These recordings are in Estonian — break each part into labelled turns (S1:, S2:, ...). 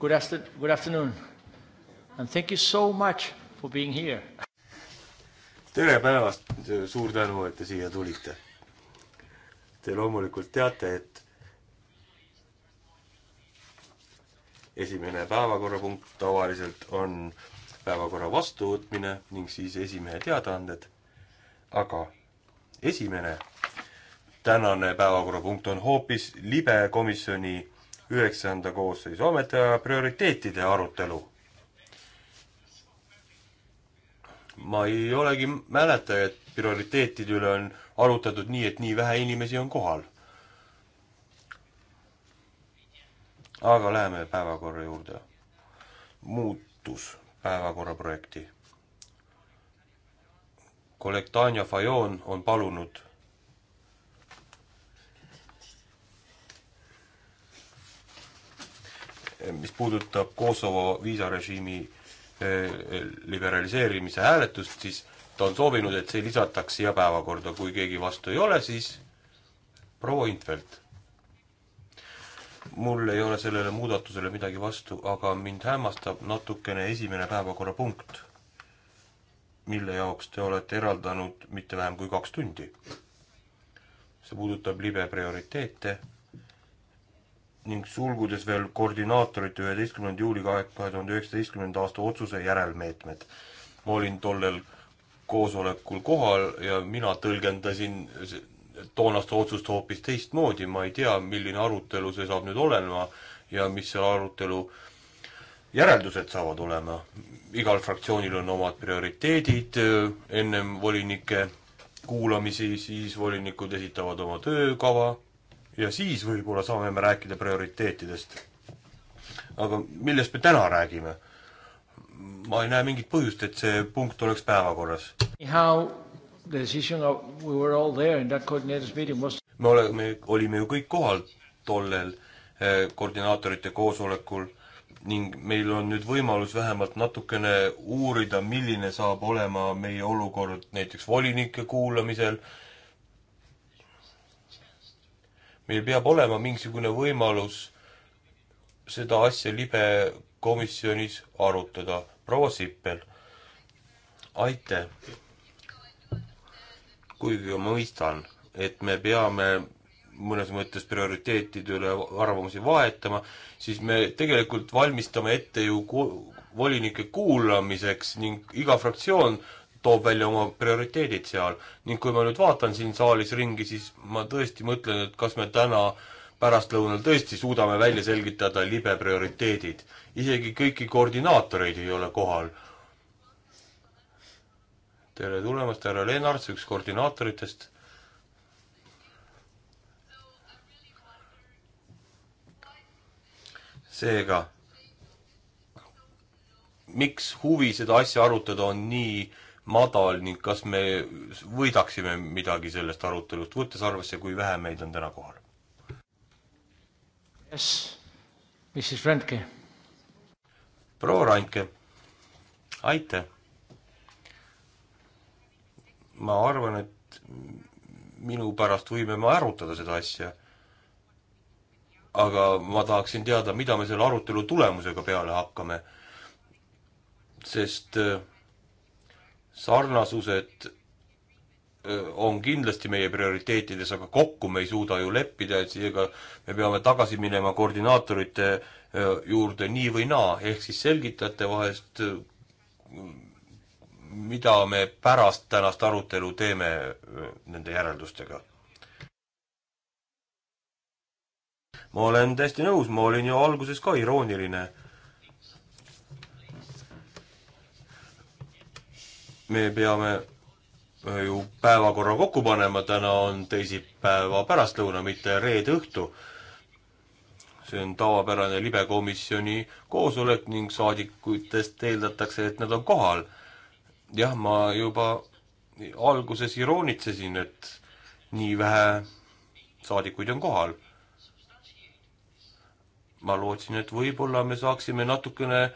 S1: Good afternoon and thank you so much for being here.
S2: tere päevast, suur tänu, et te siia tulite. Te loomulikult teate, et esimene päevakorrapunkt tavaliselt on päevakorra vastuvõtmine ning siis esimehe teadaanded. aga esimene tänane päevakorrapunkt on hoopis libe komisjoni üheksanda koosseisu ametiaja prioriteetide arutelu. ma ei olegi mäleta, et prioriteetide üle on arutatud nii, et nii vähe inimesi on kohal. aga läheme päevakorra juurde. muutus päevakorra projekti. kolleeg Tanja Fajon on palunud Eh, mis puudutab Kosovo viisarežiimi eh, eh, liberaliseerimise hääletust, siis ta on soovinud, et see lisataks siia päevakorda, kui keegi vastu ei ole, siis proua Intvelt. mul ei ole sellele muudatusele midagi vastu, aga mind hämmastab natukene esimene päevakorrapunkt, mille jaoks te olete eraldanud mitte vähem kui kaks tundi. see puudutab libe prioriteete ning sulgudes veel koordinaatorite üheteistkümnenda juuli kahe tuhande üheksateistkümnenda aasta otsuse järelmeetmed. ma olin tollel koosolekul kohal ja mina tõlgendasin toonast otsust hoopis teistmoodi, ma ei tea, milline arutelu see saab nüüd olema ja mis selle arutelu järeldused saavad olema. igal fraktsioonil on omad prioriteedid, ennem volinike kuulamisi, siis volinikud esitavad oma töökava ja siis võib-olla saame me rääkida prioriteetidest. aga millest me täna räägime? ma ei näe mingit põhjust, et see punkt oleks päevakorras. We was... me oleme, olime ju kõik kohal tollel eh, koordinaatorite koosolekul ning meil on nüüd võimalus vähemalt natukene uurida, milline saab olema meie olukord näiteks volinike kuulamisel äh,, meil peab olema mingisugune võimalus seda asja libe komisjonis arutada. proua Sippel, aitäh! kuigi ma mõistan, et me peame mõnes mõttes prioriteetide üle arvamusi vahetama, siis me tegelikult valmistame ette ju volinike kuulamiseks ning iga fraktsioon toob välja oma prioriteedid seal. ning kui ma nüüd vaatan siin saalis ringi, siis ma tõesti mõtlen, et kas me täna pärastlõunal tõesti suudame välja selgitada libe prioriteedid. isegi kõiki koordinaatoreid ei ole kohal. tere tulemast, härra Lennarts, üks koordinaatoritest. seega, miks huvi seda asja arutada on nii äh, madal ning kas me võidaksime midagi sellest arutelust, võttes arvesse, kui vähe meid on täna kohal? Yes, Mrs Randke. proua Randke, aitäh. ma arvan, et minu pärast võime me arutada seda asja. aga ma tahaksin teada, mida me selle arutelu tulemusega peale hakkame. sest äh, sarnasused on kindlasti meie prioriteetides, aga kokku me ei suuda ju leppida, et seega me peame tagasi minema koordinaatorite juurde nii või naa, ehk siis selgitate vahest, mida me pärast tänast arutelu teeme nende järeldustega. ma olen täiesti nõus, ma olin ju alguses ka irooniline me peame äh, ju päevakorra kokku panema, täna on teisipäeva pärastlõuna, mitte reede õhtu. see on tavapärane libekomisjoni koosolek ning saadikutest eeldatakse, et nad on kohal. jah, ma juba alguses iroonitsesin, et nii vähe saadikuid on kohal. ma lootsin, et võib-olla me saaksime natukene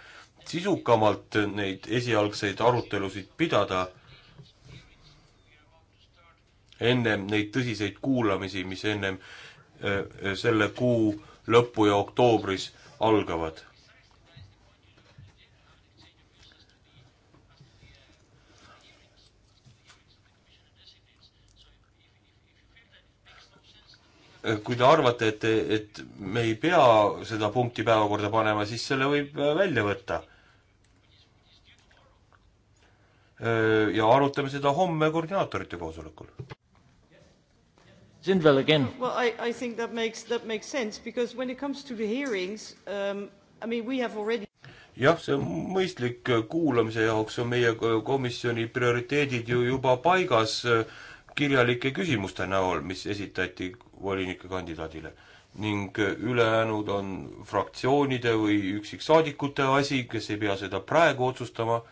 S2: sisukamalt neid esialgseid arutelusid pidada ennem neid tõsiseid kuulamisi, mis ennem selle kuu lõppu ja oktoobris algavad. kui te arvate, et, et me ei pea seda punkti päevakorda panema, siis selle võib välja võtta ja arutame seda homme koordinaatorite koosolekul. Sindvel again.
S3: Well, I, I think that makes, that makes sense because when it comes to the hearings um,, I mean we have already
S2: jah, see on mõistlik, kuulamise jaoks on meie komisjoni prioriteedid ju juba paigas äh, kirjalike küsimuste näol, mis esitati volinike kandidaadile. ning äh, ülejäänud on fraktsioonide või üksiksaadikute asi, kes ei pea seda praegu otsustama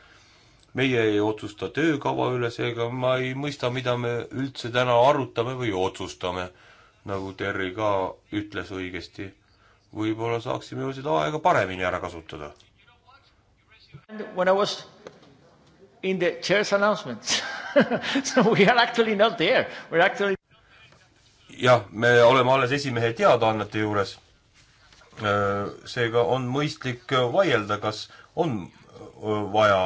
S2: meie ei otsusta töökava üle, seega ma ei mõista, mida me üldse täna arutame või otsustame, nagu Terri ka ütles õigesti. võib-olla saaksime ju seda aega paremini ära kasutada.
S1: When I was in the chair's announcements so we are actually not there, we are actually
S2: jah, me oleme alles esimehe teadaannete juures. Äh, seega on mõistlik vaielda, kas on äh, vaja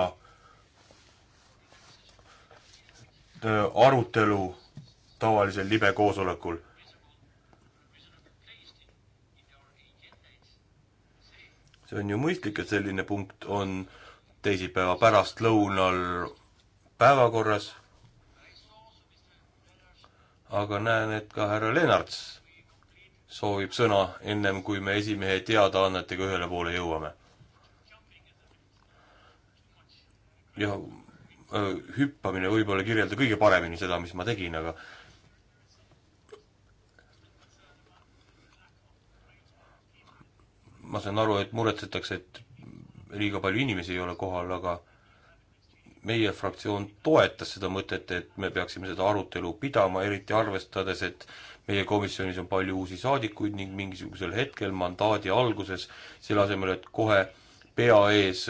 S2: arutelu tavalisel libe koosolekul. see on ju mõistlik, et selline punkt on teisipäeva pärastlõunal päevakorras. aga näen, et ka härra Lennarts soovib sõna ennem, kui me esimehe teadaannetega ühele poole jõuame. jah hüppamine võib-olla ei kirjelda kõige paremini seda, mis ma tegin, aga ma saan aru, et muretsetakse, et liiga palju inimesi ei ole kohal, aga meie fraktsioon toetas seda mõtet, et me peaksime seda arutelu pidama, eriti arvestades, et meie komisjonis on palju uusi saadikuid ning mingisugusel hetkel mandaadi alguses, selle asemel, et kohe pea ees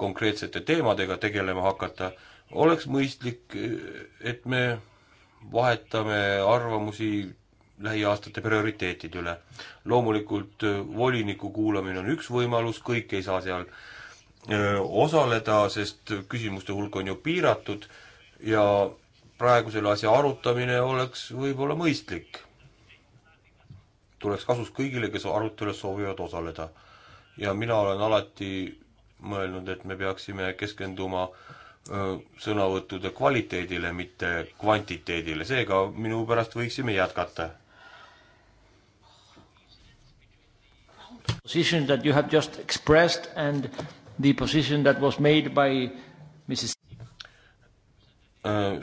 S2: konkreetsete teemadega tegelema hakata, oleks mõistlik, et me vahetame arvamusi lähiaastate prioriteetide üle. loomulikult äh, voliniku kuulamine on üks võimalus, kõik ei saa seal äh, osaleda, sest küsimuste hulk on ju piiratud ja praegu selle asja arutamine oleks võib-olla mõistlik. tuleks kasuks kõigile, kes arutelus soovivad osaleda. ja mina olen alati mõelnud, et me peaksime keskenduma äh, sõnavõttude kvaliteedile, mitte kvantiteedile, seega minu pärast võiksime jätkata. Position that you
S1: have just expressed and the position that was made by Mrs.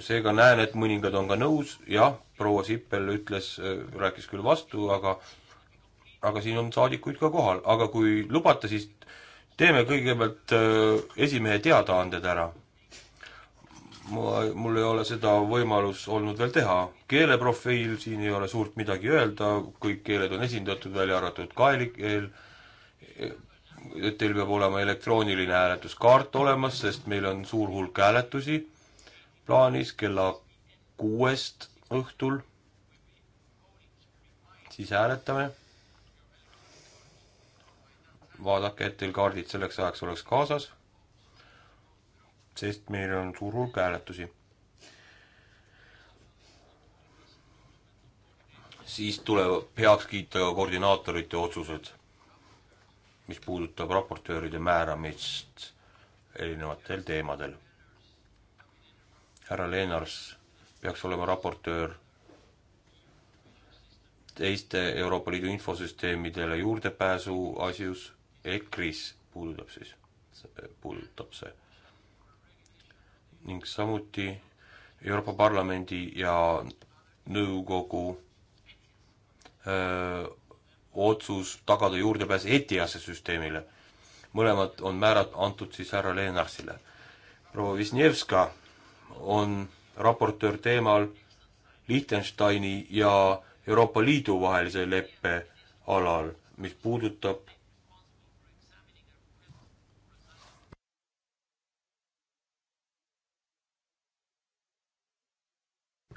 S2: seega näen, et mõningad on ka nõus, jah, proua Sippel ütles, rääkis küll vastu, aga aga siin on saadikuid ka kohal, aga kui lubate, siis teeme kõigepealt esimehe teadaanded ära ma, mul ei ole seda võimalus olnud veel teha. keeleprofiil, siin ei ole suurt midagi öelda, kõik keeled on esindatud, välja arvatud kaelikeel, et teil peab olema elektrooniline hääletuskaart olemas, sest meil on suur hulk hääletusi plaanis kella kuuest õhtul, siis hääletame. vaadake, et teil kaardid selleks ajaks oleks kaasas sest meil on suur hulk hääletusi. siis tuleb heaks kiita ka koordinaatorite otsused, mis puudutab raportööride määramist erinevatel teemadel. härra Leenars peaks olema raportöör teiste Euroopa Liidu infosüsteemidele juurdepääsu asjus, EKRIS puudutab siis, puudutab see ning samuti Euroopa Parlamendi ja nõukogu öö, otsus tagada juurdepääs ETIAS-e süsteemile. mõlemad on määrad antud siis härra Lenarsile. proua Visnjevska on raportöör teemal Liechtensteini ja Euroopa Liidu vahelise leppe alal, mis puudutab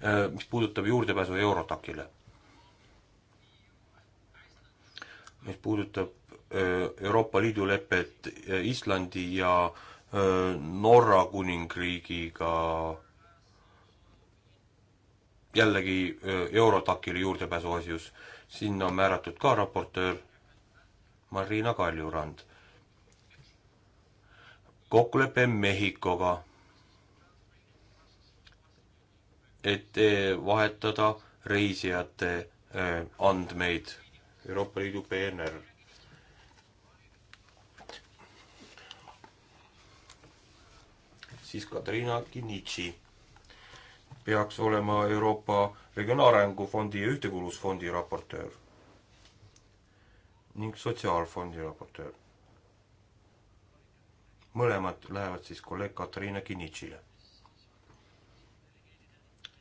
S2: Äh, mis puudutab juurdepääsu Eurotakile. mis puudutab äh, Euroopa Liidu lepet äh, Islandi ja Norra kuningriigiga jällegi Eurotakile juurdepääsu asjus, sinna on määratud ka raportöör Marina Kaljurand. kokkulepe Mehhikoga et vahetada reisijate äh, andmeid Euroopa Liidu PNR. siis Katariina Kinnitši peaks olema Euroopa Regionaalarengu Fondi ja Ühtekuuluvusfondi raportöör ning Sotsiaalfondi raportöör. mõlemad lähevad siis kolleeg Katariina Kinnitšile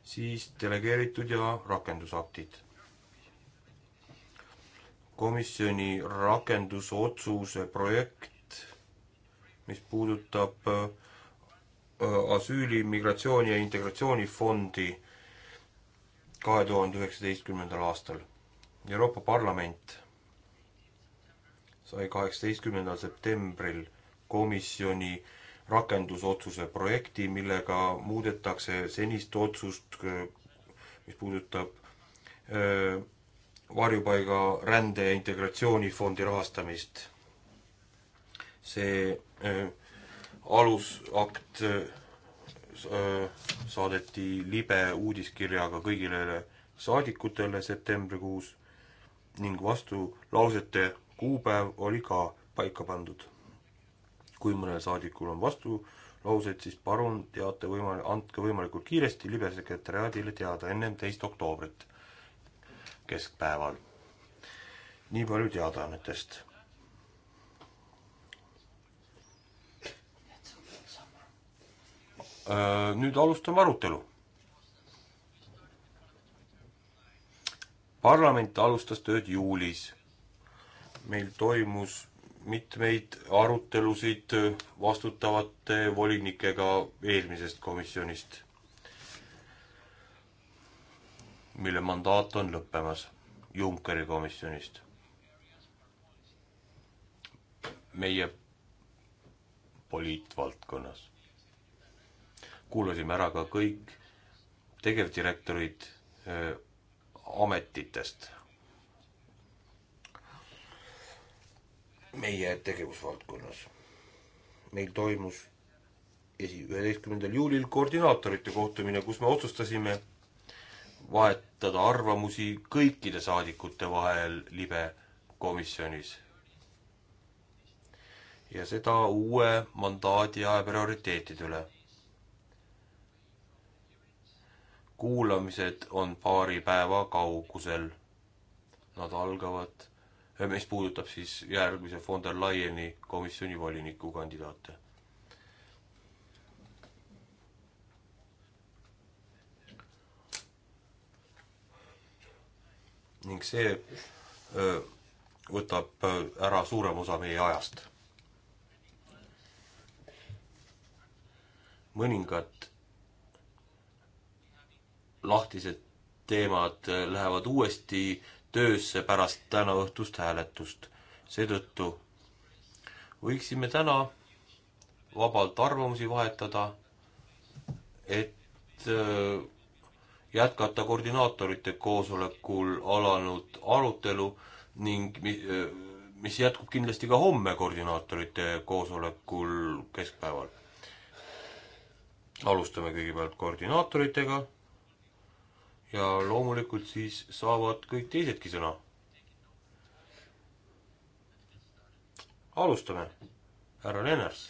S2: siis delegeeritud ja rakendusaktid. komisjoni rakendusotsuse projekt, mis puudutab äh, asüüli, migratsiooni ja integratsioonifondi kahe tuhande üheksateistkümnendal aastal. Euroopa Parlament sai kaheksateistkümnendal septembril komisjoni äh, rakendusotsuse projekti, millega muudetakse senist otsust, mis puudutab äh, varjupaiga rände ja integratsioonifondi rahastamist. see äh, alusakt äh, saadeti libe uudiskirjaga kõigile saadikutele septembrikuus ning vastulausete kuupäev oli ka paika pandud kui mõnel saadikul on vastulauseid, siis palun teate võima-, andke võimalikult kiiresti libesekretäriaadile teada ennem teist oktoobrit keskpäeval. nii palju teadaannetest. Äh, nüüd alustame arutelu. parlament alustas tööd juulis. meil toimus mitmeid arutelusid vastutavate volinikega eelmisest komisjonist, mille mandaat on lõppemas Junckeri komisjonist. meie poliitvaldkonnas. kuulasime ära ka kõik tegevdirektorid öö, eh, ametitest meie tegevusvaldkonnas. meil toimus esi-, üheteistkümnendal juulil koordinaatorite kohtumine, kus me otsustasime vahetada arvamusi kõikide saadikute vahel libe komisjonis. ja seda uue mandaadi aja prioriteetide üle. kuulamised on paari päeva kaugusel. Nad algavad Äh, mis puudutab siis järgmise von der Leyeni komisjoni voliniku kandidaate. ning see öö, äh, võtab äh, ära suurem osa meie ajast. mõningad lahtised teemad lähevad uuesti töösse pärast tänaõhtust hääletust. seetõttu võiksime täna vabalt arvamusi vahetada, et äh, jätkata koordinaatorite koosolekul alanud arutelu ning äh, mis jätkub kindlasti ka homme koordinaatorite koosolekul keskpäeval. alustame kõigepealt koordinaatoritega ja loomulikult siis saavad kõik teisedki sõna. alustame. härra Lenners,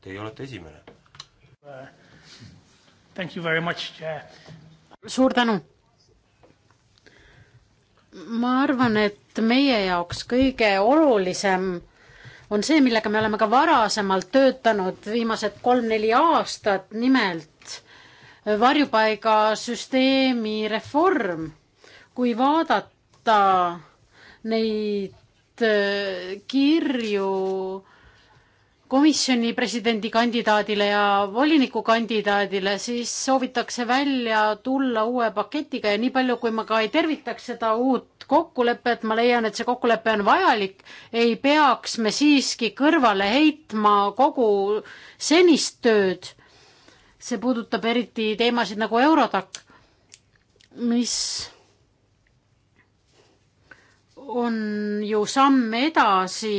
S2: teie olete esimene
S4: uh,.
S3: Thank you very much uh.... suur tänu. ma arvan, et meie jaoks kõige olulisem on see, millega me oleme ka varasemalt töötanud, viimased kolm-neli aastat, nimelt varjupaigasüsteemi reform. kui vaadata neid äh, kirju komisjoni presidendikandidaadile ja volinikukandidaadile, siis soovitakse välja tulla uue paketiga ja nii palju, kui ma ka ei tervitaks seda uut kokkulepet, ma leian, et see kokkulepe on vajalik, ei peaks me siiski kõrvale heitma kogu senist tööd see puudutab eriti teemasid nagu Eurotac, mis on ju samm edasi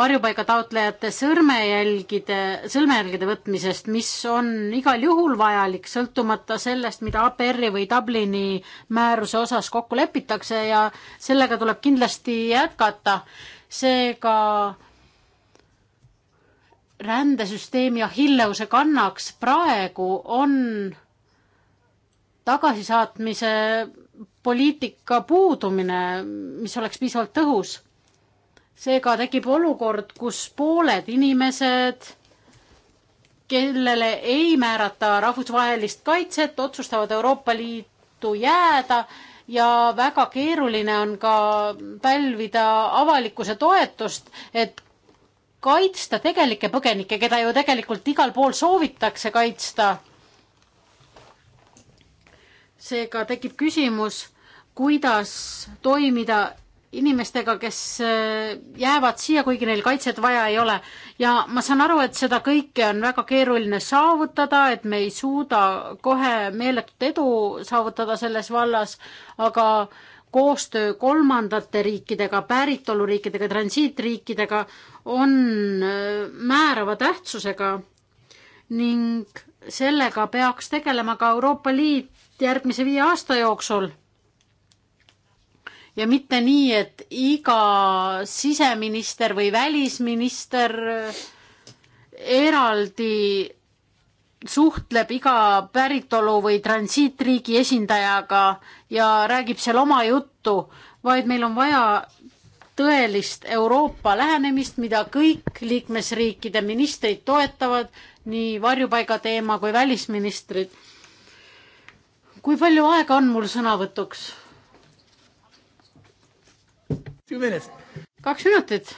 S3: varjupaiga taotlejate sõrmejälgide, sõrmejälgede võtmisest, mis on igal juhul vajalik, sõltumata sellest, mida APR-i või Dublini määruse osas kokku lepitakse ja sellega tuleb kindlasti jätkata. seega ka rändesüsteemi Achilleuse kannaks praegu on tagasisaatmise poliitika puudumine, mis oleks piisavalt tõhus. seega tekib olukord, kus pooled inimesed, kellele ei määrata rahvusvahelist kaitset, otsustavad Euroopa Liitu jääda ja väga keeruline on ka pälvida avalikkuse toetust, et kaitsta tegelikke põgenikke, keda ju tegelikult igal pool soovitakse kaitsta. seega tekib küsimus, kuidas toimida inimestega, kes äh, jäävad siia, kuigi neil kaitset vaja ei ole. ja ma saan aru, et seda kõike on väga keeruline saavutada, et me ei suuda kohe meeletut edu saavutada selles vallas, aga koostöö kolmandate riikidega, päritoluriikidega, transiitriikidega on äh, määrava tähtsusega ning sellega peaks tegelema ka Euroopa Liit järgmise viie aasta jooksul. ja mitte nii, et iga siseminister või välisminister äh, eraldi suhtleb iga päritolu või transiitriigi esindajaga ja räägib seal oma juttu, vaid meil on vaja tõelist Euroopa lähenemist, mida kõik liikmesriikide ministrid toetavad, nii varjupaiga teema kui välisministrid. kui palju aega on mul sõnavõtuks? kaks minutit.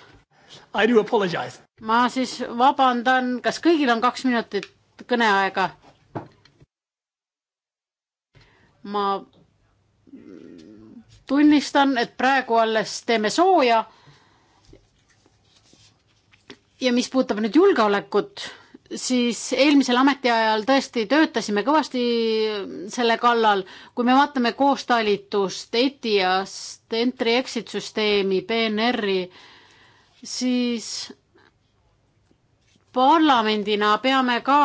S3: ma siis vabandan, kas kõigil on kaks minutit kõneaega? ma tunnistan, et praegu alles teeme sooja. ja mis puudutab nüüd julgeolekut, siis eelmisel ametiajal tõesti töötasime kõvasti selle kallal. kui me vaatame koostalitust, ETIAS-t, entry-exit süsteemi, PNR-i, siis parlamendina peame ka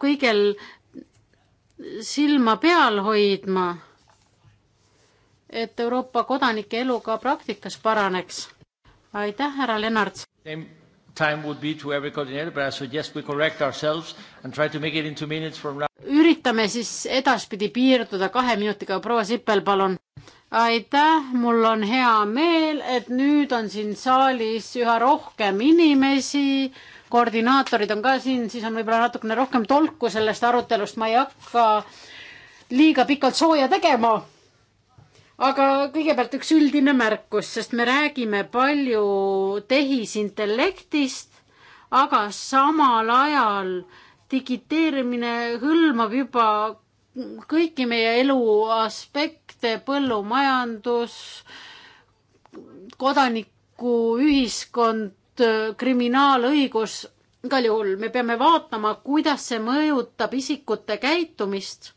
S3: kõigel silma peal hoidma et Euroopa kodanike elu ka praktikas paraneks. aitäh, härra Lennart!
S1: time would be to every coordinator, but I suggest we correct ourselves and try to make it into minutes
S3: from now. üritame siis edaspidi piirduda kahe minutiga, proua Sippel, palun. aitäh, mul on hea meel, et nüüd on siin saalis üha rohkem inimesi, koordinaatorid on ka siin, siis on võib-olla natukene rohkem tolku sellest arutelust, ma ei hakka liiga pikalt sooja tegema aga kõigepealt üks üldine märkus, sest me räägime palju tehisintellektist, aga samal ajal digiteerimine hõlmab juba kõiki meie elu aspekte, põllumajandus, kodanikuühiskond, kriminaalõigus, igal juhul me peame vaatama, kuidas see mõjutab isikute käitumist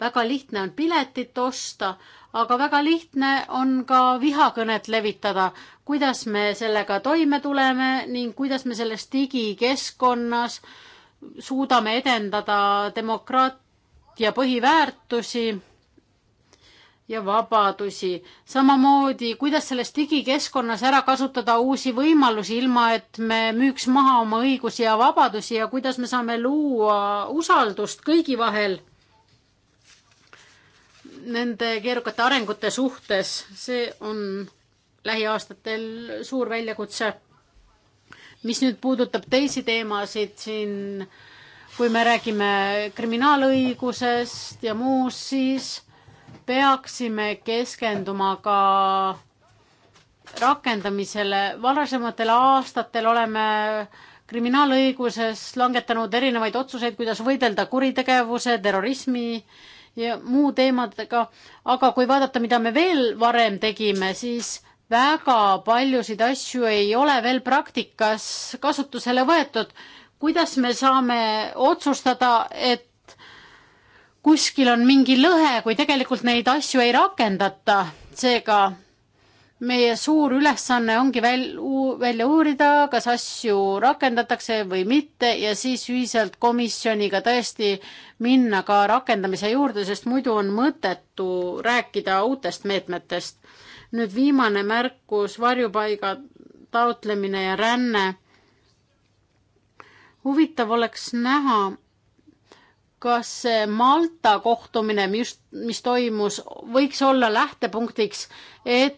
S3: väga lihtne on piletit osta, aga väga lihtne on ka vihakõnet levitada. kuidas me sellega toime tuleme ning kuidas me selles digikeskkonnas suudame edendada demokraatia põhiväärtusi ja vabadusi. samamoodi, kuidas selles digikeskkonnas ära kasutada uusi võimalusi, ilma et me müüks maha oma õigusi ja vabadusi ja kuidas me saame luua usaldust kõigi vahel nende keerukate arengute suhtes, see on lähiaastatel suur väljakutse. mis nüüd puudutab teisi teemasid siin, kui me räägime kriminaalõigusest ja muust, siis peaksime keskenduma ka rakendamisele. varasematel aastatel oleme kriminaalõiguses langetanud erinevaid otsuseid, kuidas võidelda kuritegevuse, terrorismi ja muu teemadega, aga kui vaadata, mida me veel varem tegime, siis väga paljusid asju ei ole veel praktikas kasutusele võetud. kuidas me saame otsustada, et kuskil on mingi lõhe, kui tegelikult neid asju ei rakendata, seega meie suur ülesanne ongi väl, välja uurida, kas asju rakendatakse või mitte ja siis ühiselt komisjoniga tõesti minna ka rakendamise juurde, sest muidu on mõttetu rääkida uutest meetmetest. nüüd viimane märkus, varjupaiga taotlemine ja ränne. huvitav oleks näha, kas see Malta kohtumine, mis, mis toimus, võiks olla lähtepunktiks, et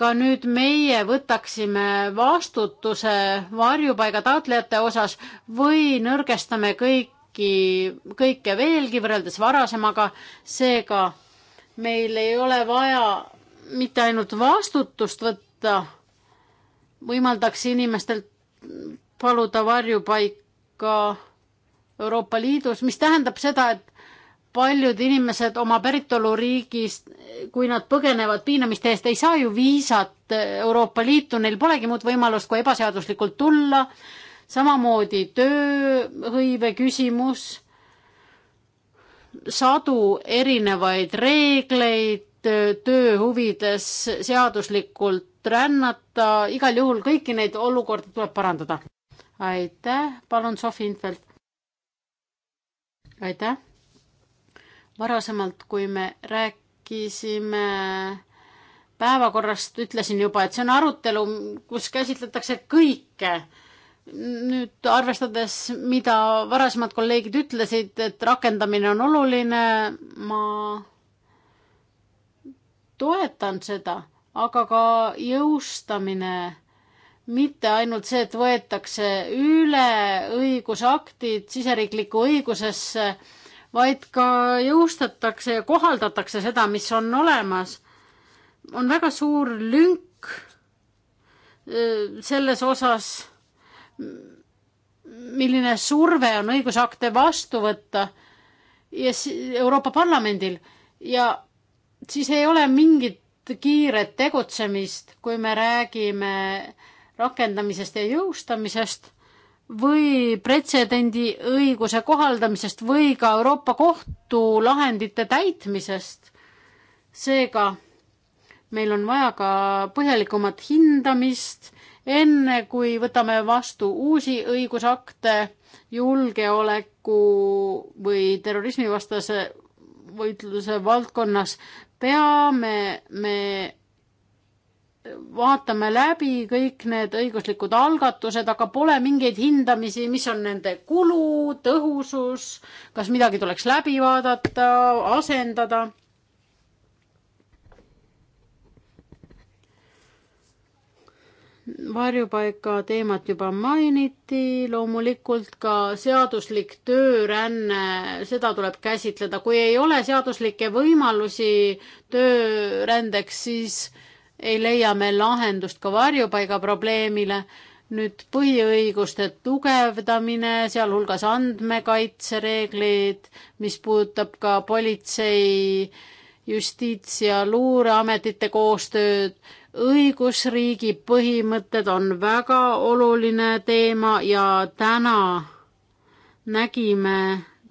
S3: ka nüüd meie võtaksime vastutuse varjupaiga taotlejate osas või nõrgestame kõiki, kõike veelgi võrreldes varasemaga, seega meil ei ole vaja mitte ainult vastutust võtta, võimaldaks inimestel paluda varjupaika Euroopa Liidus, mis tähendab seda, et paljud inimesed oma päritoluriigist, kui nad põgenevad piinamiste eest, ei saa ju viisat Euroopa Liitu, neil polegi muud võimalust, kui ebaseaduslikult tulla. samamoodi tööhõive küsimus, sadu erinevaid reegleid, töö huvides seaduslikult rännata, igal juhul kõiki neid olukordi tuleb parandada. aitäh, palun Sofi Infeld. aitäh varasemalt, kui me rääkisime päevakorrast, ütlesin juba, et see on arutelu, kus käsitletakse kõike. nüüd arvestades, mida varasemad kolleegid ütlesid, et rakendamine on oluline, ma toetan seda, aga ka jõustamine mitte ainult see, et võetakse üle õigusaktid siseriiklikku õigusesse vaid ka jõustatakse ja kohaldatakse seda, mis on olemas. on väga suur lünk selles osas, milline surve on õigusakte vastu võtta ja Euroopa Parlamendil ja siis ei ole mingit kiiret tegutsemist, kui me räägime rakendamisest ja jõustamisest või pretsedendi õiguse kohaldamisest või ka Euroopa Kohtu lahendite täitmisest. seega meil on vaja ka põhjalikumat hindamist, enne kui võtame vastu uusi õigusakte julgeoleku või terrorismivastase võitluse valdkonnas, peame me vaatame läbi kõik need õiguslikud algatused, aga pole mingeid hindamisi, mis on nende kulu, tõhusus, kas midagi tuleks läbi vaadata, asendada. varjupaika teemat juba mainiti, loomulikult ka seaduslik tööränne, seda tuleb käsitleda, kui ei ole seaduslikke võimalusi töörändeks, siis ei leia me lahendust ka varjupaiga probleemile. nüüd põhiõiguste tugevdamine, sealhulgas andmekaitsereeglid, mis puudutab ka politsei, justiits ja luureametite koostööd, õigusriigi põhimõtted on väga oluline teema ja täna nägime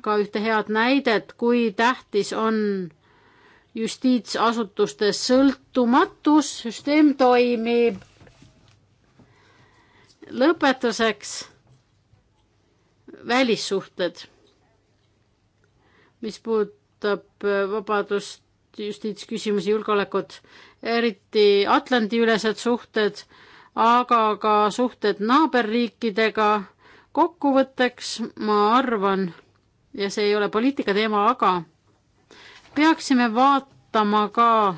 S3: ka ühte head näidet, kui tähtis on justiitsasutuste sõltumatus, süsteem toimib. lõpetuseks välissuhted, mis puudutab vabadust, justiitsküsimusi, julgeolekut, eriti Atlandi-ülesed suhted, aga ka suhted naaberriikidega. kokkuvõtteks ma arvan, ja see ei ole poliitika teema, aga peaksime vaatama ka,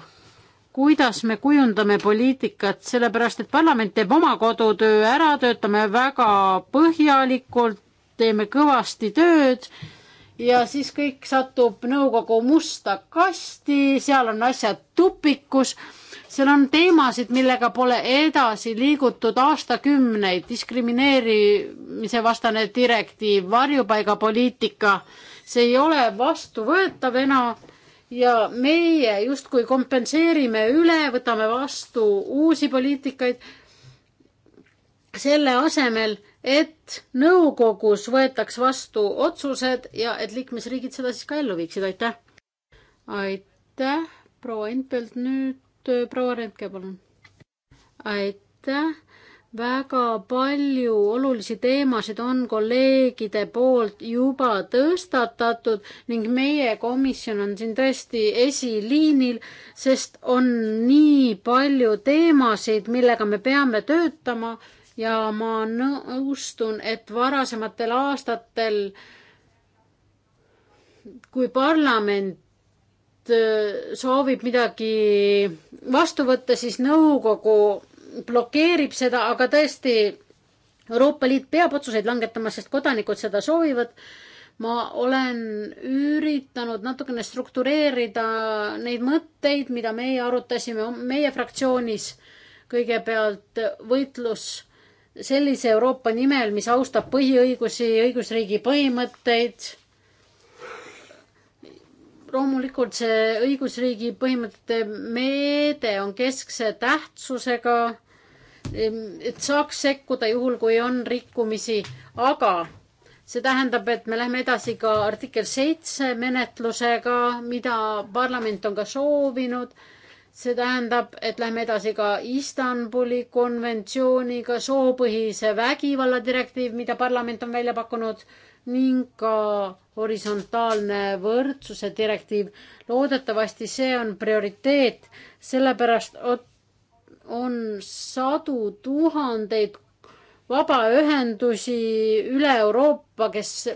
S3: kuidas me kujundame poliitikat, sellepärast et parlament teeb oma kodutöö ära, töötame väga põhjalikult, teeme kõvasti tööd ja siis kõik satub nõukogu musta kasti, seal on asjad tupikus. seal on teemasid, millega pole edasi liigutud aastakümneid, diskrimineerimise vastane direktiiv, varjupaigapoliitika, see ei ole vastuvõetav enam ja meie justkui kompenseerime üle, võtame vastu uusi poliitikaid selle asemel, et nõukogus võetaks vastu otsused ja et liikmesriigid seda siis ka ellu viiksid, aitäh. aitäh, proua Endbelt, nüüd proua Rentke, palun. aitäh väga palju olulisi teemasid on kolleegide poolt juba tõstatatud ning meie komisjon on siin tõesti esiliinil, sest on nii palju teemasid, millega me peame töötama ja ma nõustun, et varasematel aastatel, kui parlament äh, soovib midagi vastu võtta, siis nõukogu blokeerib seda, aga tõesti Euroopa Liit peab otsuseid langetama, sest kodanikud seda soovivad. ma olen üritanud natukene struktureerida neid mõtteid, mida meie arutasime meie fraktsioonis. kõigepealt võitlus sellise Euroopa nimel, mis austab põhiõigusi, õigusriigi põhimõtteid loomulikult see õigusriigi põhimõtete meede on keskse tähtsusega, et saaks sekkuda juhul, kui on rikkumisi, aga see tähendab, et me läheme edasi ka artikkel seitse menetlusega, mida parlament on ka soovinud. see tähendab, et lähme edasi ka Istanbuli konventsiooniga, soopõhise vägivalla direktiiv, mida parlament on välja pakkunud ning ka horisontaalne võrdsuse direktiiv. loodetavasti see on prioriteet, sellepärast on sadu tuhandeid vabaühendusi üle Euroopa, kes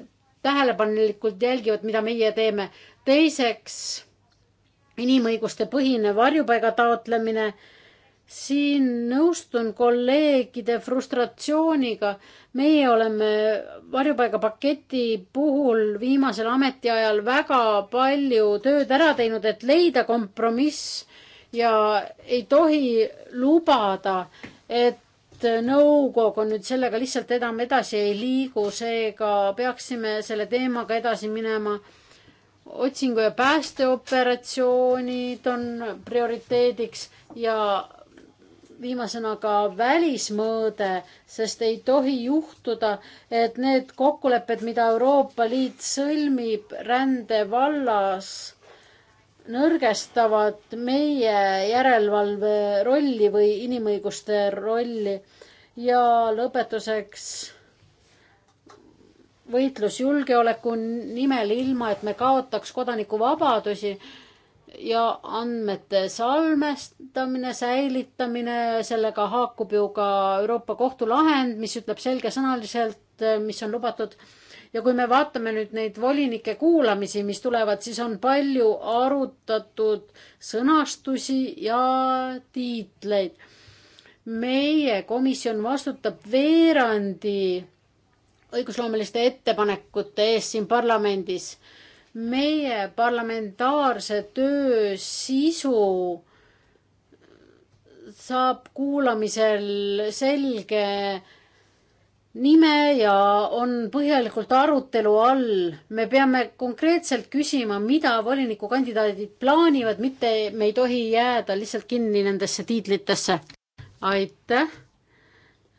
S3: tähelepanelikult jälgivad, mida meie teeme. teiseks, inimõiguste põhine varjupaiga taotlemine siin nõustun kolleegide frustratsiooniga. meie oleme varjupaigapaketi puhul viimasel ametiajal väga palju tööd ära teinud, et leida kompromiss ja ei tohi lubada, et nõukogu nüüd sellega lihtsalt enam edasi ei liigu, seega peaksime selle teemaga edasi minema otsingu ja päästeoperatsioonid on prioriteediks ja viimasena ka välismõõde, sest ei tohi juhtuda, et need kokkulepped, mida Euroopa Liit sõlmib rände vallas, nõrgestavad meie järelevalve rolli või inimõiguste rolli. ja lõpetuseks võitlus julgeoleku nimel, ilma et me kaotaks kodanikuvabadusi ja andmete salmestamine, säilitamine, sellega haakub ju ka Euroopa Kohtu lahend, mis ütleb selgesõnaliselt, mis on lubatud. ja kui me vaatame nüüd neid volinike kuulamisi, mis tulevad, siis on palju arutatud sõnastusi ja tiitleid. meie komisjon vastutab veerandi õigusloomeliste ettepanekute eest siin parlamendis meie parlamentaarse töö sisu saab kuulamisel selge nime ja on põhjalikult arutelu all. me peame konkreetselt küsima, mida volinikukandidaadid plaanivad, mitte me ei tohi jääda lihtsalt kinni nendesse tiitlitesse. aitäh.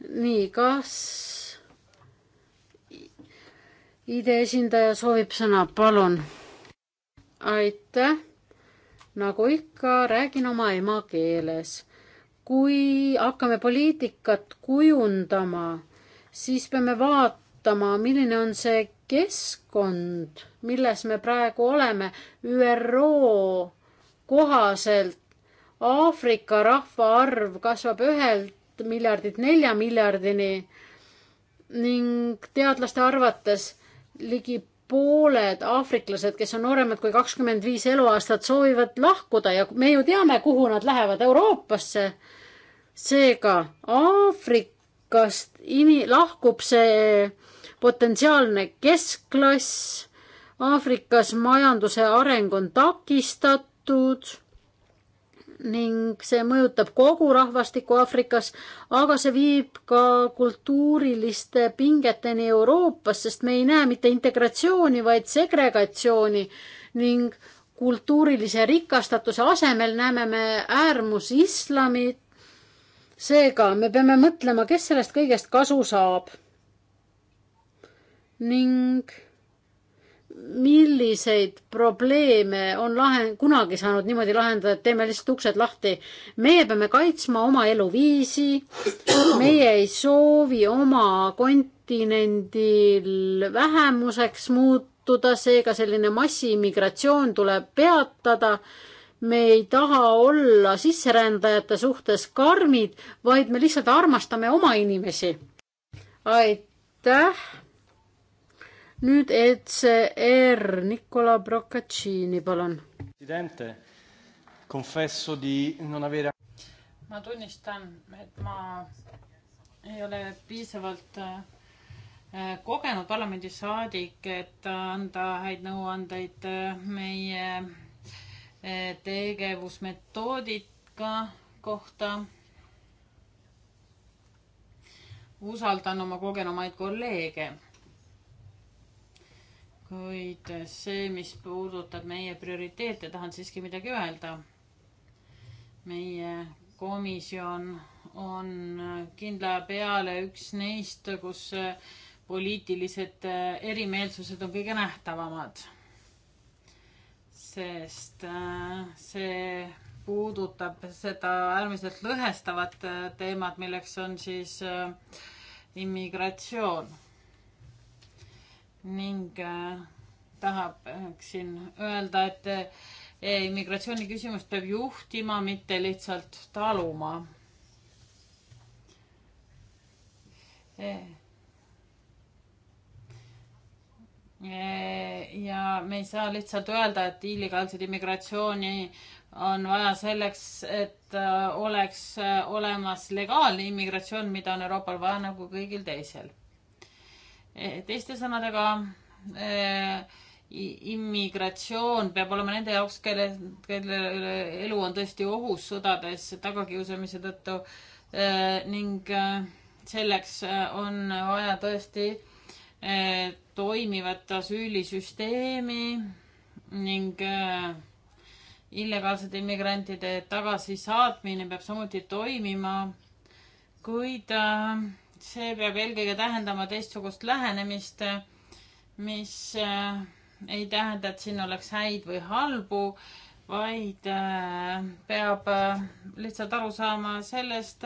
S3: nii, kas idee esindaja soovib sõna, palun. aitäh. nagu ikka, räägin oma emakeeles. kui hakkame poliitikat kujundama, siis peame vaatama, milline on see keskkond, milles me praegu oleme. ÜRO kohaselt Aafrika rahvaarv kasvab ühelt miljardilt nelja miljardini ning teadlaste arvates ligi pooled aafriklased, kes on nooremad kui kakskümmend viis eluaastat, soovivad lahkuda ja me ju teame, kuhu nad lähevad, Euroopasse. seega Aafrikast ini-, lahkub see potentsiaalne keskklass, Aafrikas majanduse areng on takistatud ning see mõjutab kogu rahvastikku Aafrikas, aga see viib ka kultuuriliste pingeteni Euroopas, sest me ei näe mitte integratsiooni, vaid segregatsiooni ning kultuurilise rikastatuse asemel näeme me äärmusislamit. seega me peame mõtlema, kes sellest kõigest kasu saab. ning milliseid probleeme on lahen-, kunagi saanud niimoodi lahendada, et teeme lihtsalt uksed lahti. meie peame kaitsma oma eluviisi, meie ei soovi oma kontinendil vähemuseks muutuda, seega selline massiimmigratsioon tuleb peatada. me ei taha olla sisserändajate suhtes karmid, vaid me lihtsalt armastame oma inimesi. aitäh! nüüd ECR, Nicola Procaccini, palun. Avere...
S4: ma tunnistan, et ma ei ole piisavalt äh, kogenud parlamendisaadik, et anda häid nõuandeid äh, meie äh, tegevusmetoodika kohta. usaldan oma kogenumaid kolleege kuid see, mis puudutab meie prioriteete, tahan siiski midagi öelda. meie komisjon on kindla peale üks neist, kus poliitilised erimeelsused on kõige nähtavamad. sest äh, see puudutab seda äärmiselt lõhestavat teemat, milleks on siis äh, immigratsioon ning äh, tahaksin äh, öelda, et äh, immigratsiooniküsimust peab juhtima, mitte lihtsalt taluma. ja me ei saa lihtsalt öelda, et illegaalset immigratsiooni on vaja selleks, et oleks olemas legaalne immigratsioon, mida on Euroopal vaja nagu kõigil teisel Eh, teiste sõnadega eh, immigratsioon peab olema nende jaoks, kelle, kelle elu on tõesti ohus sõdades tagakiusamise tõttu eh, ning selleks on vaja tõesti toimivat asüülisüsteemi ning illegaalsete immigrantide tagasisaatmine peab samuti toimima, kuid ta... äh, see peab eelkõige tähendama teistsugust lähenemist, mis äh, ei tähenda, et siin oleks häid või halbu, vaid äh, peab äh, lihtsalt aru saama sellest,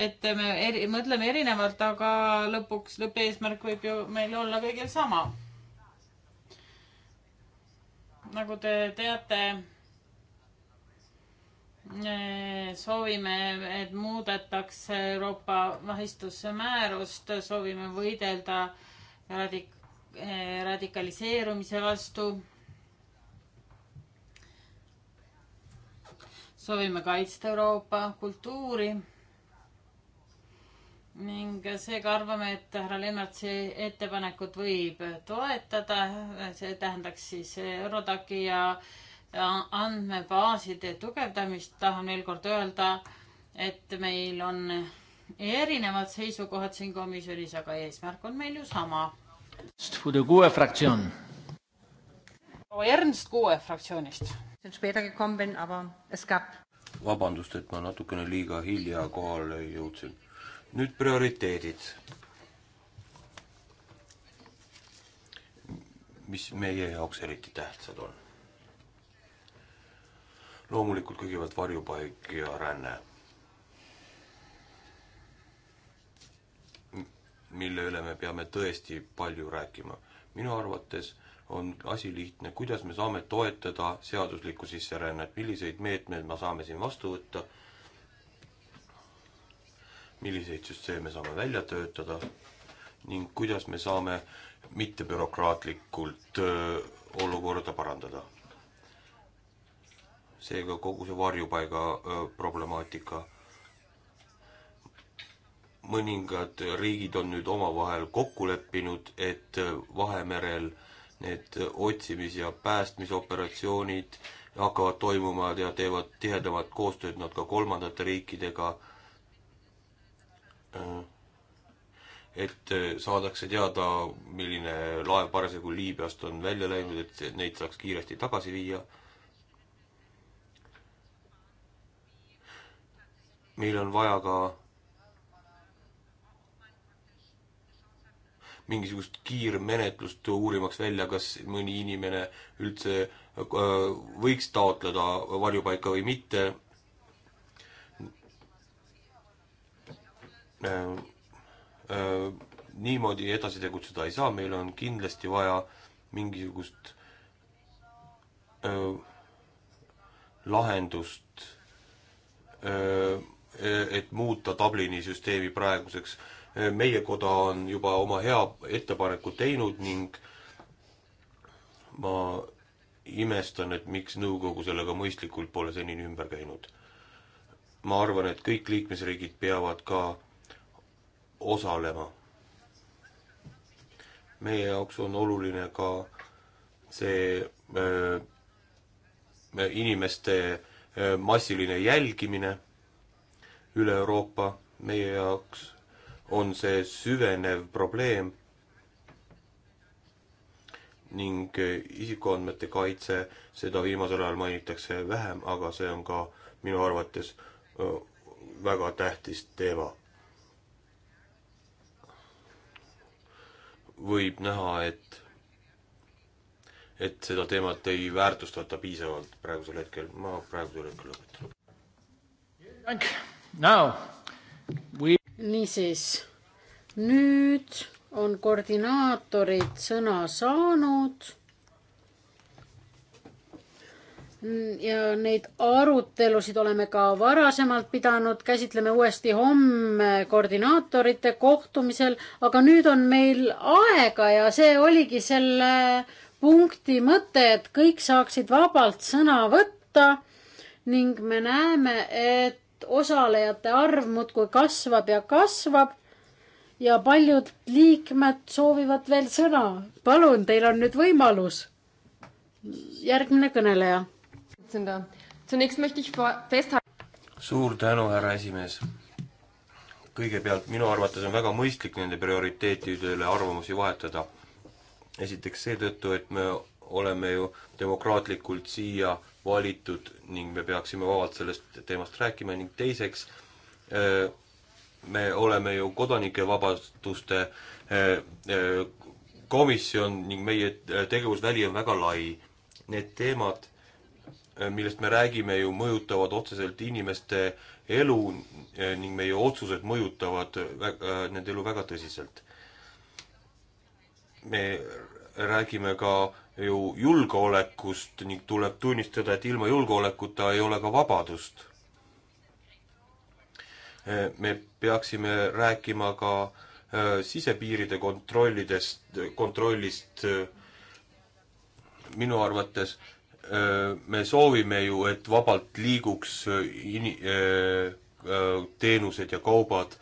S4: et me eri, mõtleme erinevalt, aga lõpuks lõppeesmärk võib ju meil olla kõigil sama. nagu te teate Äh, soovime, et muudetakse Euroopa vahistusmäärust, soovime võidelda radik-, äh, radikaliseerumise vastu. soovime kaitsta Euroopa kultuuri. ning seega arvame, et härra Lennartsi ettepanekut võib toetada, see tähendaks siis Eurodaki ja äh, andmebaaside tugevdamist, tahan veel kord öelda, et meil on erinevad seisukohad siin komisjonis, aga eesmärk on meil ju sama.
S1: kuue fraktsioon.
S4: proua Ernst kuue fraktsioonist.
S2: vabandust, et ma natukene liiga hilja kohale jõudsin. nüüd prioriteedid. mis meie jaoks eriti tähtsad on? loomulikult kõigepealt varjupaik ja ränne, mille üle me peame tõesti palju rääkima. minu arvates on asi lihtne, kuidas me saame toetada seaduslikku sisserännet, milliseid meetmeid me saame siin vastu võtta, milliseid süsteeme saame välja töötada ning kuidas me saame mittebürokraatlikult olukorda parandada seega kogu see varjupaiga problemaatika. mõningad riigid on nüüd omavahel kokku leppinud, et Vahemerel need otsimis- ja päästmisoperatsioonid hakkavad toimuma ja teevad tihedamat koostööd nad ka kolmandate riikidega. et saadakse teada, milline laev parasjagu Liibüast on välja läinud, et neid saaks kiiresti tagasi viia meil on vaja ka mingisugust kiirmenetlust uurimaks välja, kas mõni inimene üldse äh, võiks taotleda varjupaika või mitte. Äh, äh, niimoodi edasi tegutseda ei saa, meil on kindlasti vaja mingisugust öö, lahendust öö, Eh, et muuta Dublini süsteemi praeguseks. Eh, meie koda on juba oma hea ettepaneku teinud ning ma imestan, et miks nõukogu sellega mõistlikult pole senini ümber käinud. ma arvan, et kõik liikmesriigid peavad ka osalema. meie jaoks on oluline ka see öö, eh, inimeste öö, massiline jälgimine üle Euroopa, meie jaoks on see süvenev probleem ning isikuandmete kaitse, seda viimasel ajal mainitakse vähem, aga see on ka minu arvates väga tähtis teema. võib näha, et, et seda teemat ei väärtustata piisavalt praegusel hetkel, ma praegusel hetkel lõpetan.
S3: We... niisiis, nüüd on koordinaatorid sõna saanud. ja neid arutelusid oleme ka varasemalt pidanud, käsitleme uuesti homme koordinaatorite kohtumisel, aga nüüd on meil aega ja see oligi selle punkti mõte, et kõik saaksid vabalt sõna võtta ning me näeme, et et osalejate arv muudkui kasvab ja kasvab ja paljud liikmed soovivad veel sõna. palun, teil on nüüd võimalus. järgmine kõneleja.
S2: suur tänu, härra esimees. kõigepealt minu arvates on väga mõistlik nende prioriteetide üle arvamusi vahetada. esiteks seetõttu, et me oleme ju demokraatlikult siia valitud ning me peaksime vabalt sellest teemast rääkima ning teiseks, äh, me oleme ju kodanike vabaduste äh, äh, komisjon ning meie tegevusväli on väga lai. Need teemad, millest me räägime, ju mõjutavad otseselt inimeste elu ning meie otsused mõjutavad nende elu väga tõsiselt. me räägime ka ju julgeolekust ning tuleb tunnistada, et ilma julgeolekuta ei ole ka vabadust. me peaksime rääkima ka äh, sisepiiride kontrollidest, kontrollist. Äh, minu arvates äh, me soovime ju, et vabalt liiguks in-, teenused ja kaubad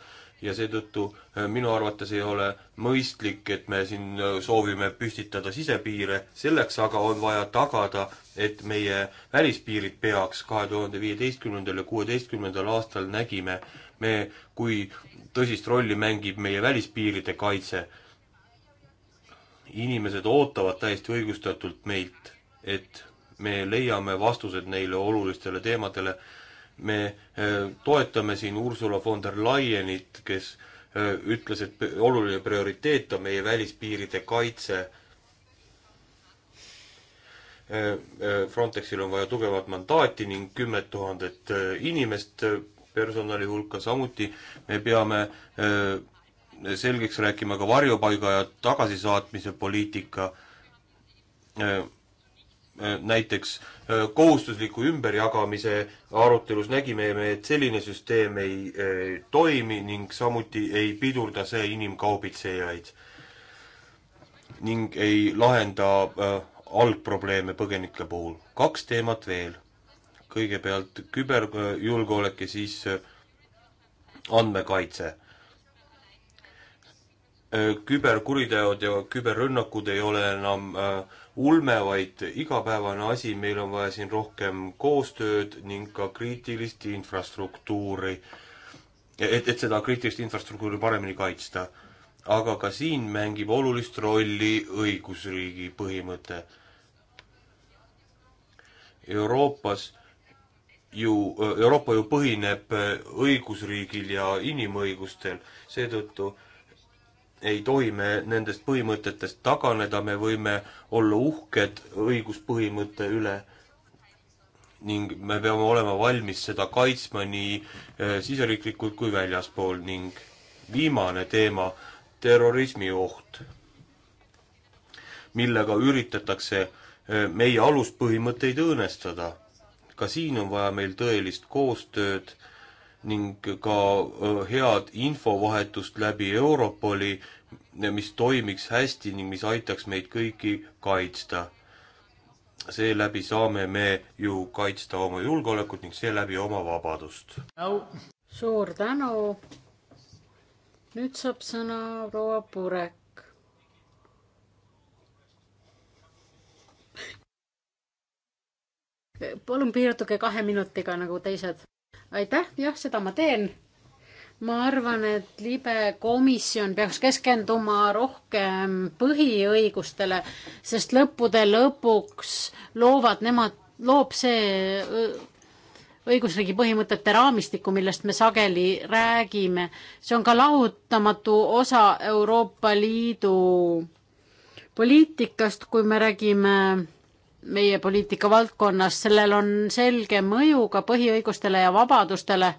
S2: ja seetõttu äh, minu arvates ei ole mõistlik, et me siin äh, soovime püstitada sisepiire, selleks aga on vaja tagada, et meie välispiirid peaks kahe tuhande viieteistkümnendal ja kuueteistkümnendal aastal nägime me, kui tõsist rolli mängib meie välispiiride kaitse. inimesed ootavad täiesti õigustatult meilt, et me leiame vastused neile olulistele teemadele me äh, toetame siin Ursula von der Leyenit, kes äh, ütles, et oluline prioriteet on meie välispiiride kaitse. Äh, Frontexil on vaja tugevat mandaati ning kümmet tuhandet inimest personali hulka, samuti me peame selgeks rääkima ka varjupaiga ja tagasisaatmise poliitika Äh, näiteks äh, kohustusliku ümberjagamise arutelus nägime me, et selline süsteem ei äh, toimi ning samuti ei pidurda see inimkaubitsejaid ning ei lahenda algprobleeme põgenike puhul. kaks teemat veel. kõigepealt küberjulgeolek ja siis andmekaitse Äh, küberkuriteod ja küberrünnakud ei ole enam äh, ulme, vaid igapäevane asi, meil on vaja siin rohkem koostööd ning ka kriitilist infrastruktuuri. et, et seda kriitilist infrastruktuuri paremini kaitsta. aga ka siin mängib olulist rolli õigusriigi põhimõte. Euroopas ju, Euroopa ju põhineb õigusriigil ja inimõigustel, seetõttu äh, ei tohi me nendest põhimõtetest taganeda, me võime olla uhked õiguspõhimõtte üle ning me peame olema valmis seda kaitsma nii eh, siseriiklikult kui väljaspool ning viimane teema, terrorismi oht, millega üritatakse eh, meie aluspõhimõtteid õõnestada. ka siin on vaja meil tõelist koostööd ning ka head infovahetust läbi Europoli, mis toimiks hästi ning mis aitaks meid kõiki kaitsta. seeläbi saame me ju kaitsta oma julgeolekut ning seeläbi oma vabadust
S3: no.. suur tänu. nüüd saab sõna proua Purek. palun piirduge kahe minutiga nagu teised aitäh, jah, seda ma teen. ma arvan, et libe komisjon peaks keskenduma rohkem põhiõigustele, sest lõppude lõpuks loovad nemad, loob see õigusriigi põhimõtete raamistikku, millest me sageli räägime. see on ka lahutamatu osa Euroopa Liidu poliitikast, kui me räägime meie poliitika valdkonnas, sellel on selge mõju ka põhiõigustele ja vabadustele.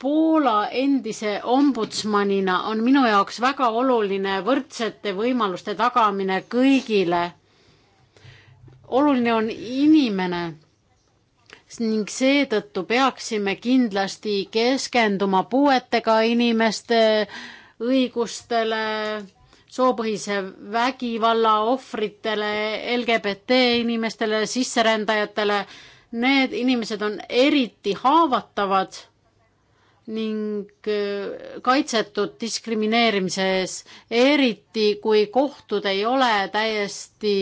S3: Poola endise ombudsmanina on minu jaoks väga oluline võrdsete võimaluste tagamine kõigile. oluline on inimene ning seetõttu peaksime kindlasti keskenduma puuetega inimeste õigustele soopõhise vägivalla ohvritele, LGBT inimestele, sisserändajatele. Need inimesed on eriti haavatavad ning äh, kaitsetud diskrimineerimise ees, eriti kui kohtud ei ole täiesti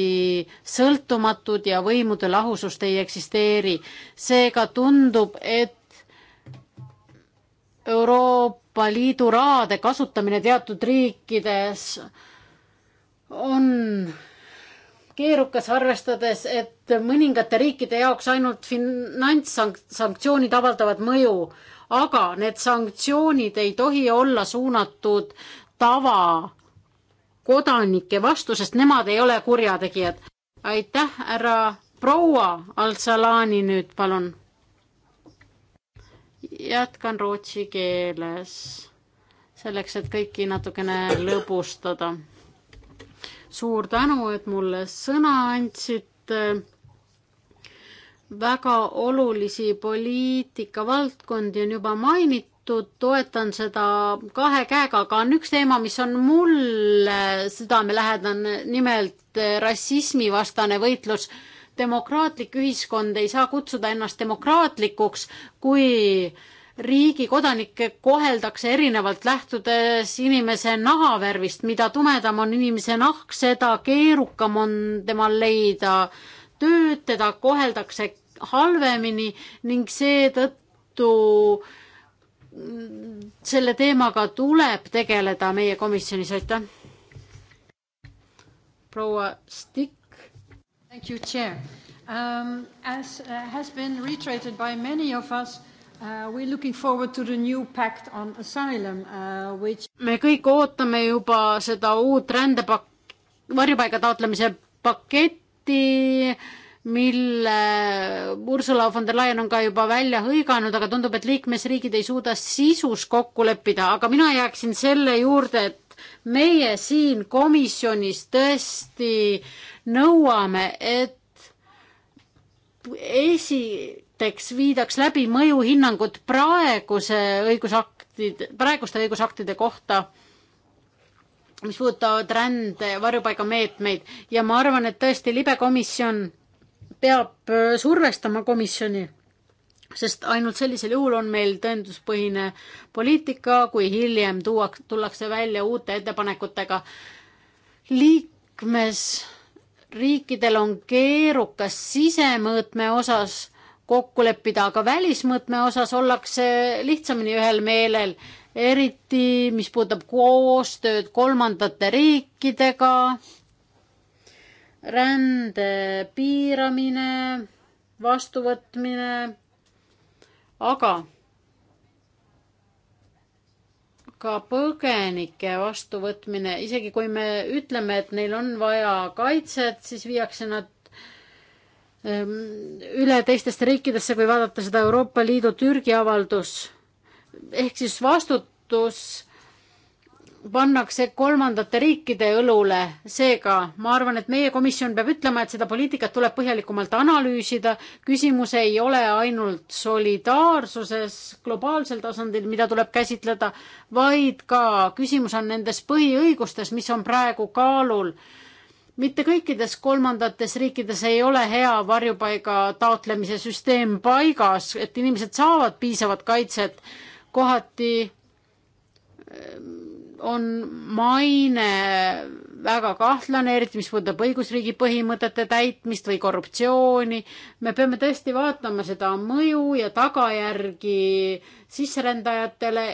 S3: sõltumatud ja võimude lahusust ei eksisteeri. seega tundub, et Euroopa Liidu raade kasutamine teatud riikides on keerukas, arvestades, et mõningate riikide jaoks ainult finantssanktsioonid avaldavad mõju, aga need sanktsioonid ei tohi olla suunatud tavakodanike vastu, sest nemad ei ole kurjategijad. aitäh, härra proua Al-Salani nüüd, palun jätkan rootsi keeles, selleks et kõiki natukene lõbustada. suur tänu, et mulle sõna andsite. väga olulisi poliitikavaldkondi on juba mainitud tehtud, toetan seda kahe käega, aga on üks teema, mis on mulle südamelähedane, nimelt rassismivastane võitlus demokraatlik ühiskond ei saa kutsuda ennast demokraatlikuks, kui riigi kodanikke koheldakse erinevalt, lähtudes inimese nahavärvist, mida tumedam on inimese nahk, seda keerukam on temal leida tööd, teda koheldakse halvemini ning seetõttu selle teemaga tuleb tegeleda meie komisjonis, aitäh. proua Stik Thank you, Chair. Um, as uh, has been reiterated by many of us, uh, we're looking forward to the new pact on asylum, uh, which me kõik ootame juba seda uut rändepak-, varjupaiga taotlemise paketti, mille Ursula von der Leyen on ka juba välja hõiganud, aga tundub, et liikmesriigid ei suuda sisus kokku leppida, aga mina jääksin selle juurde, et meie siin komisjonis tõesti nõuame, et esiteks viidaks läbi mõjuhinnangud praeguse õigusaktid, praeguste õigusaktide kohta, mis puudutavad rände ja varjupaigameetmeid ja ma arvan, et tõesti libekomisjon peab äh, survestama komisjoni sest ainult sellisel juhul on meil tõenduspõhine poliitika, kui hiljem tuuak-, tullakse välja uute ettepanekutega. liikmesriikidel on keerukas sisemõõtme osas kokku leppida, aga välismõõtme osas ollakse lihtsamini ühel meelel, eriti mis puudutab koostööd kolmandate riikidega, rände piiramine, vastuvõtmine aga ka põgenike vastuvõtmine, isegi kui me ütleme, et neil on vaja kaitset, siis viiakse nad ehm, üle teistesse riikidesse, kui vaadata seda Euroopa Liidu Türgi avaldus. ehk siis vastutus pannakse kolmandate riikide õlule. seega ma arvan, et meie komisjon peab ütlema, et seda poliitikat tuleb põhjalikumalt analüüsida. küsimus ei ole ainult solidaarsuses globaalsel tasandil, mida tuleb käsitleda, vaid ka küsimus on nendes põhiõigustes, mis on praegu kaalul. mitte kõikides kolmandates riikides ei ole hea varjupaiga taotlemise süsteem paigas, et inimesed saavad piisavat kaitset. kohati on maine väga kahtlane, eriti mis puudutab õigusriigi põhimõtete täitmist või korruptsiooni. me peame tõesti vaatama seda mõju ja tagajärgi sisserändajatele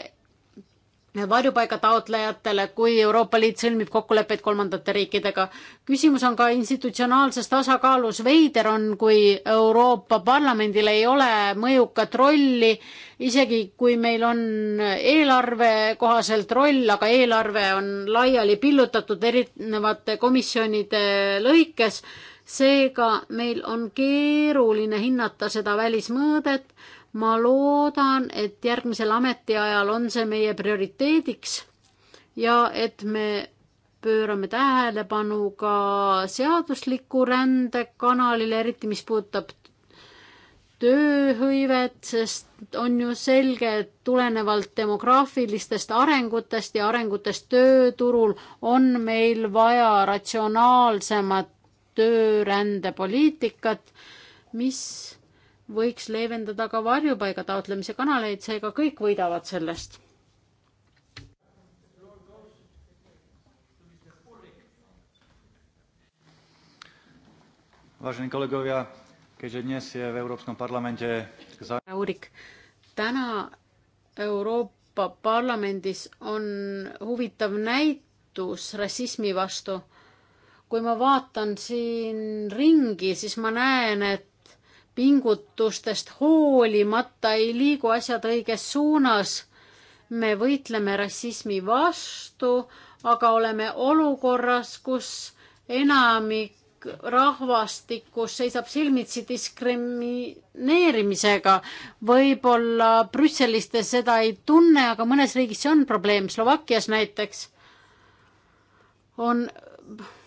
S3: varjupaiga taotlejatele, kui Euroopa Liit sõlmib kokkuleppeid kolmandate riikidega. küsimus on ka institutsionaalses tasakaalus. veider on, kui Euroopa Parlamendil ei ole mõjukat rolli, isegi kui meil on eelarve kohaselt roll, aga eelarve on laiali pillutatud erinevate komisjonide lõikes, seega meil on keeruline hinnata seda välismõõdet ma loodan, et järgmisel ametiajal on see meie prioriteediks ja et me pöörame tähelepanu ka seadusliku rändekanalile, eriti mis puudutab tööhõivet, sest on ju selge, et tulenevalt demograafilistest arengutest ja arengutest tööturul on meil vaja ratsionaalsemat töörändepoliitikat, mis võiks leevendada ka varjupaiga taotlemise kanaleid, seega kõik võidavad sellest. Vážení kolegovia, keďže dnes je v Európskom parlamente... Aurik, täna Euroopa Parlamendis on huvitav näitus rassismi vastu. kui ma vaatan siin ringi, siis ma näen, et pingutustest hoolimata ei liigu asjad õiges suunas. me võitleme rassismi vastu, aga oleme olukorras, kus enamik rahvastikust seisab silmitsi diskrimineerimisega. võib-olla Brüsselis te seda ei tunne, aga mõnes riigis see on probleem, Slovakkias näiteks on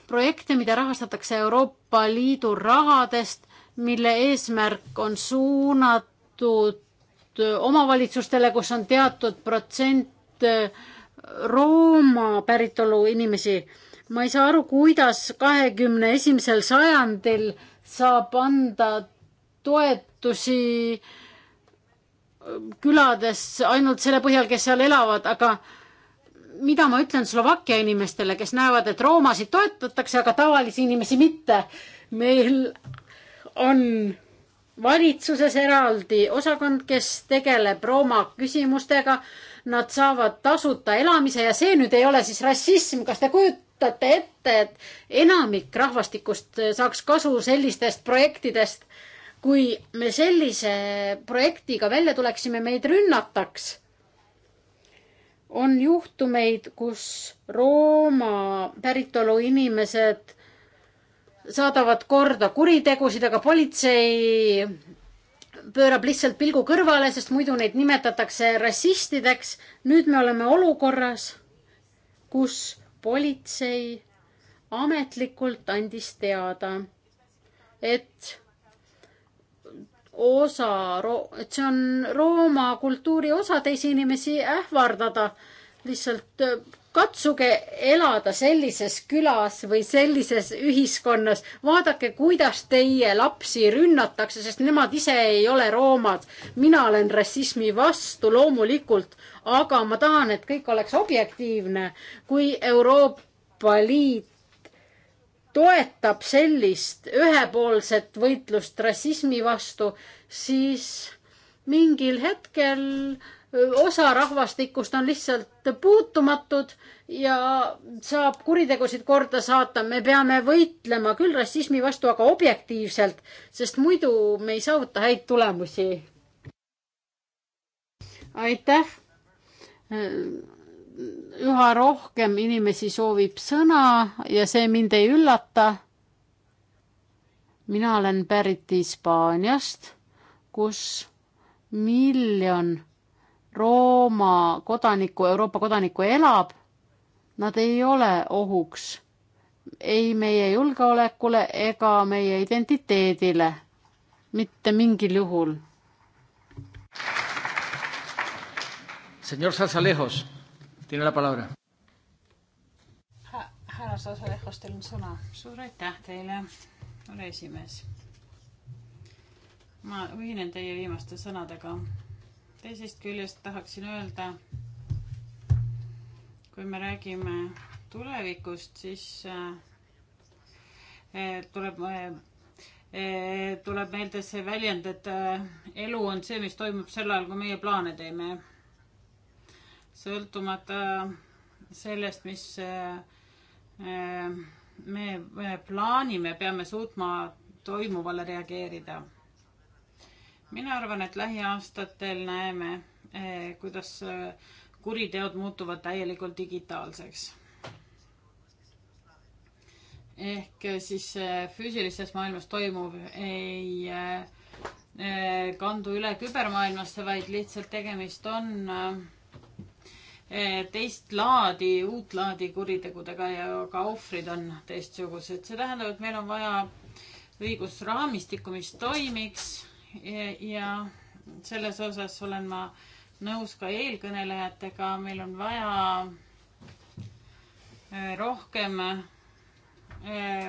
S3: projekte, mida rahastatakse Euroopa Liidu rahadest mille eesmärk on suunatud omavalitsustele, kus on teatud protsent äh, Rooma päritolu inimesi. ma ei saa aru, kuidas kahekümne esimesel sajandil saab anda toetusi äh, külades ainult selle põhjal, kes seal elavad, aga mida ma ütlen Slovakkia inimestele, kes näevad, et roomasid toetatakse, aga tavalisi inimesi mitte. meil on valitsuses eraldi osakond, kes tegeleb Rooma küsimustega. Nad saavad tasuta elamise ja see nüüd ei ole siis rassism, kas te kujutate ette, et enamik rahvastikust saaks kasu sellistest projektidest? kui me sellise projektiga välja tuleksime, meid rünnataks. on juhtumeid, kus Rooma päritolu inimesed saadavad korda kuritegusid, aga politsei pöörab lihtsalt pilgu kõrvale, sest muidu neid nimetatakse rassistideks. nüüd me oleme olukorras, kus politsei ametlikult andis teada, et osa, et see on Rooma kultuuri osa teisi inimesi ähvardada lihtsalt katsuge elada sellises külas või sellises ühiskonnas, vaadake, kuidas teie lapsi rünnatakse, sest nemad ise ei ole roomad. mina olen rassismi vastu loomulikult, aga ma tahan, et kõik oleks objektiivne. kui Euroopa Liit toetab sellist ühepoolset võitlust rassismi vastu, siis mingil hetkel äh, osa rahvastikust on lihtsalt puutumatud ja saab kuritegusid korda saata. me peame võitlema küll rassismi vastu, aga objektiivselt, sest muidu me ei saavuta häid tulemusi. aitäh. üha rohkem inimesi soovib sõna ja see mind ei üllata. mina olen pärit Hispaaniast, kus miljon Rooma kodaniku, Euroopa kodaniku elab, nad ei ole ohuks ei meie julgeolekule ega meie identiteedile mitte mingil juhul.
S1: Señor Salsalejos, tiene la palabra.
S4: härra Salsalejos, teil on sõna. suur aitäh teile, härra esimees. ma ühinen teie viimaste sõnadega teisest küljest tahaksin öelda, kui me räägime tulevikust, siis äh, äh tuleb äh, äh, tuleb meelde see väljend, et äh, elu on see, mis toimub sel ajal, kui meie plaane teeme. sõltumata sellest, mis me plaanime, peame suutma toimuvale reageerida mina arvan, et lähiaastatel näeme, eh, kuidas eh, kuriteod muutuvad täielikult digitaalseks. ehk eh, siis füüsilises maailmas toimuv ei kandu üle kübermaailmasse, vaid lihtsalt tegemist on teist laadi, uut laadi kuritegudega ja ka ohvrid on teistsugused. see tähendab, et meil on vaja õigusraamistikku, mis toimiks ja selles osas olen ma nõus ka eelkõnelejatega, meil on vaja äh, rohkem äh,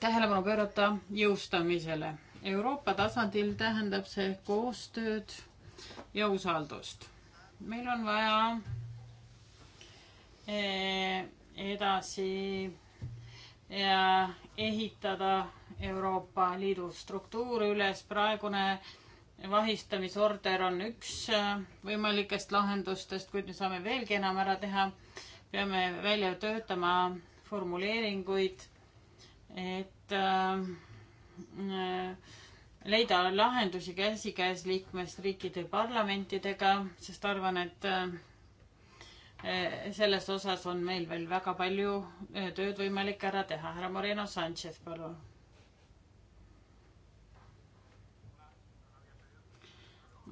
S4: tähelepanu pöörata jõustamisele. Euroopa tasandil tähendab see koostööd ja usaldust. meil on vaja äh, edasi ja ehitada Euroopa Liidu struktuur üles. praegune vahistamisorder on üks äh, võimalikest lahendustest, kuid me saame veelgi enam ära teha. peame välja töötama formuleeringuid, et äh, leida lahendusi käsikäes liikmesriikide parlamentidega, sest arvan, et äh, Eh, selles osas on meil veel väga palju eh, tööd võimalik ära teha. härra Moreno Sanchez, palun.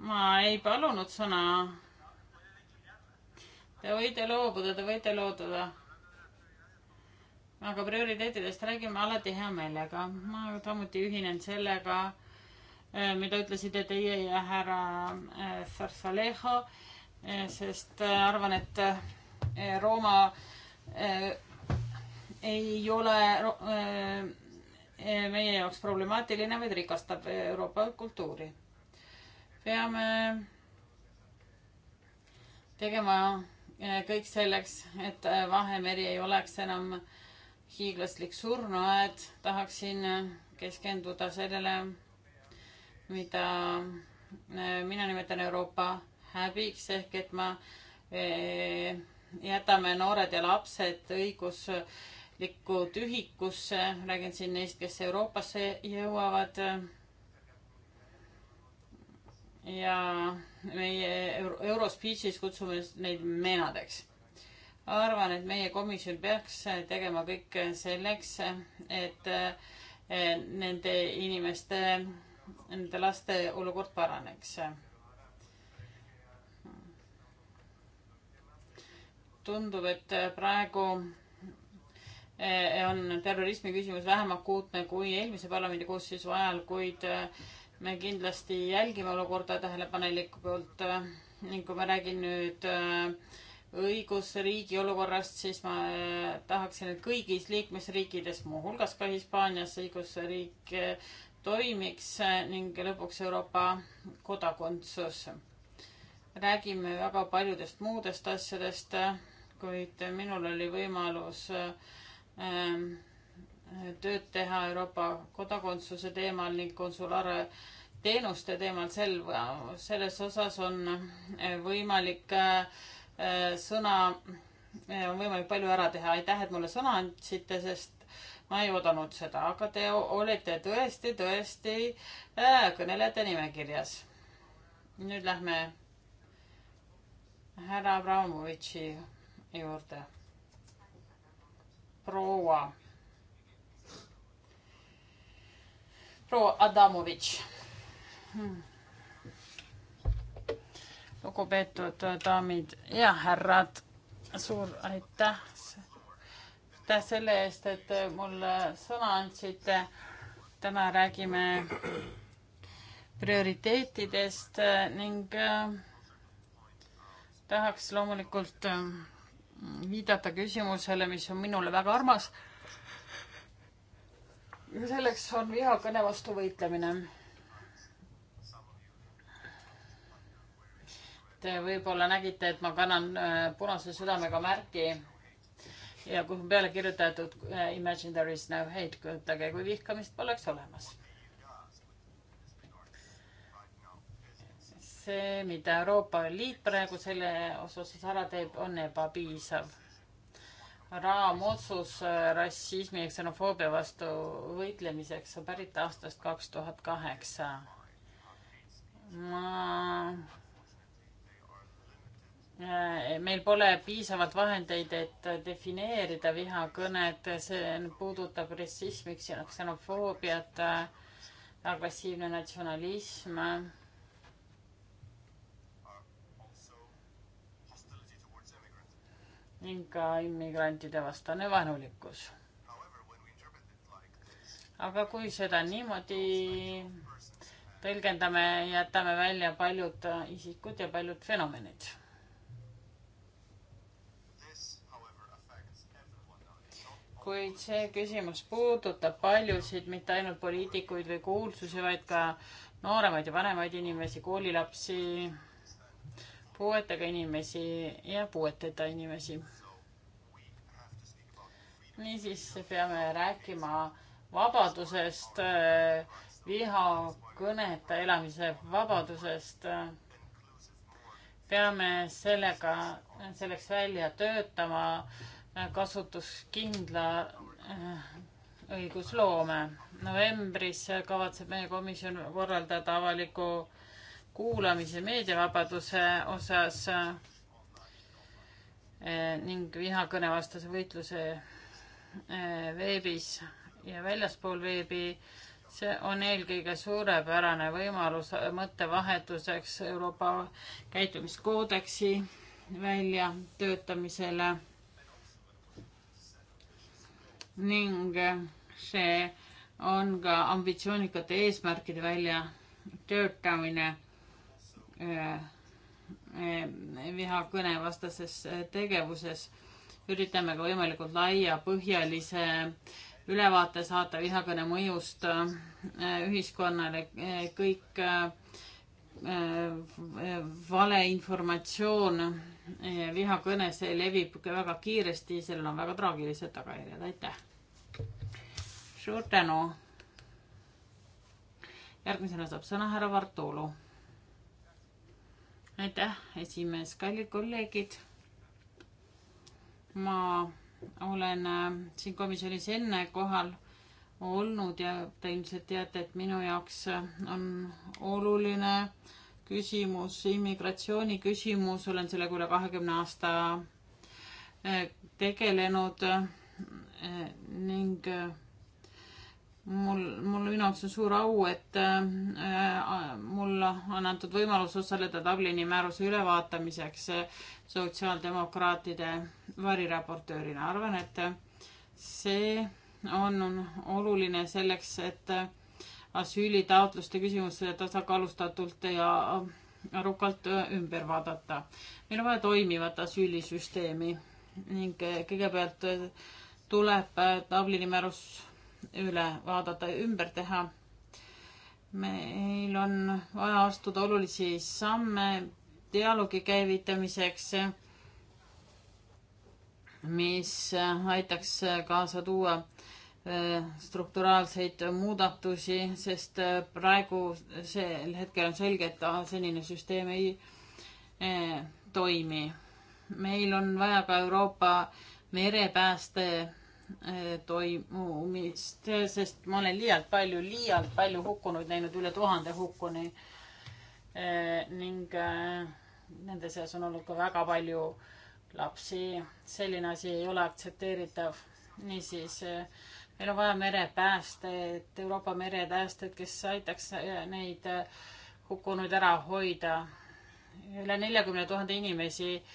S4: ma ei palunud sõna. Te võite loobuda, te võite loobuda. aga prioriteetidest räägime alati hea meelega. ma samuti ühinen sellega, eh, mida ütlesite teie ja härra Sarsalehho äh, Eh, sest eh, arvan, et eh, Rooma ei ole meie jaoks problemaatiline, vaid rikastab Euroopa kultuuri. peame tegema kõik selleks, et Vahemeri ei oleks enam hiiglaslik surnuaed, tahaksin keskenduda sellele, mida mina nimetan Euroopa häbiks ehk et ma eh, jätame noored ja lapsed õiguslikku tühikusse, räägin siin neist, kes Euroopasse jõuavad. ja meie Eurospeech'is kutsume neid meenadeks. arvan, et meie komisjon peaks tegema kõik selleks, et eh, nende inimeste, nende laste olukord paraneks tundub, et praegu eh, on terrorismi küsimus vähem akuutne kui eelmise parlamendi koosseisu ajal, kuid eh, me kindlasti jälgime olukorda tähelepanelikult eh, ning kui ma räägin nüüd õigusriigi olukorrast, siis ma tahaksin, et kõigis liikmesriikides, muuhulgas ka Hispaanias, õigusriik toimiks ning lõpuks Euroopa kodakondsus. räägime väga paljudest muudest asjadest kuid minul oli võimalus ähm, tööd teha Euroopa kodakondsuse teemal ning konsulaarteenuste teemal sel, selles osas on äh, võimalik äh, sõna, äh, on võimalik palju ära teha. aitäh, et mulle sõna andsite, sest ma ei oodanud seda, aga te olete tõesti, tõesti kõnelejate nimekirjas. nüüd lähme härra Abramovitši juurde. proua. proua Adamovitš hmm.. lugupeetud daamid ja härrad, suur aitäh, aitäh selle eest, et mulle sõna andsite. täna räägime prioriteetidest ning äh, tahaks loomulikult äh, viidata küsimusele, mis on minule väga armas. ja selleks on vihakõne vastu võitlemine. Te võib-olla nägite, et ma kannan äh, punase südamega märki ja kuhu peale kirjutatud äh, Imagine there is no hate, kujutage, kui vihkamist poleks olemas see, mida Euroopa Liit praegu selle osas ära teeb, on ebapiisav. raamotsus rassismi ja ksenofoobia vastu võitlemiseks on pärit aastast kaks tuhat kaheksa. ma meil pole piisavalt vahendeid, et defineerida vihakõnet, see puudutab rassismi, ksenofoobiat, agressiivne natsionalism ning ka immigrantide vastane vaenulikkus. aga kui seda niimoodi tõlgendame, jätame välja paljud isikud ja paljud fenomenid kuid see küsimus puudutab paljusid, mitte ainult poliitikuid või kuulsusi, vaid ka nooremaid ja vanemaid inimesi, koolilapsi puuetega inimesi ja puueteta inimesi. niisiis peame rääkima vabadusest, vihakõneta elamise vabadusest. peame sellega, selleks välja töötama kasutuskindla äh, õigusloome. novembris kavatseb meie komisjon korraldada avaliku kuulamise meediavabaduse osas eh, ning vihakõnevastase võitluse eh, veebis ja väljaspool veebi. see on eelkõige suurepärane võimalus mõttevahetuseks Euroopa käitumiskoodeksi väljatöötamisele ning see on ka ambitsioonikate eesmärkide väljatöötamine Äh, äh, vihakõne vastases äh, tegevuses. üritame ka võimalikult laiapõhjalise ülevaate saata vihakõne mõjust ühiskonnale, kõik valeinformatsioon, vihakõne, see levib väga kiiresti, sellel on väga traagilised tagajärjed, aitäh. suur tänu. järgmisena saab sõna härra Vartulu aitäh, esimees, kallid kolleegid. ma olen äh, siin komisjonis enne kohal olnud ja te ilmselt teate, et minu jaoks äh, on oluline küsimus, immigratsiooni küsimus, olen sellega üle kahekümne aasta äh, tegelenud ning mul, mul, minu jaoks on suur au, et äh, äh, mulle on antud võimalus osaleda Dublini määruse ülevaatamiseks äh, sotsiaaldemokraatide variraportöörina. arvan, et äh, see on, on oluline selleks, et asüülitaotluste küsimus tasakaalustatult ja arukalt ümber vaadata. meil on vaja toimivat asüülisüsteemi ning kõigepealt tuleb Dublini määrus üle vaadata, ümber teha. meil on vaja astuda olulisi samme dialoogi käivitamiseks, mis aitaks kaasa tuua äh, strukturaalseid muudatusi, sest äh, praegusel hetkel on selge, et ah, senine süsteem ei äh, toimi. meil on vaja ka Euroopa merepääste Eh, toimumist, sest ma olen liialt palju, liialt palju hukkunuid näinud, üle tuhande hukkuni e,. ning e, nende seas on olnud ka väga palju lapsi. selline asi ei ole aktsepteeritav. niisiis e, meil on vaja merepäästet, Euroopa merepäästet, kes aitaks neid hukkunuid ära hoida. üle neljakümne tuhande inimesi äh,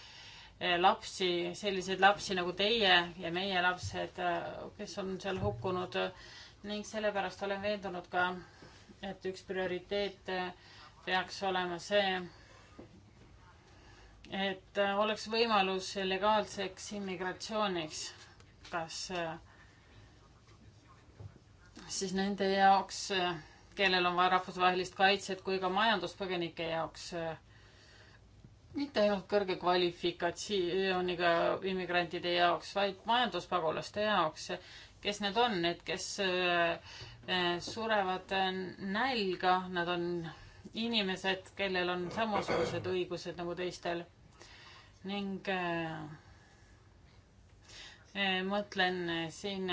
S4: lapsi, selliseid lapsi nagu teie ja meie lapsed, kes on seal hukkunud ning sellepärast olen veendunud ka, et üks prioriteet peaks olema see, et oleks võimalus legaalseks immigratsiooniks, kas siis nende jaoks, kellel on vaja rahvusvahelist kaitset, kui ka majanduspõgenike jaoks
S3: mitte ainult kõrge
S4: kvalifikatsiooniga immigrantide jaoks, vaid majanduspagulaste jaoks. kes need on, need, kes äh, surevad nälga, nad on inimesed, kellel on samasugused õigused nagu teistel. ning äh, äh, mõtlen siin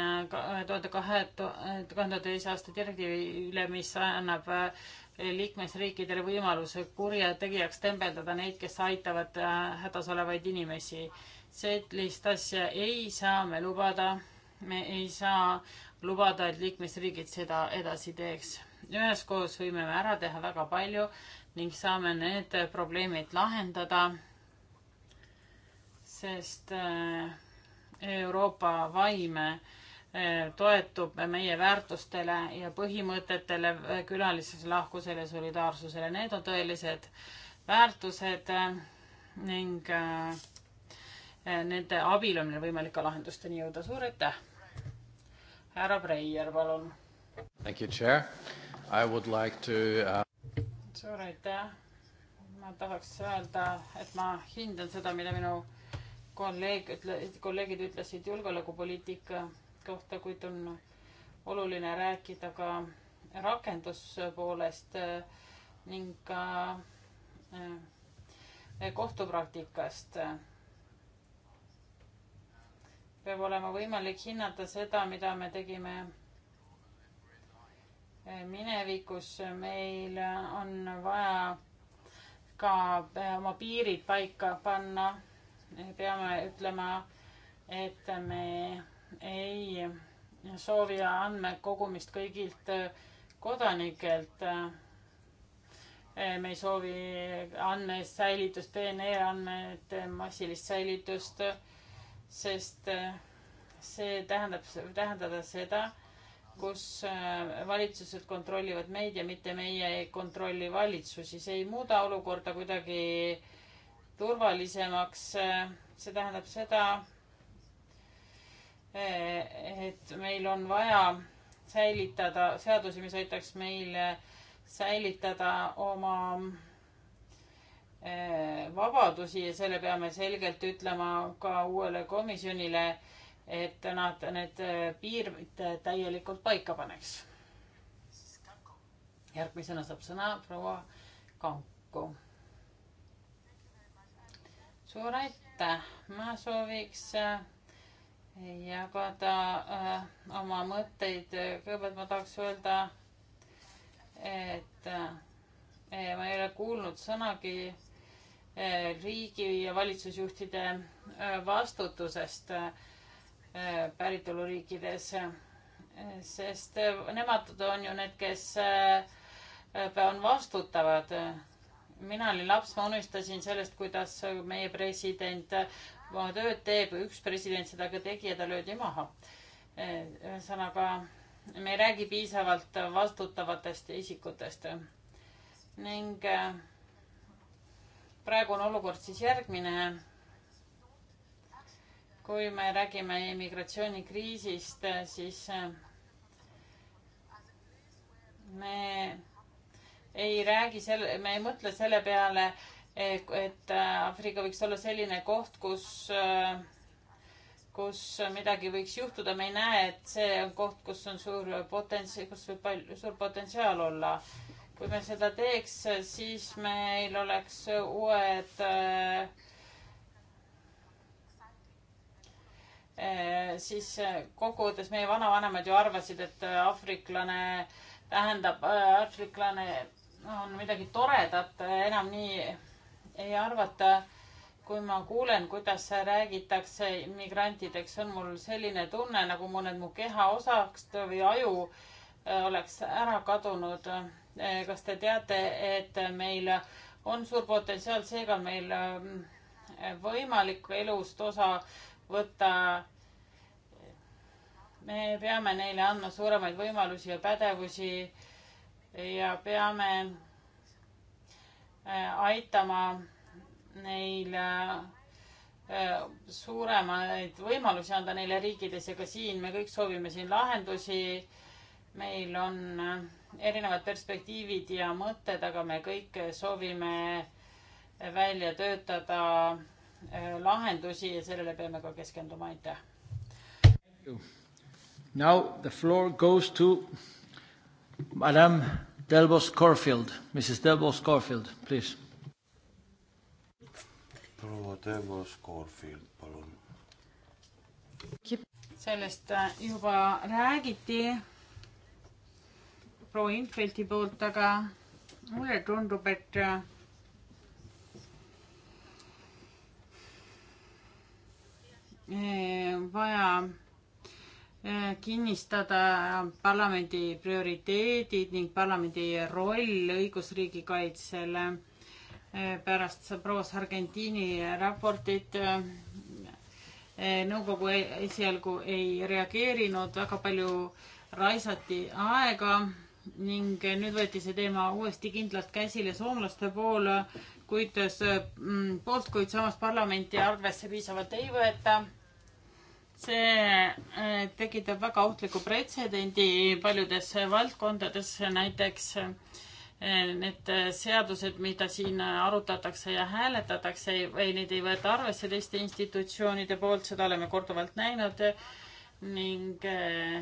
S4: tuhande kahe, tuhande teise aasta direktiivi üle, mis annab liikmesriikidele võimaluse kurjategijaks tembeldada neid, kes aitavad äh, hädas olevaid inimesi. sellist asja ei saa me lubada. me ei saa lubada, et liikmesriigid seda edasi teeks. üheskoos võime me ära teha väga palju ning saame need probleemid lahendada. sest äh, Euroopa vaime äh, Eh, toetub meie väärtustele ja põhimõtetele, eh, külalislahkusele, solidaarsusele, need on tõelised väärtused eh, ning nende abil on meil võimalik ka lahendusteni jõuda. suur aitäh! härra Breier, palun! Thank you, chair. I would like to uh.... suur aitäh! ma tahaks öelda, et ma hindan seda, mida minu kolleeg ütle-, kolleegid ütlesid julgeolekupoliitika kohta, kuid on oluline rääkida ka rakenduspoolest äh, ning ka äh, kohtupraktikast. peab olema võimalik hinnata seda, mida me tegime äh, minevikus. meil on vaja ka oma piirid paika panna. peame ütlema, et me ei soovi andmekogumist kõigilt kodanikelt. me ei soovi andmesäilitust, DNA andmete massilist säilitust, sest see tähendab, tähendada seda, kus valitsused kontrollivad meid ja mitte meie ei kontrolli valitsusi, see ei muuda olukorda kuidagi turvalisemaks. see tähendab seda, et meil on vaja säilitada seadusi, mis aitaks meil säilitada oma eh, vabadusi ja selle peame selgelt ütlema ka uuele komisjonile, et nad need eh, piirid täielikult paika paneks. järgmisena saab sõna proua Kanku. suur aitäh, ma sooviks eh, jagada äh, oma mõtteid. kõigepealt ma tahaks öelda, et äh, ma ei ole kuulnud sõnagi äh, riigi ja valitsusjuhtide äh, vastutusest äh, päritoluriikides, äh, sest äh, nemad on ju need, kes äh, on vastutavad mina olin laps, ma unistasin sellest, kuidas meie president oma tööd teeb, üks president seda ka tegi ja ta löödi maha. ühesõnaga, me ei räägi piisavalt vastutavatest isikutest. ning praegu on olukord siis järgmine. kui me räägime immigratsioonikriisist, siis me ei räägi selle, me ei mõtle selle peale, Eh, et äh, Aafrika võiks olla selline koht, kus, äh, kus midagi võiks juhtuda, me ei näe, et see on koht, kus on suur potentsi-, kus võib palju, suur potentsiaal olla. kui me seda teeks, siis meil oleks uued äh, siis kogudes meie vanavanemad ju arvasid, et aafriklane tähendab, aafriklane on midagi toredat, enam nii ei arvata, kui ma kuulen, kuidas räägitakse migrantideks, on mul selline tunne, nagu mõned mu keha osast või aju äh, oleks ära kadunud. Äh, kas te teate, et meil on suur potentsiaal, seega on meil äh, võimalik elust osa võtta me peame neile andma suuremaid võimalusi ja pädevusi ja peame Äh, aitama neil äh, suuremaid võimalusi anda neile riikides ja ka siin me kõik soovime siin lahendusi. meil on äh, erinevad perspektiivid ja mõtted, aga me kõik soovime välja töötada lahendusi ja sellele peame ka keskenduma, aitäh.
S1: Now the floor goes to madam Delbos Corfield, Mrs Delbos Corfield, please.
S2: proua Delbos Corfield, palun.
S4: sellest äh, juba räägiti proua Infeldti poolt, aga mulle tundub, et äh, vaja Äh, kinnistada parlamendi prioriteedid ning parlamendi roll õigusriigi kaitsele. Äh, pärast proua Sargentini raportit äh, nõukogu e-, esialgu ei reageerinud, väga palju raisati aega ning nüüd võeti see teema uuesti kindlalt käsile soomlaste poole, kuid mm, poolt, kuid samas parlamenti arvesse piisavalt ei võeta see äh, tekitab väga ohtliku pretsedendi paljudes valdkondades, näiteks äh, need seadused, mida siin arutatakse ja hääletatakse või neid ei võeta arvesse teiste institutsioonide poolt, seda oleme korduvalt näinud ning äh,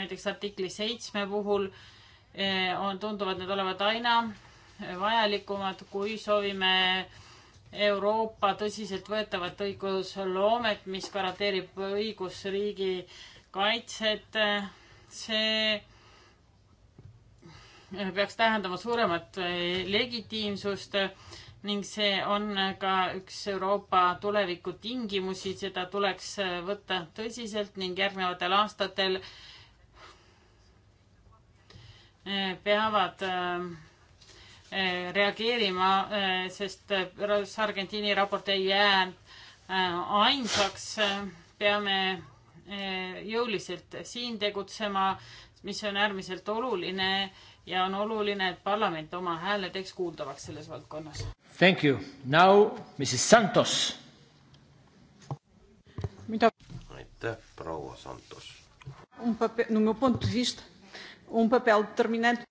S4: näiteks artikli seitsme puhul on, tunduvad need olevat aina vajalikumad, kui soovime Euroopa tõsiseltvõetavat õigusloomet, mis garanteerib õigusriigi kaitset. see peaks tähendama suuremat legitiimsust ning see on ka üks Euroopa tuleviku tingimusi, seda tuleks võtta tõsiselt ning järgnevatel aastatel peavad äh, Eh, reageerima, eh, sest eh, Argentiini raport ei jää ainsaks, peame jõuliselt siin tegutsema, mis on äärmiselt oluline ja on oluline, et parlament oma hääle teeks kuuldavaks selles valdkonnas.
S1: Thank you, now Mrs Santos.
S4: mida?
S2: aitäh, proua Santos.
S4: Un papel, no meu ponto de vista, un papel determinante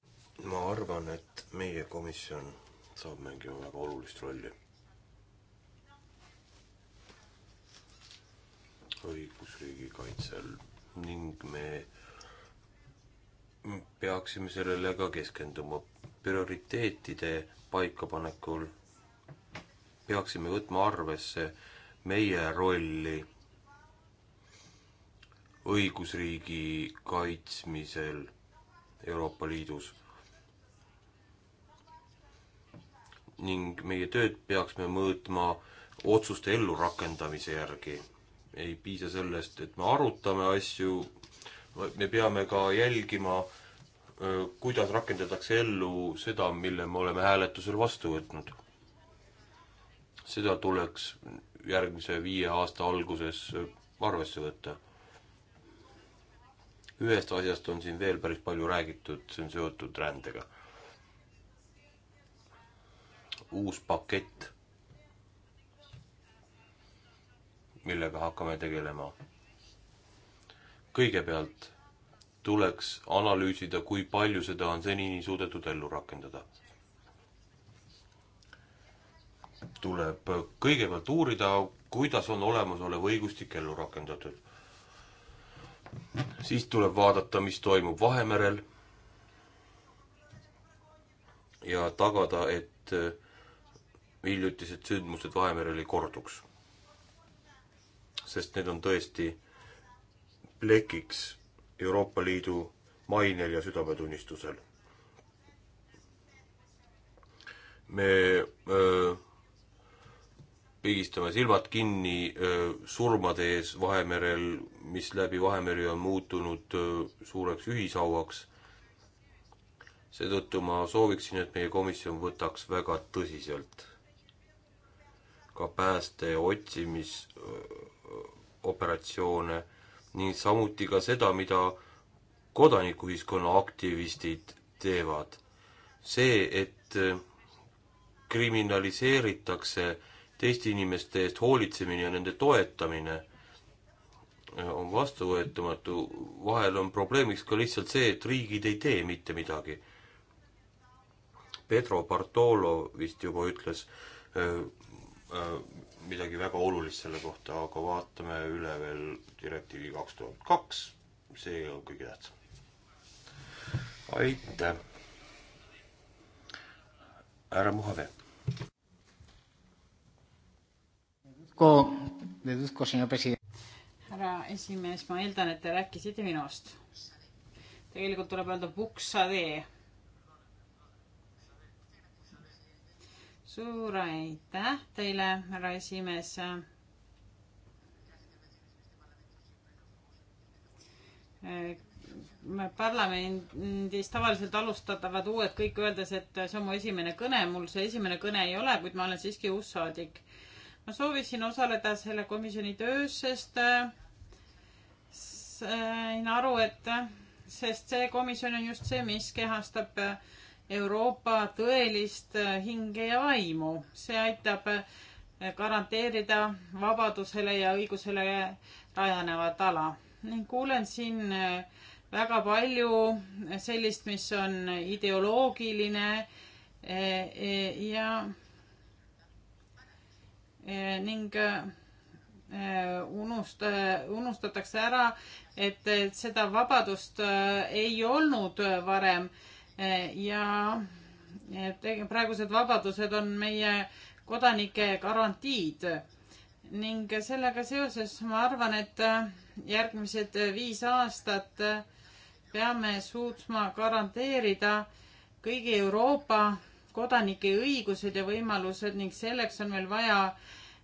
S2: ma arvan, et meie komisjon saab mängima väga olulist rolli. õigusriigi kaitsel ning me peaksime sellele ka keskenduma. prioriteetide paikapanekul peaksime võtma arvesse meie rolli õigusriigi kaitsmisel Euroopa Liidus ning meie tööd peaks me mõõtma otsuste ellurakendamise järgi. ei piisa sellest, et me arutame asju, me peame ka jälgima, kuidas rakendatakse ellu seda, mille me oleme hääletusel vastu võtnud. seda tuleks järgmise viie aasta alguses arvesse võtta. ühest asjast on siin veel päris palju räägitud, see on seotud rändega uus pakett, millega hakkame tegelema. kõigepealt tuleks analüüsida, kui palju seda on senini suudetud ellu rakendada. tuleb kõigepealt uurida, kuidas on olemasolev õigustik ellu rakendatud. siis tuleb vaadata, mis toimub Vahemerel ja tagada, et hiljutised sündmused Vahemerel ei korduks. sest need on tõesti plekiks Euroopa Liidu mainel ja südametunnistusel. me öö, pigistame silmad kinni öö, surmade ees Vahemerel, mis läbi Vahemeri on muutunud öö, suureks ühishauaks. seetõttu ma sooviksin, et meie komisjon võtaks väga tõsiselt ka pääste- ja otsimisoperatsioone ning samuti ka seda, mida kodanikuühiskonna aktivistid teevad. see, et kriminaliseeritakse teiste inimeste eest hoolitsemine ja nende toetamine, on vastuvõetamatu. vahel on probleemiks ka lihtsalt see, et riigid ei tee mitte midagi. Pedro Bartolo vist juba ütles Äh, midagi väga olulist selle kohta, aga vaatame üle veel direktiivi kaks tuhat kaks, see on kõige tähtsam. aitäh.
S3: härra Muhave.
S4: härra esimees, ma eeldan, et te rääkisite minust. tegelikult tuleb öelda puksatee suur aitäh teile, härra esimees. parlamendis tavaliselt alustatavad uued kõik öeldes, et see on mu esimene kõne, mul see esimene kõne ei ole, kuid ma olen siiski uus saadik. ma soovisin osaleda selle komisjoni töös, sest äh, sain aru, et, sest see komisjon on just see, mis kehastab äh, Euroopa tõelist äh, hinge ja vaimu. see aitab äh, garanteerida vabadusele ja õigusele rajanevat ala. ning kuulen siin äh, väga palju sellist, mis on ideoloogiline ja ning unust-, unustatakse ära, et seda vabadust ei olnud varem ja praegused vabadused on meie kodanike garantiid ning sellega seoses ma arvan, et järgmised viis aastat peame suutma garanteerida kõigi Euroopa kodanike õigused ja võimalused ning selleks on meil vaja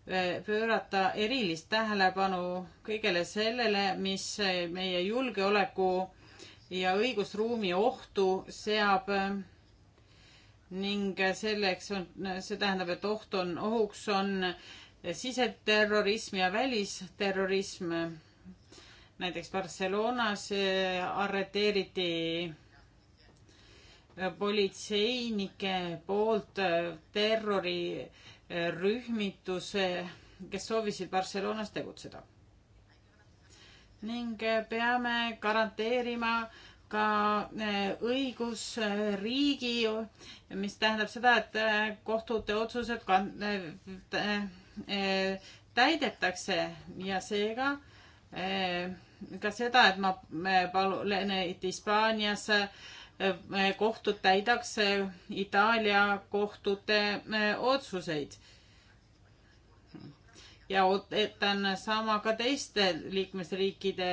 S4: eh, pöörata erilist tähelepanu kõigele sellele, mis meie julgeoleku ja õigusruumi ohtu seab ning selleks on, see tähendab, et oht on, ohuks on siseterrorism ja välisterrorism. näiteks Barcelonas eh, arreteeriti eh, politseinike poolt eh, terrorirühmituse, kes soovisid Barcelonas tegutseda ning peame garanteerima ka eh, õigusriigi, mis tähendab seda, et eh, kohtute otsused eh, täidetakse ja seega ka seda, et ma palun, et Hispaanias kohtud täidaks Itaalia kohtute otsuseid ja ootan sama ka teiste liikmesriikide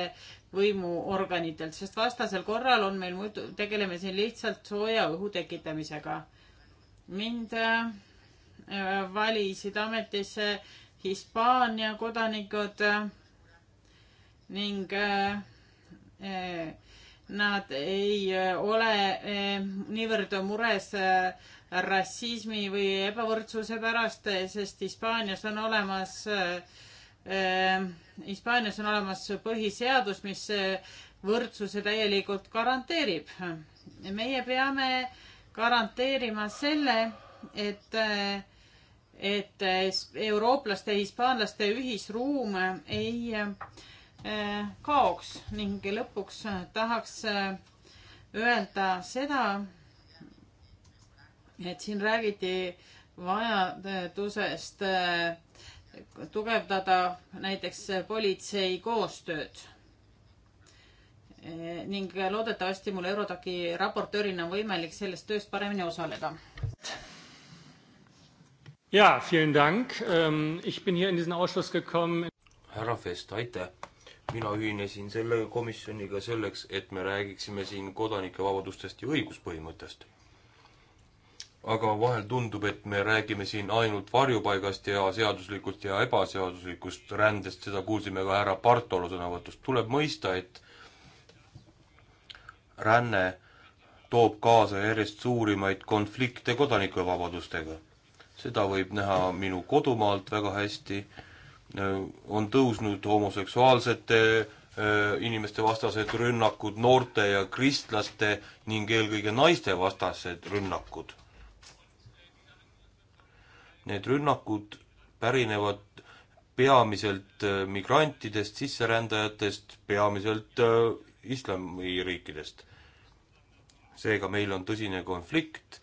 S4: võimuorganitelt, sest vastasel korral on meil muidu, tegeleme siin lihtsalt sooja õhu tekitamisega. mind äh, valisid ametisse Hispaania kodanikud ning äh, äh, nad ei ole niivõrd mures rassismi või ebavõrdsuse pärast, sest Hispaanias on olemas ähm, Hispaanias on olemas põhiseadus, mis äh, võrdsuse täielikult garanteerib. meie peame garanteerima selle, et, äh, et äh, eurooplaste ja hispaanlaste ühisruum ei kaoks ning lõpuks tahaks öelda seda, et siin räägiti vajadusest äh, tugevdada näiteks politsei koostööd. Äh, ning loodetavasti mul Eurodaki raportöörina on võimalik selles töös paremini osaleda.
S1: jaa, vielen dank um,, ich bin hier
S2: in diesen ausschuss gekommen. härra Fest, aitäh. mina ühinesin selle komisjoniga selleks, et me räägiksime siin kodanike vabadustest ja õiguspõhimõttest aga vahel tundub, et me räägime siin ainult varjupaigast ja seaduslikust ja ebaseaduslikust rändest, seda kuulsime ka härra Bartolo sõnavõtust, tuleb mõista, et ränne toob kaasa järjest suurimaid konflikte kodanikuvabadustega. seda võib näha minu kodumaalt väga hästi, on tõusnud homoseksuaalsete äh, inimeste vastased rünnakud, noorte ja kristlaste ning eelkõige naiste vastased rünnakud Need rünnakud pärinevad peamiselt äh, migrantidest, sisserändajatest, peamiselt äh, islamiriikidest. seega meil on tõsine konflikt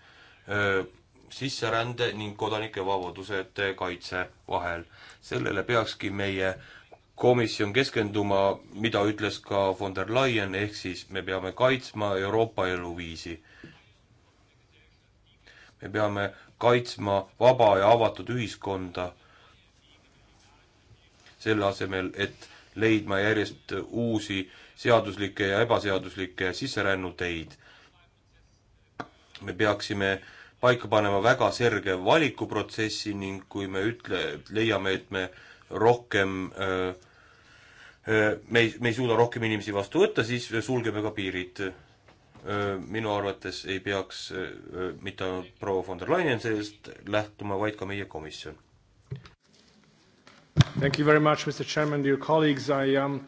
S2: äh, sisserände ning kodanike vabadused kaitse vahel. sellele peakski meie komisjon keskenduma, mida ütles ka von der Leyen, ehk siis me peame kaitsma Euroopa eluviisi. me peame kaitsma vaba ja avatud ühiskonda, selle asemel, et leidma järjest uusi seaduslikke ja ebaseaduslikke sisserännuteid. me peaksime paika panema väga selge valikuprotsessi ning kui me ütle, leiame, et me rohkem öö, äh, äh, me ei, me ei suuda rohkem inimesi vastu võtta, siis sulgeme ka piirid minu arvates ei peaks mitte ainult proua von der Leyen sellest lähtuma, vaid ka meie komisjon.
S1: Thank you very much, Mr Chairman, dear colleagues, I um,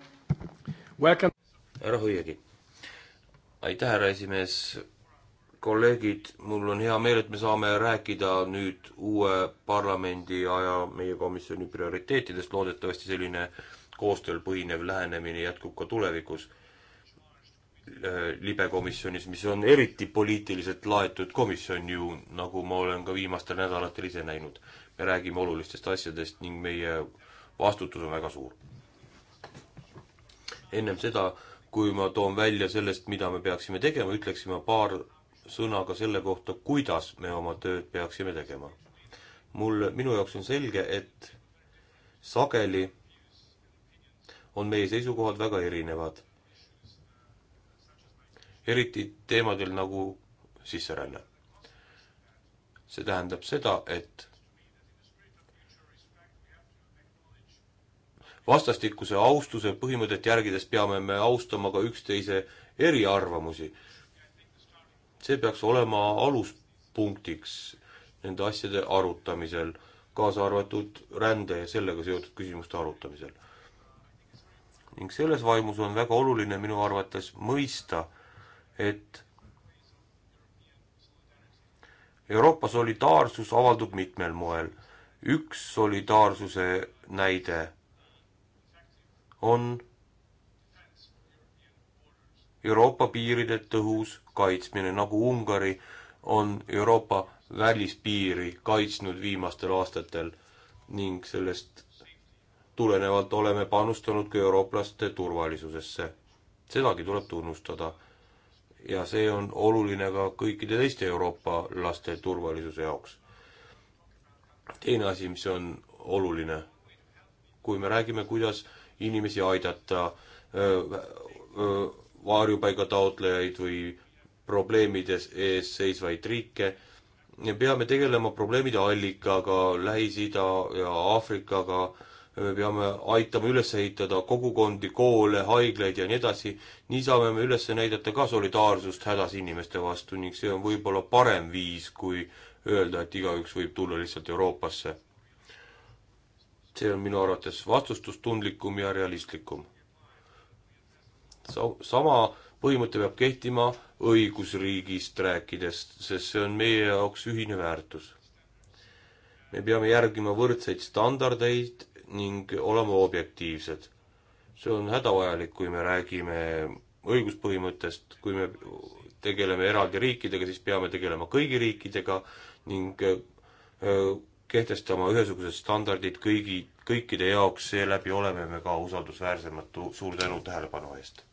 S1: welcome
S2: härra Hoiagi. aitäh, härra esimees, kolleegid, mul on hea meel, et me saame rääkida nüüd uue parlamendi aja meie komisjoni prioriteetidest, loodetavasti selline koostööl põhinev lähenemine jätkub ka tulevikus Äh, libekomisjonis, mis on eriti poliitiliselt laetud komisjon ju, nagu ma olen ka viimastel nädalatel ise näinud. me räägime olulistest asjadest ning meie vastutus on väga suur. ennem seda, kui ma toon välja sellest, mida me peaksime tegema, ütleksin ma paar sõna ka selle kohta, kuidas me oma tööd peaksime tegema. mul, minu jaoks on selge, et sageli on meie seisukohad väga erinevad eriti teemadel nagu sisseränne. see tähendab seda, et vastastikuse austuse põhimõtet järgides peame me austama ka üksteise eriarvamusi. see peaks olema aluspunktiks nende asjade arutamisel, kaasa arvatud rände ja sellega seotud küsimuste arutamisel. ning selles vaimus on väga oluline minu arvates mõista, et Euroopa solidaarsus avaldub mitmel moel. üks solidaarsuse näide on Euroopa piiride tõhus kaitsmine, nagu Ungari on Euroopa välispiiri kaitsnud viimastel aastatel ning sellest tulenevalt oleme panustanud ka eurooplaste turvalisusesse. sedagi tuleb tunnustada ja see on oluline ka kõikide teiste Euroopa laste turvalisuse jaoks. teine asi, mis on oluline, kui me räägime, kuidas inimesi aidata, varjupaiga taotlejaid või probleemides ees seisvaid riike, me peame tegelema probleemide allikaga, Lähis-Ida ja Aafrikaga, me peame aitama üles ehitada kogukondi, koole, haiglaid ja nii edasi, nii saame me üles näidata ka solidaarsust hädas inimeste vastu ning see on võib-olla parem viis, kui öelda, et igaüks võib tulla lihtsalt Euroopasse. see on minu arvates vastutustundlikum ja realistlikum. Sa-, sama põhimõte peab kehtima õigusriigist rääkides, sest see on meie jaoks ühine väärtus. me peame järgima võrdseid standardeid ning olema objektiivsed. see on hädavajalik, kui me räägime õiguspõhimõttest, kui me tegeleme eraldi riikidega, siis peame tegelema kõigi riikidega ning äh, kehtestama ühesugused standardid kõigi, kõikide jaoks, seeläbi oleme me ka usaldusväärsemad. suur tänu tähelepanu eest!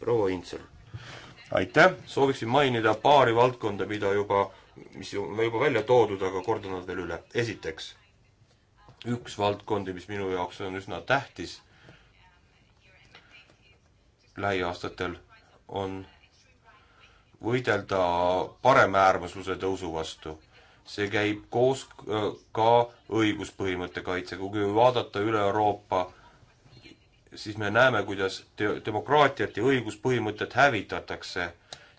S2: proua Intsel. aitäh, sooviksin mainida paari valdkonda, mida juba mis on juba välja toodud, aga kordan nad veel üle. esiteks, üks valdkondi, mis minu jaoks on üsna tähtis lähiaastatel, on võidelda paremäärmusluse tõusu vastu. see käib koos äh, ka õiguspõhimõtte kaitsega, kui vaadata üle Euroopa, siis me näeme, kuidas demokraatiat ja õiguspõhimõtet hävitatakse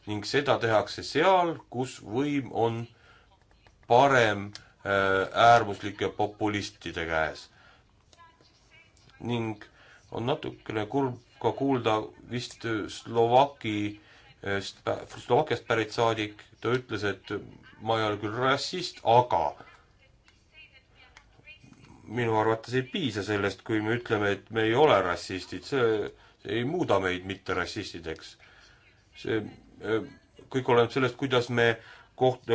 S2: ning seda tehakse seal, kus võim on parem äh, äärmuslike populistide käes. ning on natukene kurb ka kuulda vist Slovaki, äh, Slovakkiast pärit saadik, ta ütles, et ma ei ole küll rassist, aga minu arvates ei piisa sellest, kui me ütleme, et me ei ole rassistid, see, see ei muuda meid mitte rassistideks. see kõik oleneb sellest, kuidas me koht-,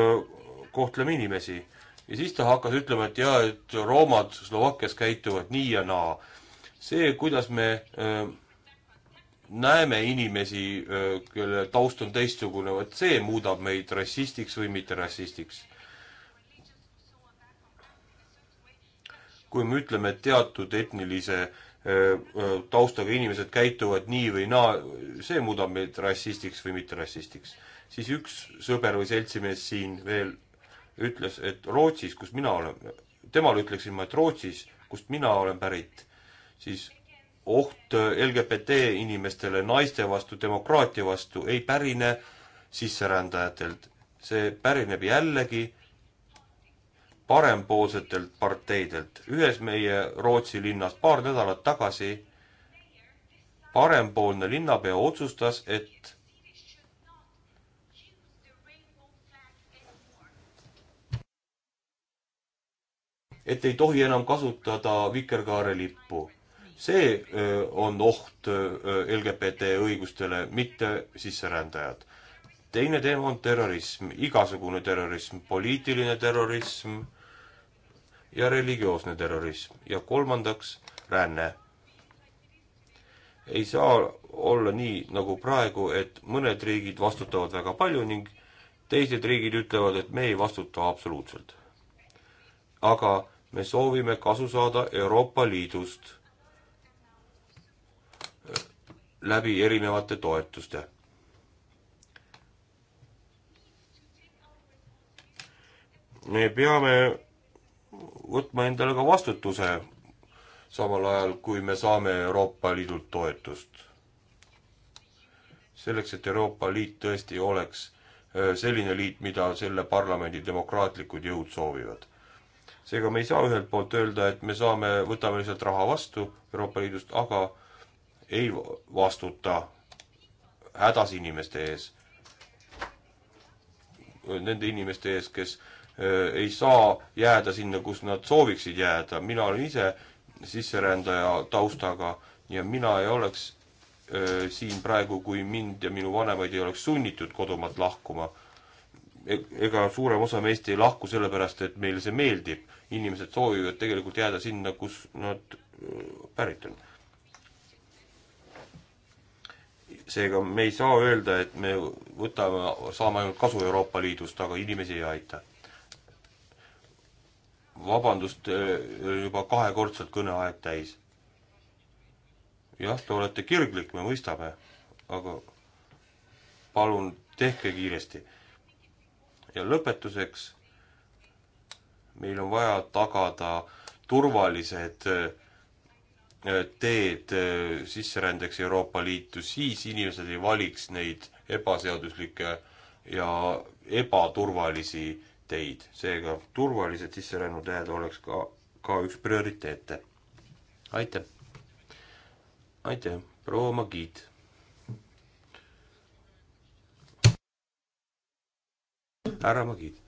S2: kohtleme inimesi. ja siis ta hakkas ütlema, et jaa, et roomad Slovakkias käituvad nii ja naa. see, kuidas me öö, näeme inimesi, kelle taust on teistsugune, vot see muudab meid rassistiks või mitte rassistiks. kui me ütleme, et teatud etnilise Äh, äh, taustaga inimesed käituvad nii või naa, see muudab meid rassistiks või mitte rassistiks. siis üks sõber või seltsimees siin veel ütles, et Rootsis, kus mina olen, temale ütleksin ma, et Rootsis, kust mina olen pärit, siis oht äh, LGBT inimestele, naiste vastu, demokraatia vastu ei pärine sisserändajatelt. see pärineb jällegi parempoolsetelt parteidelt. ühes meie Rootsi linnas paar nädalat tagasi parempoolne linnapea otsustas, et et ei tohi enam kasutada vikerkaarelippu. see on oht LGBT õigustele, mitte sisserändajad. teine teema on terrorism, igasugune terrorism, poliitiline terrorism ja religioosne terrorism ja kolmandaks ränne. ei saa olla nii, nagu praegu, et mõned riigid vastutavad väga palju ning teised riigid ütlevad, et me ei vastuta absoluutselt. aga me soovime kasu saada Euroopa Liidust läbi erinevate toetuste. me peame võtma endale ka vastutuse, samal ajal kui me saame Euroopa Liidult toetust. selleks, et Euroopa Liit tõesti oleks selline liit, mida selle parlamendi demokraatlikud jõud soovivad. seega me ei saa ühelt poolt öelda, et me saame, võtame lihtsalt raha vastu Euroopa Liidust, aga ei vastuta hädas inimeste ees. Nende inimeste ees, kes Äh, ei saa jääda sinna, kus nad sooviksid jääda. mina olen ise sisserändaja taustaga ja mina ei oleks öö, äh, siin praegu, kui mind ja minu vanemaid ei oleks sunnitud kodumaalt lahkuma. E-, ega suurem osa meist ei lahku sellepärast, et meile see meeldib. inimesed soovivad tegelikult jääda sinna, kus nad öö, äh, pärit on. seega me ei saa öelda, et me võtame, saame ainult kasu Euroopa Liidust, aga inimesi ei aita vabandust, äh, juba kahekordselt kõneaeg täis. jah, te olete kirglik, me mõistame, aga palun tehke kiiresti. ja lõpetuseks, meil on vaja tagada turvalised äh, teed äh, sisserändeks Euroopa Liitu, siis inimesed ei valiks neid ebaseaduslikke ja ebaturvalisi teid, seega turvalised sisserännud jääd oleks ka, ka üks prioriteete. aitäh! aitäh, proua Magiid! härra Magiid!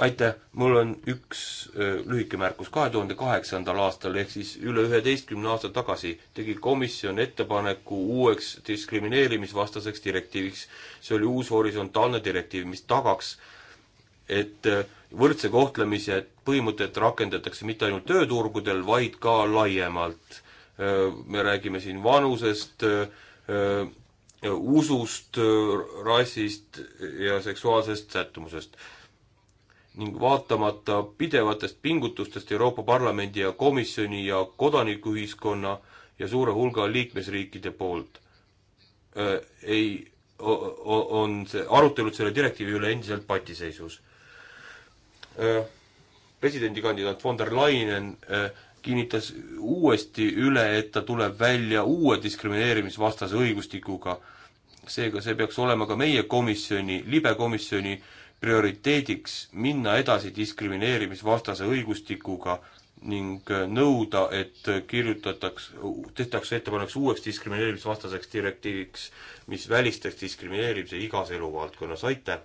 S2: aitäh, mul on üks öö, lühike märkus. kahe tuhande kaheksandal aastal ehk siis üle üheteistkümne aasta tagasi tegi komisjon ettepaneku uueks diskrimineerimisvastaseks direktiiviks. see oli uus horisontaalne direktiiv, mis tagaks, et võrdse kohtlemise põhimõtet rakendatakse mitte ainult tööturgudel, vaid ka laiemalt. me räägime siin vanusest, usust, rassist ja seksuaalsest sättumusest ning vaatamata pidevatest pingutustest Euroopa Parlamendi ja komisjoni ja kodanikuühiskonna ja suure hulga liikmesriikide poolt äh, ei, on see, arutelud selle direktiivi üle endiselt patiseisus äh,. presidendikandidaat von der Leyen äh, kinnitas uuesti üle, et ta tuleb välja uue diskrimineerimisvastase õigustikuga. seega see peaks olema ka meie komisjoni, libekomisjoni äh, prioriteediks minna edasi diskrimineerimisvastase õigustikuga ning äh, nõuda, et kirjutataks, tehtakse ettepanek uueks diskrimineerimisvastaseks direktiiviks, mis välistaks diskrimineerimise igas eluvaldkonnas, aitäh!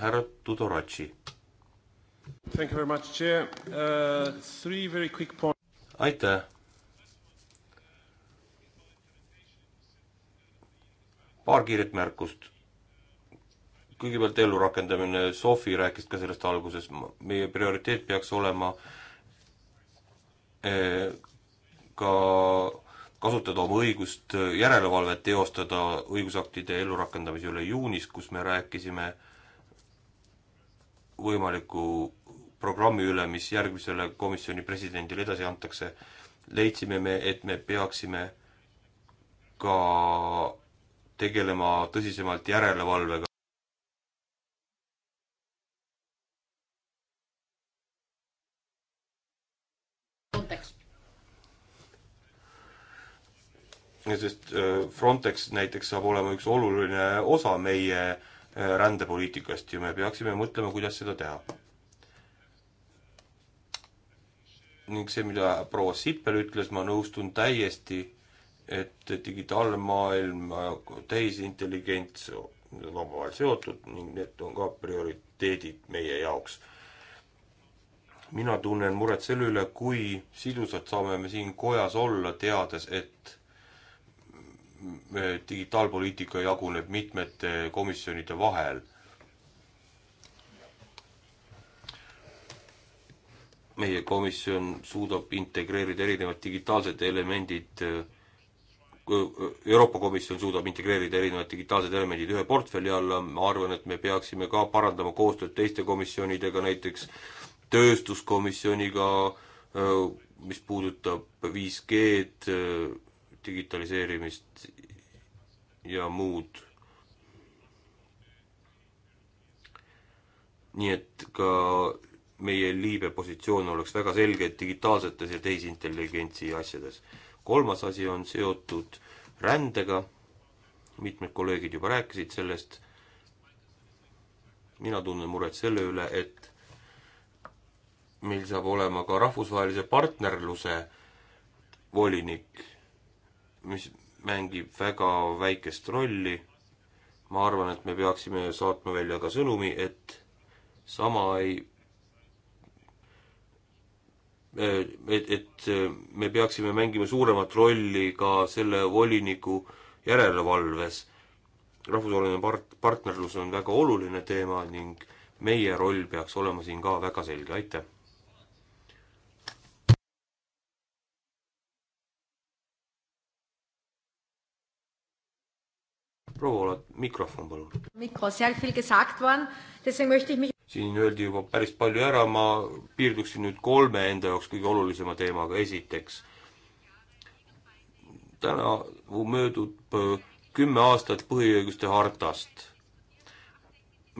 S2: härra Tudoratši. Uh, aitäh! paar kiiret märkust. kõigepealt ellurakendamine, Sofi rääkis ka sellest alguses, meie prioriteet peaks olema eh, ka kasutada oma õigust eh, järelevalvet teostada õigusaktide ellurakendamise üle juunis, kus me rääkisime võimaliku programmi üle, mis järgmisele komisjoni presidendile edasi antakse, leidsime me, et me peaksime ka tegelema tõsisemalt järelevalvega. sest äh, Frontex näiteks saab olema üks oluline osa meie äh, rändepoliitikast ja me peaksime mõtlema, kuidas seda teha. ning see, mida proua Sippel ütles, ma nõustun täiesti et digitaalmaailm, tehisintelligents on omavahel seotud ning need on ka prioriteedid meie jaoks. mina tunnen muret selle üle, kui sidusad saame me siin kojas olla, teades, et digitaalpoliitika jaguneb mitmete komisjonide vahel. meie komisjon suudab integreerida erinevad digitaalsed elemendid äh, Äh, Euroopa Komisjon suudab integreerida erinevad digitaalsed elemendid ühe portfelli alla, ma arvan, et me peaksime ka parandama koostööd teiste komisjonidega, näiteks tööstuskomisjoniga, äh, mis puudutab 5G-d, äh, digitaliseerimist ja muud. nii et ka meie liibe positsioon oleks väga selge digitaalsetes ja tehisintelligentsi asjades kolmas asi on seotud rändega, mitmed kolleegid juba rääkisid sellest, mina tunnen muret selle üle, et meil saab olema ka rahvusvahelise partnerluse volinik, mis mängib väga väikest rolli. ma arvan, et me peaksime saatma välja ka sõnumi, et sama ei et, et äh, me peaksime mängima suuremat rolli ka selle voliniku järelevalves. rahvusvaheline part-, partnerlus on väga oluline teema ning meie roll peaks olema siin ka väga selge, aitäh! proua Olat, mikrofon palun.
S3: Mikro, sehr viel gesagt worden, deswegen möchte ich mich
S2: siin öeldi juba päris palju ära, ma piirduksin nüüd kolme enda jaoks kõige olulisema teemaga, esiteks täna möödub äh, kümme aastat põhiõiguste hartast.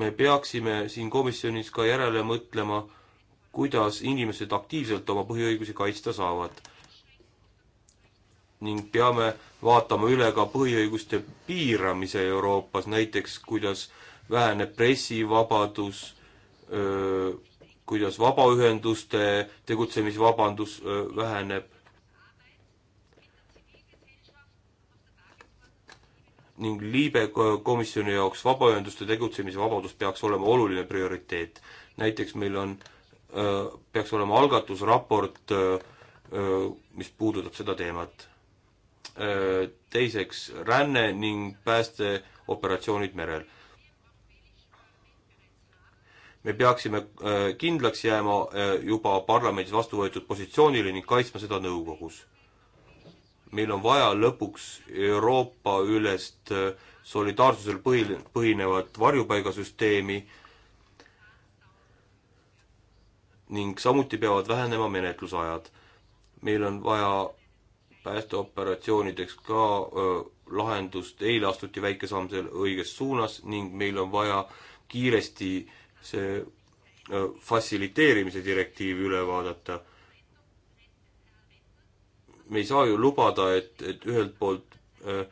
S2: me peaksime siin komisjonis ka järele mõtlema, kuidas inimesed aktiivselt oma põhiõigusi kaitsta saavad. ning peame vaatama üle ka põhiõiguste piiramise Euroopas, näiteks kuidas väheneb pressivabadus kuidas vabaühenduste tegutsemisvabandus väheneb ning liibe komisjoni jaoks vabaühenduste tegutsemisvabadus peaks olema oluline prioriteet. näiteks meil on, peaks olema algatusraport, mis puudutab seda teemat. Teiseks, ränne ning päästeoperatsioonid merel me peaksime äh, kindlaks jääma äh, juba parlamendis vastu võetud positsioonile ning kaitsma seda nõukogus. meil on vaja lõpuks Euroopa-ülest äh, solidaarsusel põhi, põhinevat varjupaigasüsteemi ning samuti peavad vähenema menetlusajad. meil on vaja päästeoperatsioonideks ka öö, lahendust, eile astuti väike samm seal õiges suunas ning meil on vaja kiiresti öö, see äh, fassiliteerimise direktiiv üle vaadata. me ei saa ju lubada, et, et ühelt poolt äh,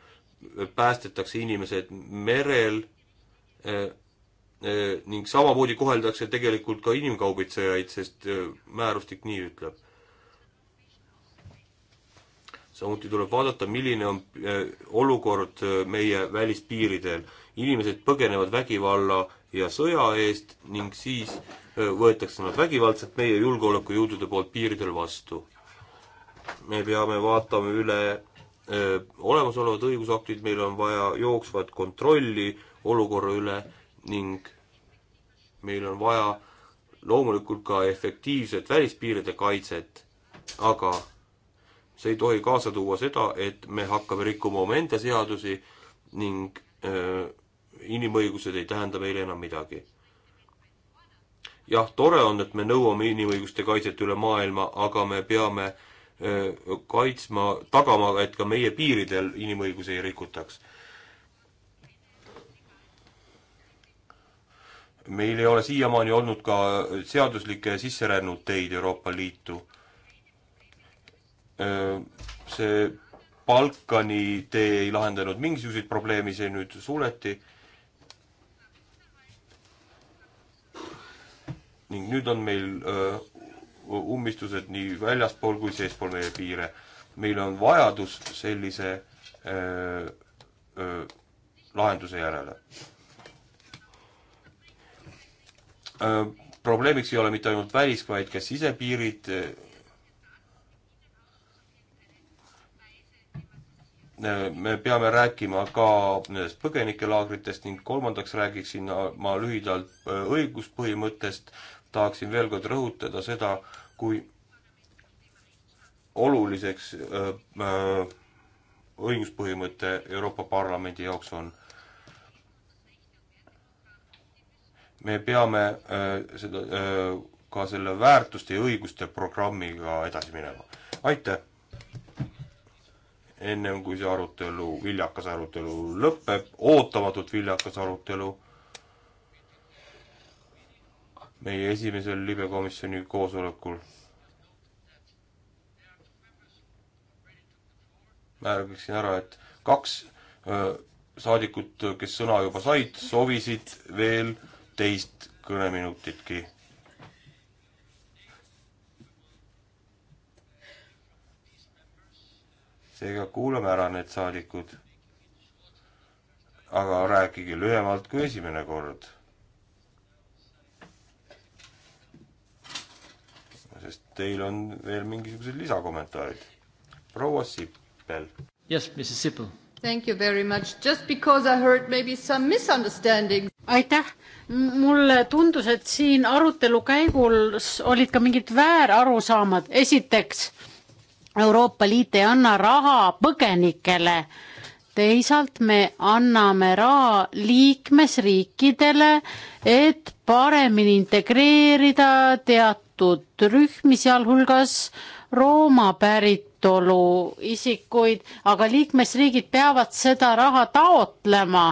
S2: päästetakse inimesed merel äh, äh, ning samamoodi koheldakse tegelikult ka inimkaubitsejaid, sest äh, määrustik nii ütleb. samuti tuleb vaadata, milline on äh, olukord meie välispiiridel. inimesed põgenevad vägivalla ja sõja eest ning siis võetakse nad vägivaldselt meie julgeolekujõudude poolt piiridel vastu. me peame vaatama üle öö, olemasolevad õigusaktid, meil on vaja jooksvat kontrolli olukorra üle ning meil on vaja loomulikult ka efektiivset välispiiride kaitset, aga see ei tohi kaasa tuua seda, et me hakkame rikkuma omaenda seadusi ning öö, inimõigused ei tähenda meile enam midagi. jah, tore on, et me nõuame inimõiguste kaitset üle maailma, aga me peame kaitsma, tagama, et ka meie piiridel inimõigusi ei rikutaks. meil ei ole siiamaani olnud ka seaduslikke sisserännuteid Euroopa Liitu. see Balkani tee ei lahendanud mingisuguseid probleeme, see nüüd suleti ning nüüd on meil ummistused nii väljaspool kui seespool meie piire. meil on vajadus sellise öö, öö, lahenduse järele. probleemiks ei ole mitte ainult välis, vaid ka sisepiirid. me peame rääkima ka nendest põgenikelaagritest ning kolmandaks räägiksin ma lühidalt õiguspõhimõttest, tahaksin veel kord rõhutada seda, kui oluliseks õiguspõhimõte Euroopa Parlamendi jaoks on. me peame öö, seda, ka selle väärtuste ja õiguste programmiga edasi minema. aitäh! ennem kui see arutelu, viljakas arutelu lõpeb, ootamatult viljakas arutelu meie esimesel libekomisjoni koosolekul. märgiksin ära, et kaks öö, saadikut, kes sõna juba said, soovisid veel teist kõneminutitki. seega kuulame ära need saadikud. aga rääkige lühemalt kui esimene kord teil on veel mingisuguseid lisakommentaarid? proua Sippel.
S1: Yes, Mrs Sippel.
S3: Thank you very much. Just because I heard maybe some misunderstanding. aitäh, mulle tundus, et siin arutelu käigus olid ka mingid väärarusaamad. esiteks, Euroopa Liit ei anna raha põgenikele. teisalt me anname raha liikmesriikidele, et paremini integreerida teatud teatud rühmi, sealhulgas Rooma päritolu isikuid, aga liikmesriigid peavad seda raha taotlema.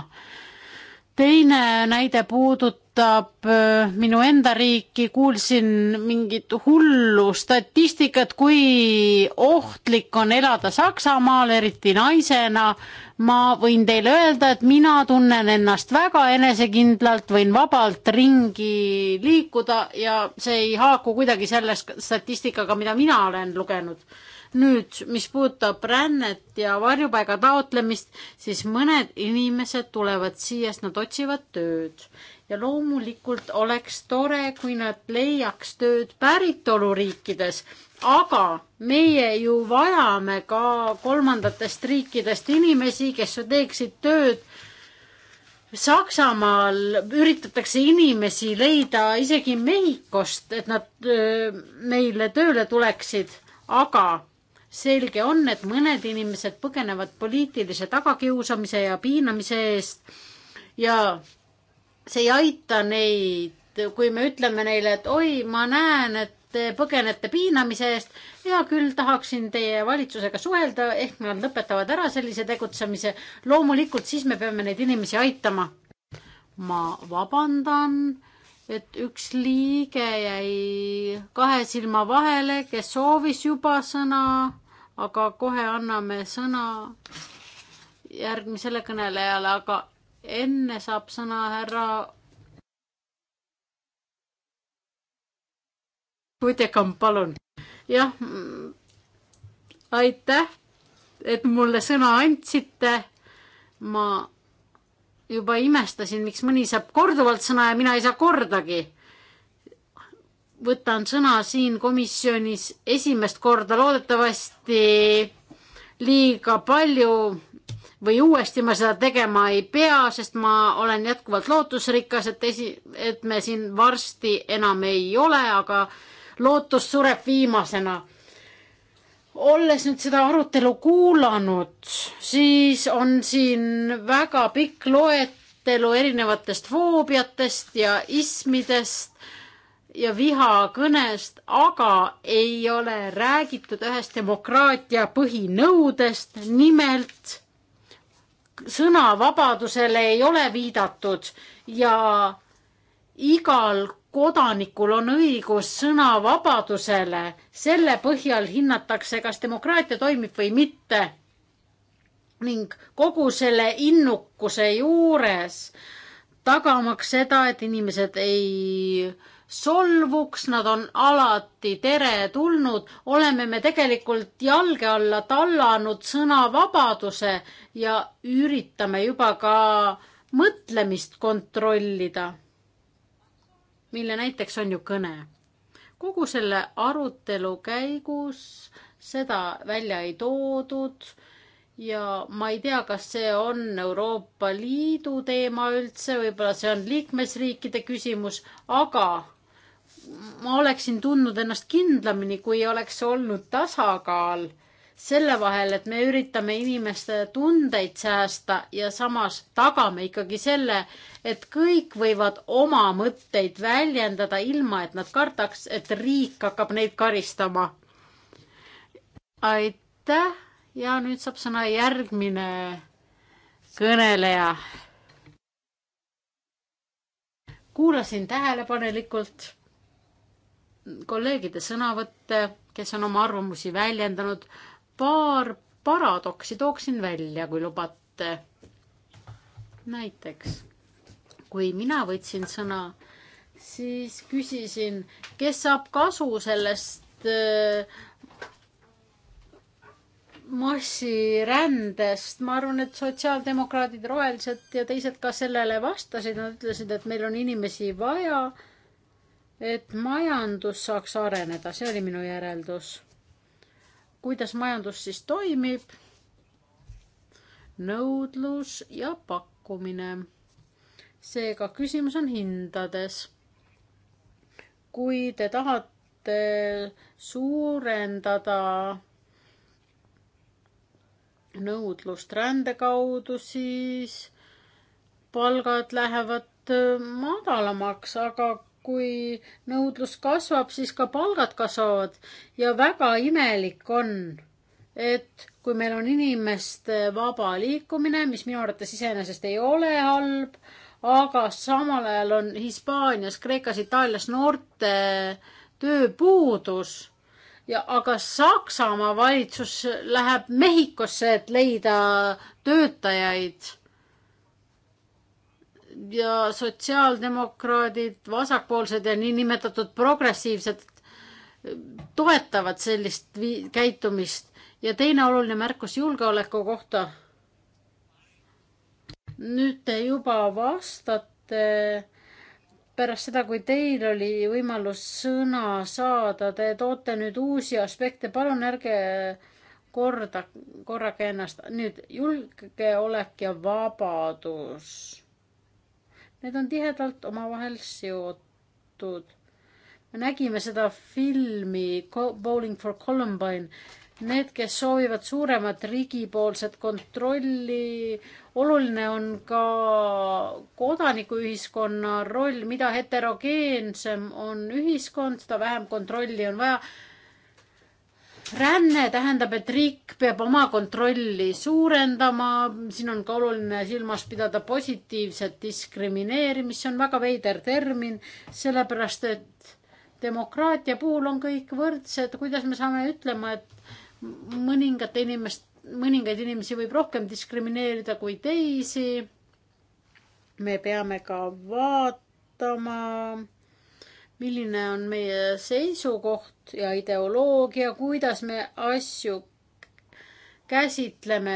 S3: teine näide puudutab puudutab äh, minu enda riiki, kuulsin mingit hullu statistikat, kui ohtlik on elada Saksamaal, eriti naisena. ma võin teile öelda, et mina tunnen ennast väga enesekindlalt, võin vabalt ringi liikuda ja see ei haaku kuidagi selle statistikaga, mida mina olen lugenud nüüd, mis puudutab rännet ja varjupaiga taotlemist, siis mõned inimesed tulevad siia, sest nad otsivad tööd ja loomulikult oleks tore, kui nad leiaks tööd päritoluriikides, aga meie ju vajame ka kolmandatest riikidest inimesi, kes teeksid tööd Saksamaal üritatakse inimesi leida isegi Mehhikost, et nad öö, meile tööle tuleksid, aga selge on, et mõned inimesed põgenevad poliitilise tagakiusamise ja piinamise eest ja see ei aita neid, kui me ütleme neile, et oi, ma näen, et te põgenete piinamise eest, hea küll, tahaksin teie valitsusega suhelda, ehk nad lõpetavad ära sellise tegutsemise. loomulikult siis me peame neid inimesi aitama. ma vabandan, et üks liige jäi kahe silma vahele, kes soovis juba sõna, aga kohe anname sõna järgmisele kõnelejale, aga enne saab sõna härra Kutekamp, palun. jah, mm, aitäh, et mulle sõna andsite. ma juba imestasin, miks mõni saab korduvalt sõna ja mina ei saa kordagi. võtan sõna siin komisjonis esimest korda, loodetavasti liiga palju või uuesti ma seda tegema ei pea, sest ma olen jätkuvalt lootusrikas, et esi, et me siin varsti enam ei ole, aga lootus sureb viimasena. olles nüüd seda arutelu kuulanud, siis on siin väga pikk loetelu erinevatest foobiatest ja ismidest ja vihakõnest, aga ei ole räägitud ühest demokraatia põhinõudest, nimelt sõnavabadusele ei ole viidatud ja igal kodanikul on õigus sõnavabadusele, selle põhjal hinnatakse, kas demokraatia toimib või mitte. ning kogu selle innukuse juures tagamaks seda, et inimesed ei äh, solvuks, nad on alati teretulnud, oleme me tegelikult jalge alla tallanud sõnavabaduse ja üritame juba ka mõtlemist kontrollida, mille näiteks on ju kõne. kogu selle arutelu käigus seda välja ei toodud ja ma ei tea, kas see on Euroopa Liidu teema üldse, võib-olla see on liikmesriikide küsimus, aga ma oleksin tundnud ennast kindlamini, kui oleks olnud tasakaal selle vahel, et me üritame inimeste tundeid säästa ja samas tagame ikkagi selle, et kõik võivad oma mõtteid väljendada, ilma et nad kardaks, et riik hakkab neid karistama. aitäh ja nüüd saab sõna järgmine kõneleja. kuulasin tähelepanelikult kolleegide sõnavõtte, kes on oma arvamusi väljendanud. paar paradoksi tooksin välja, kui lubate. näiteks, kui mina võtsin sõna, siis küsisin, kes saab kasu sellest äh, massirändest, ma arvan, et sotsiaaldemokraadid, rohelised ja teised ka sellele vastasid, nad ütlesid, et meil on inimesi vaja et majandus saaks areneda, see oli minu järeldus. kuidas majandus siis toimib? nõudlus ja pakkumine. seega küsimus on hindades. kui te tahate suurendada nõudlust rände kaudu, siis palgad lähevad madalamaks, aga kui nõudlus kasvab, siis ka palgad kasvavad ja väga imelik on, et kui meil on inimeste vaba liikumine, mis minu arvates iseenesest ei ole halb, aga samal ajal on Hispaanias, Kreekas, Itaalias noorte tööpuudus ja aga Saksamaa valitsus läheb Mehhikosse, et leida töötajaid ja sotsiaaldemokraadid, vasakpoolsed ja niinimetatud progressiivsed toetavad sellist käitumist ja teine oluline märkus julgeoleku kohta. nüüd te juba vastate pärast seda, kui teil oli võimalus sõna saada, te toote nüüd uusi aspekte, palun ärge korda, korrake ennast. nüüd julgeolek ja vabadus Need on tihedalt omavahel seotud. me nägime seda filmi Bowling for Columbine. Need, kes soovivad suuremat riigipoolset kontrolli, oluline on ka kodanikuühiskonna roll, mida heterogeensem on ühiskond, seda vähem kontrolli on vaja ränne tähendab, et riik peab oma kontrolli suurendama, siin on ka oluline silmas pidada positiivset diskrimineerimist, see on väga veider termin, sellepärast et demokraatia puhul on kõik võrdsed, kuidas me saame ütlema, et mõningate inimest, mõningaid inimesi võib rohkem diskrimineerida kui teisi. me peame ka vaatama milline on meie seisukoht ja ideoloogia, kuidas me asju käsitleme.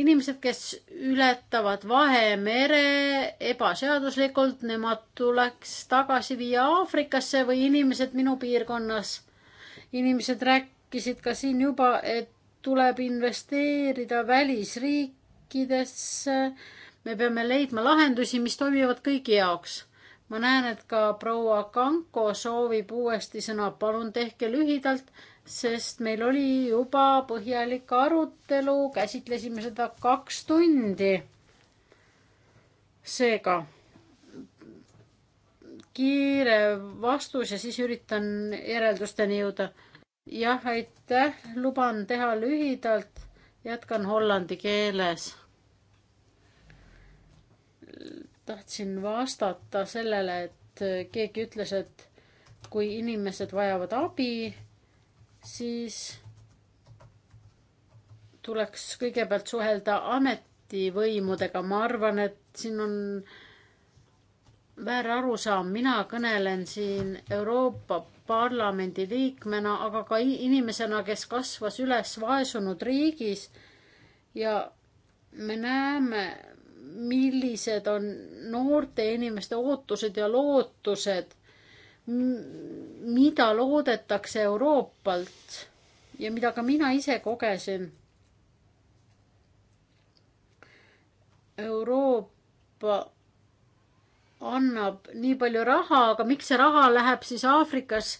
S3: inimesed, kes ületavad Vahemere ebaseaduslikult, nemad tuleks tagasi viia Aafrikasse või inimesed minu piirkonnas. inimesed rääkisid ka siin juba, et tuleb investeerida välisriikidesse. me peame leidma lahendusi, mis toimivad kõigi jaoks ma näen, et ka proua Kanko soovib uuesti sõna, palun tehke lühidalt, sest meil oli juba põhjalik arutelu, käsitlesime seda kaks tundi. seega kiire vastus ja siis üritan järeldusteni jõuda. jah, aitäh, luban teha lühidalt, jätkan hollandi keeles tahtsin vastata sellele, et keegi ütles, et kui inimesed vajavad abi, siis tuleks kõigepealt suhelda ametivõimudega. ma arvan, et siin on väär arusaam, mina kõnelen siin Euroopa Parlamendi liikmena, aga ka inimesena, kes kasvas üles vaesunud riigis ja me näeme millised on noorte inimeste ootused ja lootused, mida loodetakse Euroopalt ja mida ka mina ise kogesin. Euroopa annab nii palju raha, aga miks see raha läheb siis Aafrikas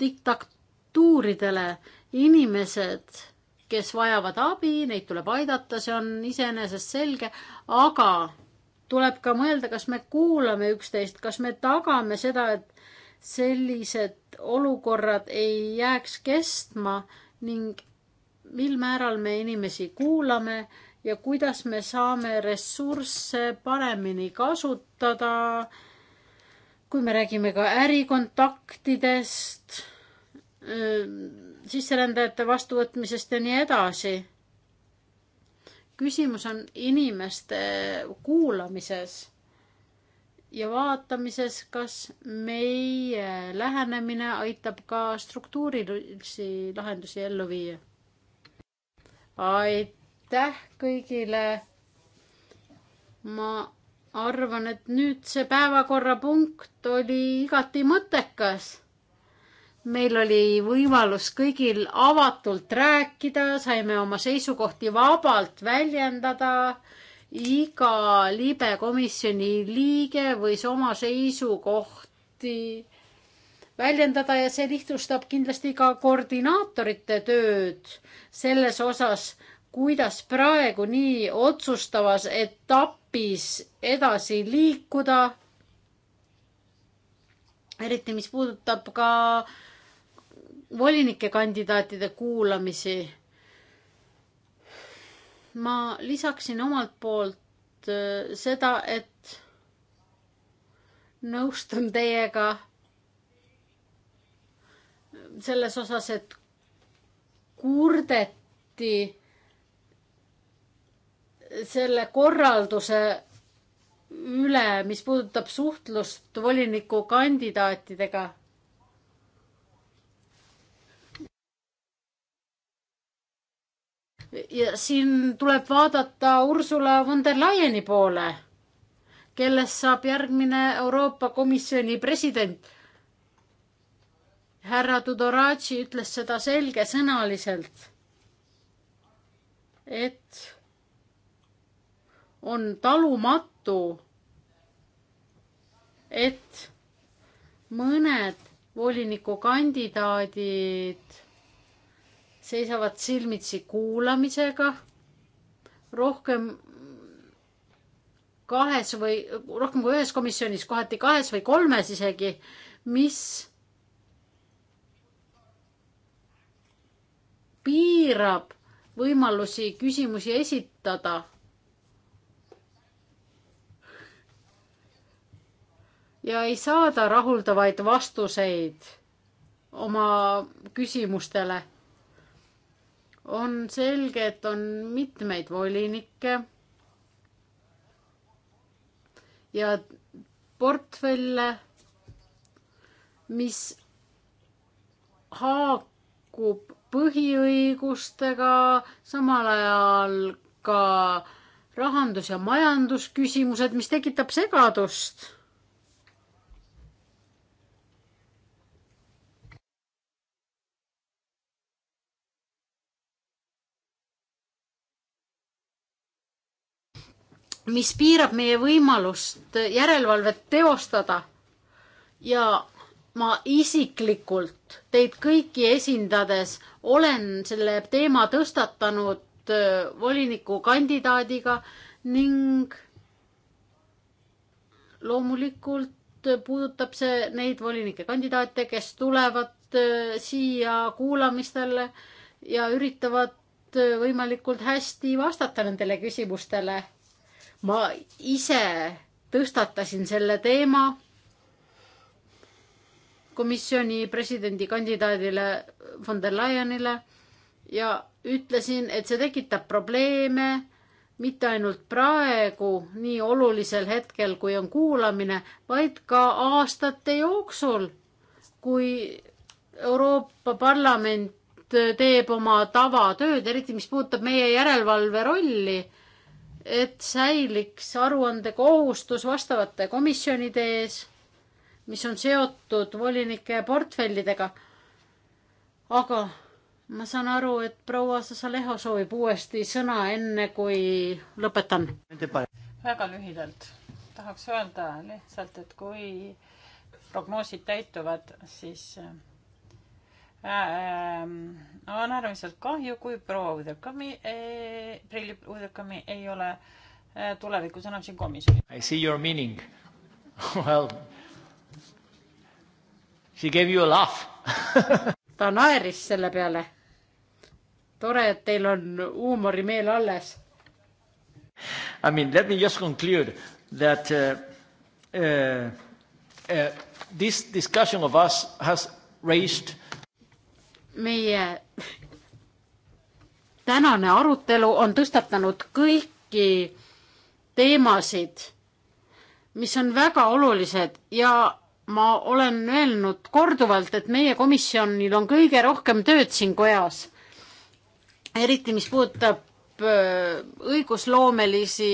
S3: diktatuuridele, inimesed kes vajavad abi, neid tuleb aidata, see on iseenesest selge, aga tuleb ka mõelda, kas me kuulame üksteist, kas me tagame seda, et sellised olukorrad ei jääks kestma ning mil määral me inimesi kuulame ja kuidas me saame ressursse paremini kasutada. kui me räägime ka ärikontaktidest sisserändajate vastuvõtmisest ja nii edasi. küsimus on inimeste kuulamises ja vaatamises, kas meie lähenemine aitab ka struktuurilisi lahendusi ellu viia. aitäh kõigile. ma arvan, et nüüd see päevakorrapunkt oli igati mõttekas meil oli võimalus kõigil avatult rääkida, saime oma seisukohti vabalt väljendada. iga libe komisjoni liige võis oma seisukohti väljendada ja see lihtsustab kindlasti ka koordinaatorite tööd selles osas, kuidas praegu nii otsustavas etapis edasi liikuda. eriti, mis puudutab ka äh, volinike kandidaatide kuulamisi. ma lisaksin omalt poolt äh, seda, et nõustun teiega selles osas, et kurdeti selle korralduse üle, mis puudutab suhtlust volinikukandidaatidega ja siin tuleb vaadata Ursula von der Leyeni poole, kellest saab järgmine Euroopa Komisjoni president. härra Tudoraci ütles seda selgesõnaliselt, et on talumatu, et mõned volinikukandidaadid seisavad silmitsi kuulamisega, rohkem kahes või rohkem kui ühes komisjonis, kohati kahes või kolmes isegi, mis piirab võimalusi küsimusi esitada. ja ei saada rahuldavaid vastuseid oma küsimustele on selge, et on mitmeid volinikke ja portfelle, mis haakub põhiõigustega, samal ajal ka rahandus- ja majandusküsimused, mis tekitab segadust mis piirab meie võimalust järelevalvet teostada. ja ma isiklikult teid kõiki esindades olen selle teema tõstatanud äh, volinikukandidaadiga ning loomulikult puudutab see neid volinike kandidaate, kes tulevad äh, siia kuulamistele ja üritavad äh, võimalikult hästi vastata nendele küsimustele ma ise tõstatasin selle teema komisjoni presidendikandidaadile von der Leyenile ja ütlesin, et see tekitab probleeme mitte ainult praegu, nii olulisel hetkel, kui on kuulamine, vaid ka aastate jooksul, kui Euroopa Parlament teeb oma tavatööd, eriti mis puudutab meie järelevalve rolli et säiliks aruandekohustus vastavate komisjonide ees, mis on seotud volinike portfellidega. aga ma saan aru, et proua Sasaleho soovib uuesti sõna, enne kui lõpetan. väga
S4: lühidalt tahaks öelda lihtsalt, et kui prognoosid täituvad, siis äh, Äh, ähm, on äärmiselt kahju, kui proua Uderkami, Priili Uderkami ei ole äh, tulevikus enam siin komisjonis.
S1: I see your meaning Well, she gave you a laugh
S3: ta naeris selle peale. tore, et teil on huumorimeel alles.
S1: I mean, let me just conclude that uh, uh, uh, this discussion of us has raised uh,
S3: meie tänane arutelu on tõstatanud kõiki teemasid, mis on väga olulised ja ma olen öelnud korduvalt, et meie komisjonil on kõige rohkem tööd siin kojas. eriti, mis puudutab äh, õigusloomelisi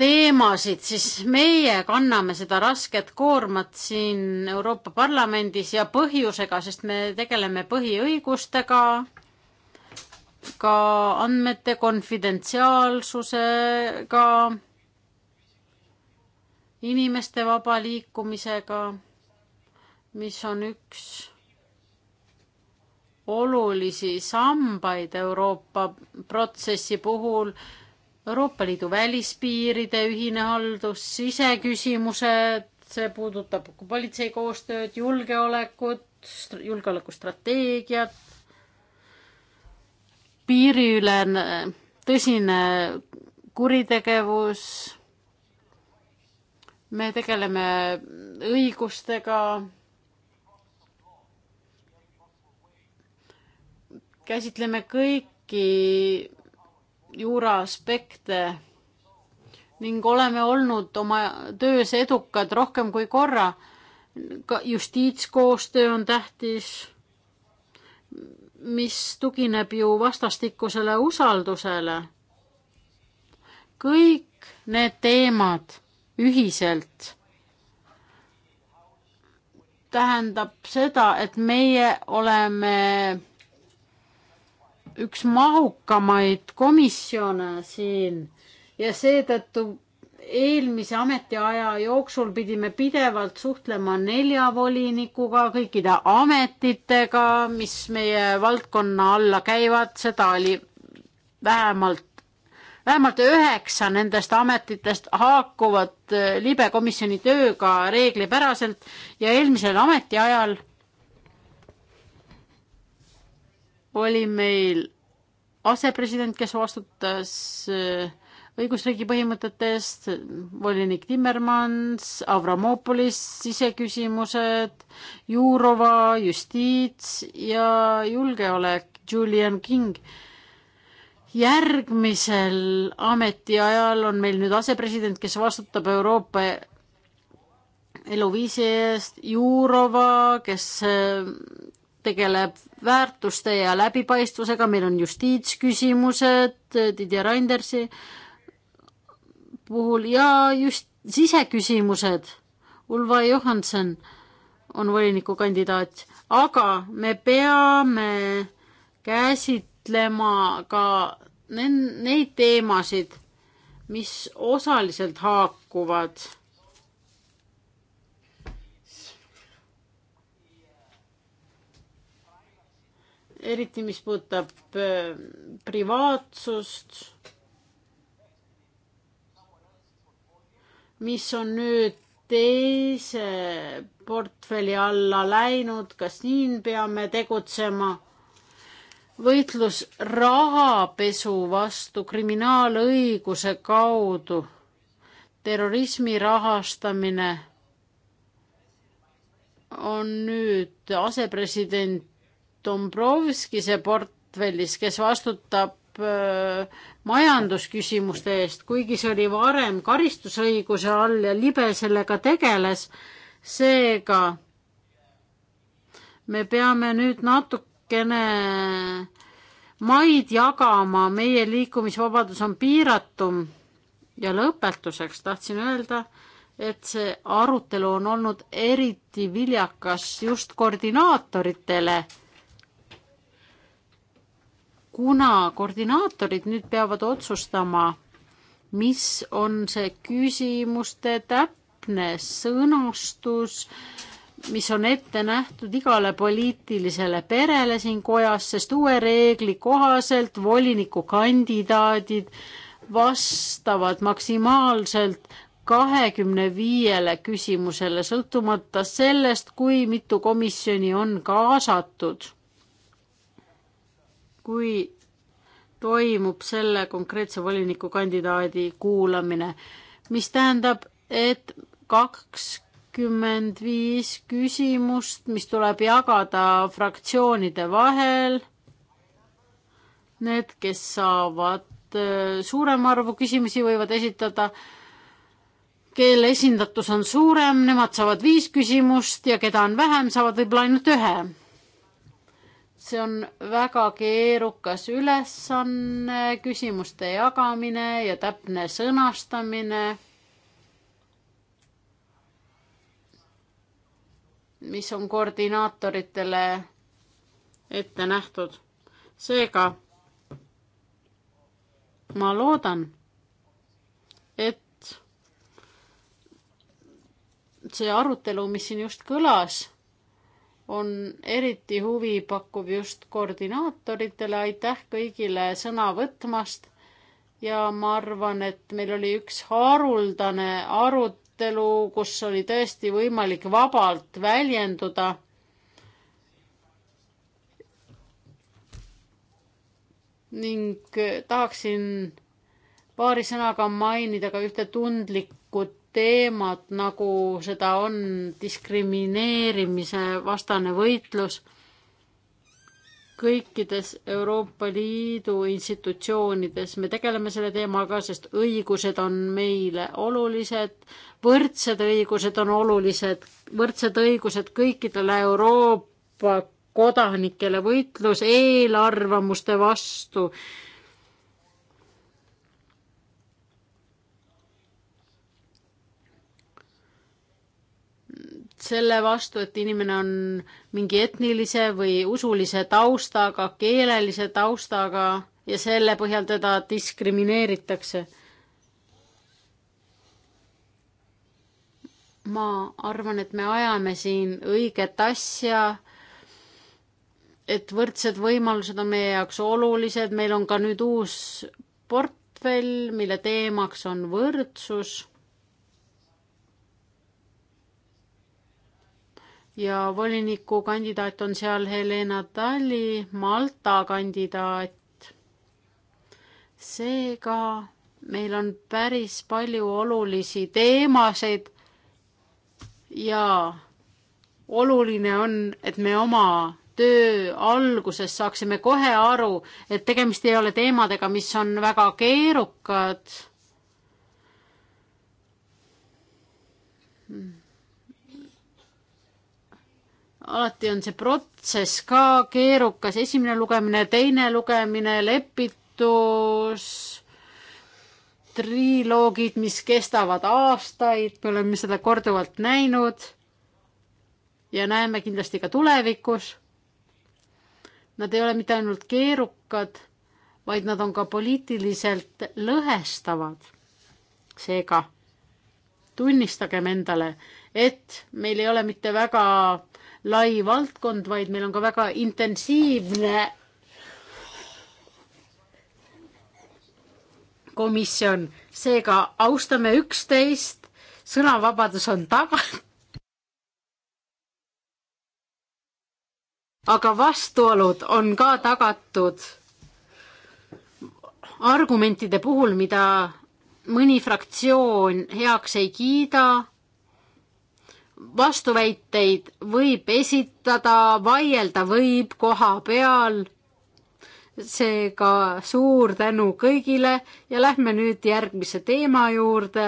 S3: teemasid, siis meie kanname seda rasket koormat siin Euroopa Parlamendis ja põhjusega, sest me tegeleme põhiõigustega, ka andmete konfidentsiaalsusega, inimeste vaba liikumisega, mis on üks olulisi sambaid Euroopa protsessi puhul Euroopa Liidu välispiiride ühine haldus, siseküsimused, see puudutab politsei koostööd, julgeolekut, julgeolekustrateegiat, piiriülene tõsine kuritegevus. me tegeleme õigustega. käsitleme kõiki juuraaspekte ning oleme olnud oma töös edukad rohkem kui korra. ka justiitskoostöö on tähtis, mis tugineb ju vastastikusele usaldusele. kõik need teemad ühiselt tähendab seda, et meie oleme üks mahukamaid komisjone siin ja seetõttu eelmise ametiaja jooksul pidime pidevalt suhtlema nelja volinikuga, kõikide ametitega, mis meie valdkonna alla käivad, seda oli vähemalt, vähemalt üheksa nendest ametitest haakuvad eh, libekomisjoni tööga reeglipäraselt ja eelmisel ametiajal oli meil asepresident, kes vastutas äh, õigusriigi põhimõtete eest, volinik Timmermans, Avramopolis siseküsimused, Jurova justiits ja julgeolek, Julian King. järgmisel ametiajal on meil nüüd asepresident, kes vastutab Euroopa eluviisi eest, Jurova, kes äh, tegeleb väärtuste ja läbipaistvusega, meil on justiitsküsimused Didier Reindersi puhul ja just siseküsimused. Ulva Johansen on volinikukandidaat, aga me peame käsitlema ka neid teemasid, mis osaliselt haakuvad eriti mis puudutab äh, privaatsust, mis on nüüd teise portfelli alla läinud, kas siin peame tegutsema? võitlus rahapesu vastu kriminaalõiguse kaudu, terrorismi rahastamine on nüüd asepresident Dombrovskise portfellis, kes vastutab majandusküsimuste eest, kuigi see oli varem karistusõiguse all ja libe sellega tegeles. seega me peame nüüd natukene maid jagama, meie liikumisvabadus on piiratum. ja lõpetuseks tahtsin öelda, et see arutelu on olnud eriti viljakas just koordinaatoritele kuna koordinaatorid nüüd peavad otsustama, mis on see küsimuste täpne sõnastus, mis on ette nähtud igale poliitilisele perele siin kojas, sest uue reegli kohaselt volinikukandidaadid vastavad maksimaalselt kahekümne viiele küsimusele, sõltumata sellest, kui mitu komisjoni on kaasatud kui toimub selle konkreetse volinikukandidaadi kuulamine, mis tähendab, et kakskümmend viis küsimust, mis tuleb jagada fraktsioonide vahel. Need, kes saavad äh, suurema arvu küsimusi, võivad esitada kelle esindatus on suurem, nemad saavad viis küsimust ja keda on vähem, saavad võib-olla ainult ühe see on väga keerukas ülesanne, küsimuste jagamine ja täpne sõnastamine. mis on koordinaatoritele ette nähtud. seega ma loodan, et see arutelu, mis siin just kõlas on eriti huvipakkuv just koordinaatoritele, aitäh kõigile sõna võtmast ja ma arvan, et meil oli üks haruldane arutelu, kus oli tõesti võimalik vabalt väljenduda. ning tahaksin paari sõnaga mainida ka ühte tundlikku teemat, nagu seda on diskrimineerimise vastane võitlus kõikides Euroopa Liidu institutsioonides. me tegeleme selle teemaga, sest õigused on meile olulised, võrdsed õigused on olulised, võrdsed õigused kõikidele Euroopa kodanikele, võitlus eelarvamuste vastu selle vastu, et inimene on mingi etnilise või usulise taustaga, keelelise taustaga ja selle põhjal teda diskrimineeritakse. ma arvan, et me ajame siin õiget asja et võrdsed võimalused on meie jaoks olulised, meil on ka nüüd uus portfell, mille teemaks on võrdsus. ja volinikukandidaat on seal Helena Talli, Malta kandidaat. seega meil on päris palju olulisi teemasid ja oluline on, et me oma töö alguses saaksime kohe aru, et tegemist ei ole teemadega, mis on väga keerukad mm alati on see protsess ka keerukas, esimene lugemine, teine lugemine, lepitus, triloogid, mis kestavad aastaid, me oleme seda korduvalt näinud ja näeme kindlasti ka tulevikus. Nad ei ole mitte ainult keerukad, vaid nad on ka poliitiliselt lõhestavad. seega tunnistagem endale, et meil ei ole mitte väga lai valdkond, vaid meil on ka väga intensiivne komisjon, seega austame üksteist, sõnavabadus on taga-. aga vastuolud on ka tagatud argumentide puhul, mida mõni fraktsioon heaks ei kiida vastuväiteid võib esitada, vaielda võib koha peal. seega suur tänu kõigile ja lähme nüüd järgmise teema juurde.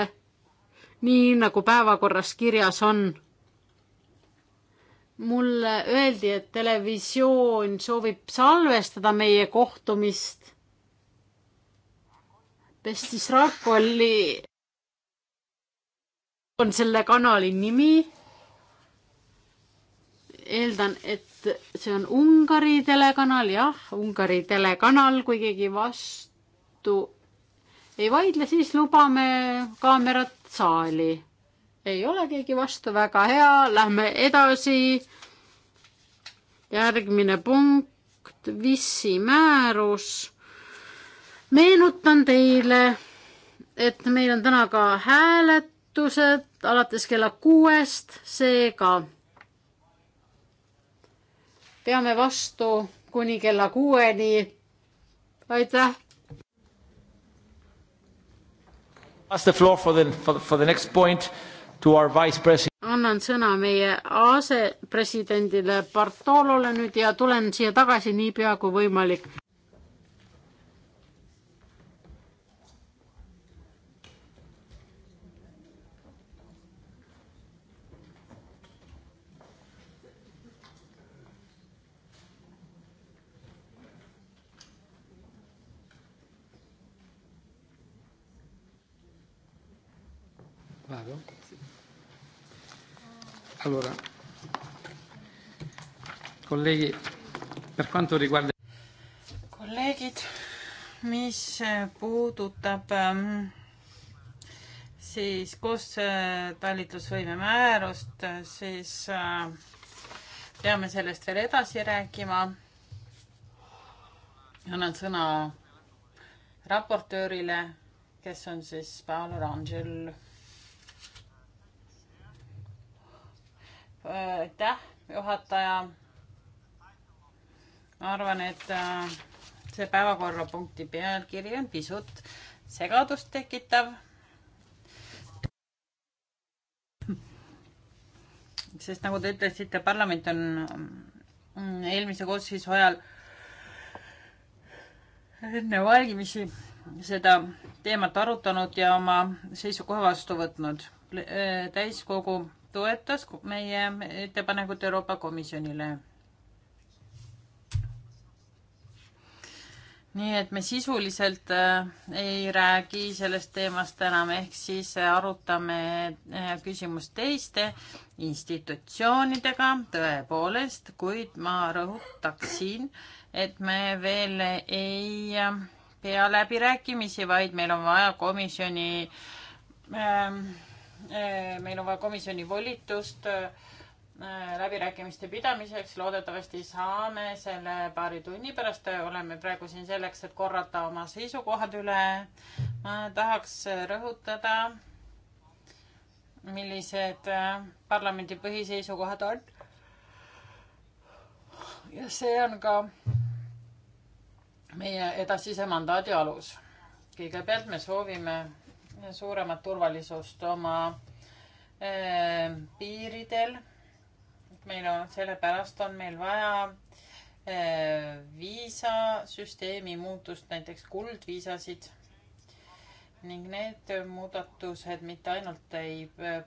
S3: nii nagu päevakorras kirjas on. mulle öeldi, et televisioon soovib salvestada meie kohtumist. Pestis Rakk oli on selle kanali nimi eeldan, et see on Ungari telekanal, jah, Ungari telekanal, kui keegi vastu ei vaidle, siis lubame kaamerat saali. ei ole keegi vastu, väga hea, lähme edasi. järgmine punkt, VISi määrus. meenutan teile, et meil on täna ka hääletused alates kella kuuest, seega peame vastu kuni kella kuueni. aitäh. annan sõna meie asepresidendile Bartolole nüüd ja tulen siia tagasi niipea kui võimalik.
S1: Vado? Allora, colleghi, per quanto riguarda...
S3: Colleghi,
S4: mis puudutab ähm, siis koos äh, talitlusvõime määrust, äh, siis äh, peame sellest veel edasi rääkima. annan sõna raportöörile, kes on siis Paolo Rangel aitäh, juhataja. ma arvan, et äh, see päevakorrapunkti pealkiri on pisut segadust tekitav. sest nagu te ütlesite, parlament on mm, eelmise koosseisu ajal enne valimisi seda teemat arutanud ja oma seisukoha vastu võtnud. Äh, täiskogu toetas meie ettepanekut Euroopa Komisjonile. nii et me sisuliselt äh, ei räägi sellest teemast enam, ehk siis arutame äh, küsimust teiste institutsioonidega tõepoolest, kuid ma rõhutaksin, et me veel ei äh, pea läbirääkimisi, vaid meil on vaja komisjoni ähm, Eh, meil on vaja komisjoni volitust eh, läbirääkimiste pidamiseks, loodetavasti saame selle paari tunni pärast, oleme praegu siin selleks, et korrata oma seisukohad üle. ma tahaks rõhutada, millised eh, parlamendi põhiseisukohad on. ja see on ka meie edasise mandaadi alus. kõigepealt me soovime suuremat turvalisust oma äh, piiridel. meil on, sellepärast on meil vaja äh, viisasüsteemi muutust, näiteks kuldviisasid ning need muudatused mitte ainult ei eh,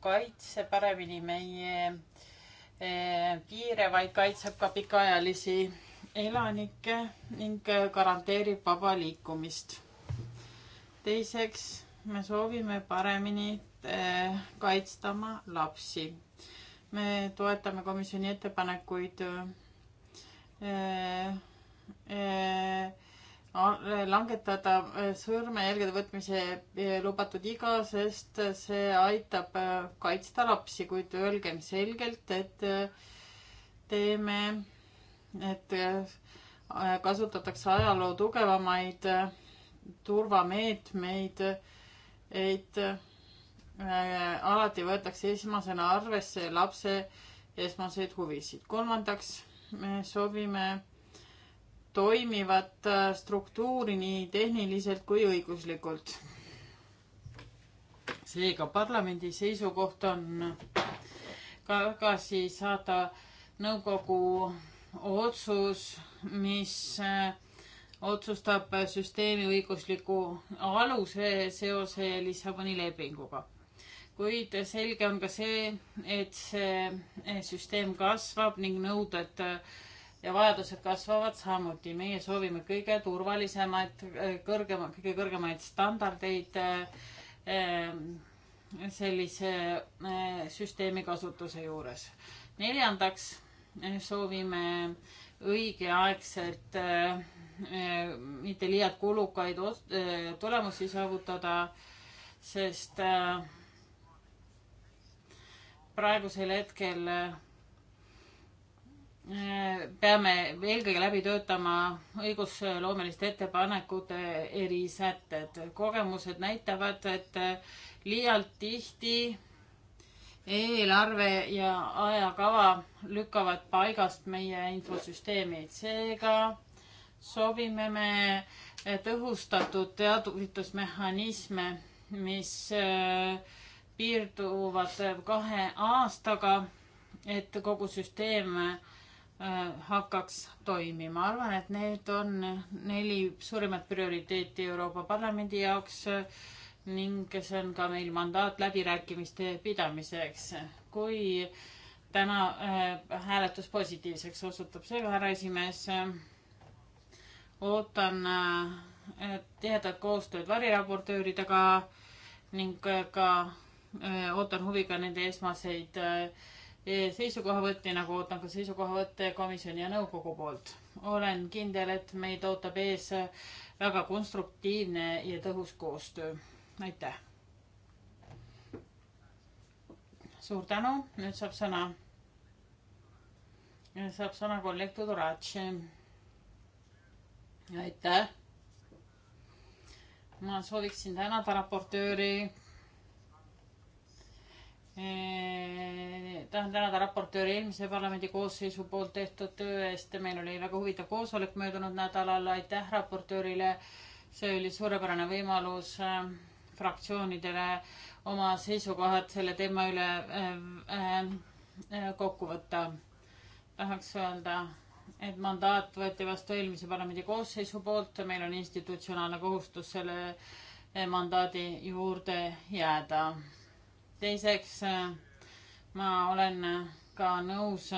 S4: kaitse paremini meie piire, vaid kaitseb ka pikaajalisi elanikke ning garanteerib vaba liikumist. teiseks me soovime paremini eh, kaitsta oma lapsi. me toetame komisjoni ettepanekuid eh, eh, langetada sõrmejälgede võtmise lubatud iga, sest see aitab kaitsta lapsi, kuid öelgem selgelt, et teeme, et kasutatakse ajaloo tugevamaid turvameetmeid meid et äh, alati võetakse esmasena arvesse lapse esmaseid huvisid. kolmandaks, me soovime toimivat äh, struktuuri nii tehniliselt kui õiguslikult. seega parlamendi seisukoht on tagasi saada nõukogu otsus, mis äh, otsustab süsteemi õigusliku aluse seose Lissaboni lepinguga. kuid selge on ka see, et see süsteem kasvab ning nõuded ja vajadused kasvavad samuti. meie soovime kõige turvalisemaid, kõrgema, kõige kõrgemaid standardeid eh, sellise eh, süsteemi kasutuse juures. neljandaks soovime õigeaegset eh, Äh, mitte liialt kulukaid äh, tulemusi saavutada, sest äh, praegusel hetkel peame eelkõige läbi töötama õigusloomeliste ettepanekute erisätted. kogemused näitavad, et liialt tihti eelarve ja ajakava lükkavad paigast meie infosüsteemid, seega soovime me tõhustatud teavitusmehhanisme, mis äh, piirduvad äh, kahe aastaga, et kogu süsteem äh, hakkaks toimima. arvan, et need on neli suurimat prioriteeti Euroopa Parlamendi jaoks ning see on ka meil mandaat läbirääkimiste pidamiseks. kui täna hääletus positiivseks osutub, seega härra esimees äh, ootan äh, tihedat koostööd variraportööridega ning äh, ka äh, ootan huviga nende esmaseid seisukohavõtti, nagu ootan ka seisukohavõtte komisjoni ja nõukogu poolt. olen kindel, et meid ootab ees väga konstruktiivne ja tõhus koostöö. aitäh. suur tänu, nüüd saab sõna, saab sõna kolleeg Tudoratš aitäh. ma sooviksin tänada raportööri. E, tahan tänada raportööri eelmise parlamendi koosseisu poolt tehtud töö eest. meil oli väga huvitav koosolek möödunud nädalal. aitäh raportöörile. see oli suurepärane võimalus e, fraktsioonidele oma seisukohad selle teema üle e, kokku võtta. tahaks öelda et mandaat võeti vastu eelmise parlamendi koosseisu poolt, meil on institutsionaalne kohustus selle eh, mandaadi juurde jääda. teiseks, eh, ma olen eh, ka nõus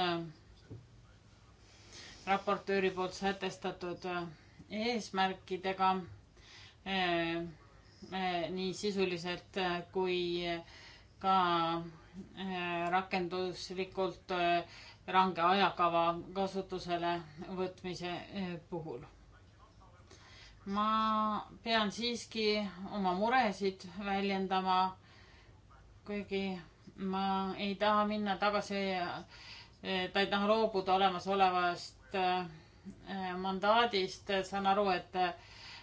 S4: raportööri poolt sätestatud eesmärkidega nii sisuliselt kui ka rakenduslikult äh, range ajakava kasutusele võtmise eh, puhul. ma pean siiski oma muresid väljendama, kuigi ma ei taha minna tagasi, eh, ta ei taha loobuda olemasolevast eh, mandaadist, saan aru, et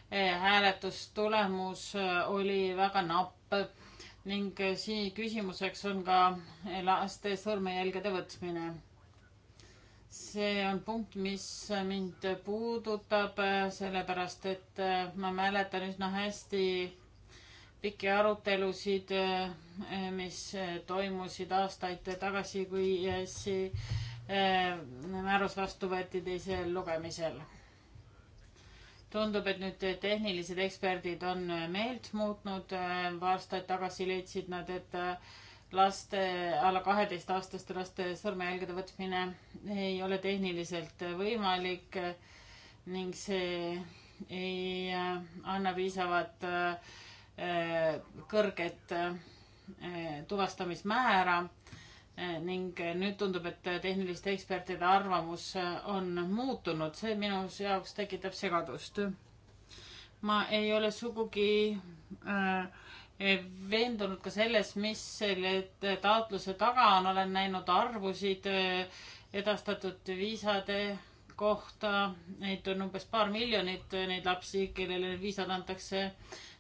S4: hääletustulemus oli väga napp ning siin küsimuseks on ka laste sõrmejälgede võtmine see on punkt, mis mind puudutab, sellepärast et äh, ma mäletan üsna hästi pikki arutelusid, äh, mis äh, toimusid aastaid tagasi, kui EAS-i määrus vastu võeti teisel lugemisel. tundub, et nüüd tehnilised eksperdid on meelt muutnud, paar aastat tagasi leidsid nad, et laste, alla kaheteistaastaste laste sõrmejälgede võtmine ei ole tehniliselt võimalik ning see ei äh, anna piisavat äh, kõrget äh, tuvastamismäära ning nüüd tundub, et tehniliste ekspertide arvamus on muutunud, see minu jaoks tekitab segadust. ma ei ole sugugi äh, veendunud ka selles, mis selle taotluse taga on, olen näinud arvusid eh, edastatud viisade kohta, neid on umbes paar miljonit, eh, neid lapsi, kellele need viisad antakse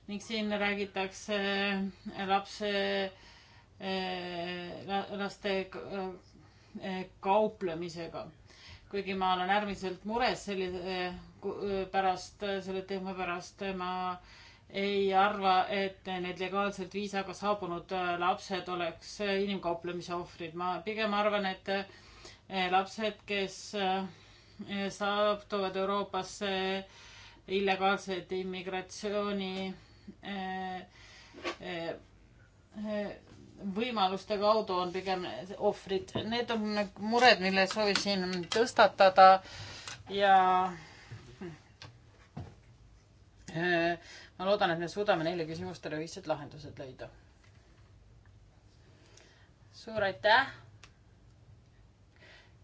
S4: ning siin räägitakse eh, lapse, laste kauplemisega. kuigi ma olen äärmiselt mures sellise pärast, selle teema pärast, ma ei arva, et need legaalselt viisaga saabunud äh, lapsed oleks äh, inimkauplemise ohvrid. ma pigem arvan, et äh, lapsed, kes saabuvad Euroopasse illegaalselt immigratsiooni võimaluste kaudu on pigem ohvrid. Need on need mured, mille soovisin tõstatada ja ma loodan, et me suudame neile küsimustele ühised lahendused leida. suur aitäh.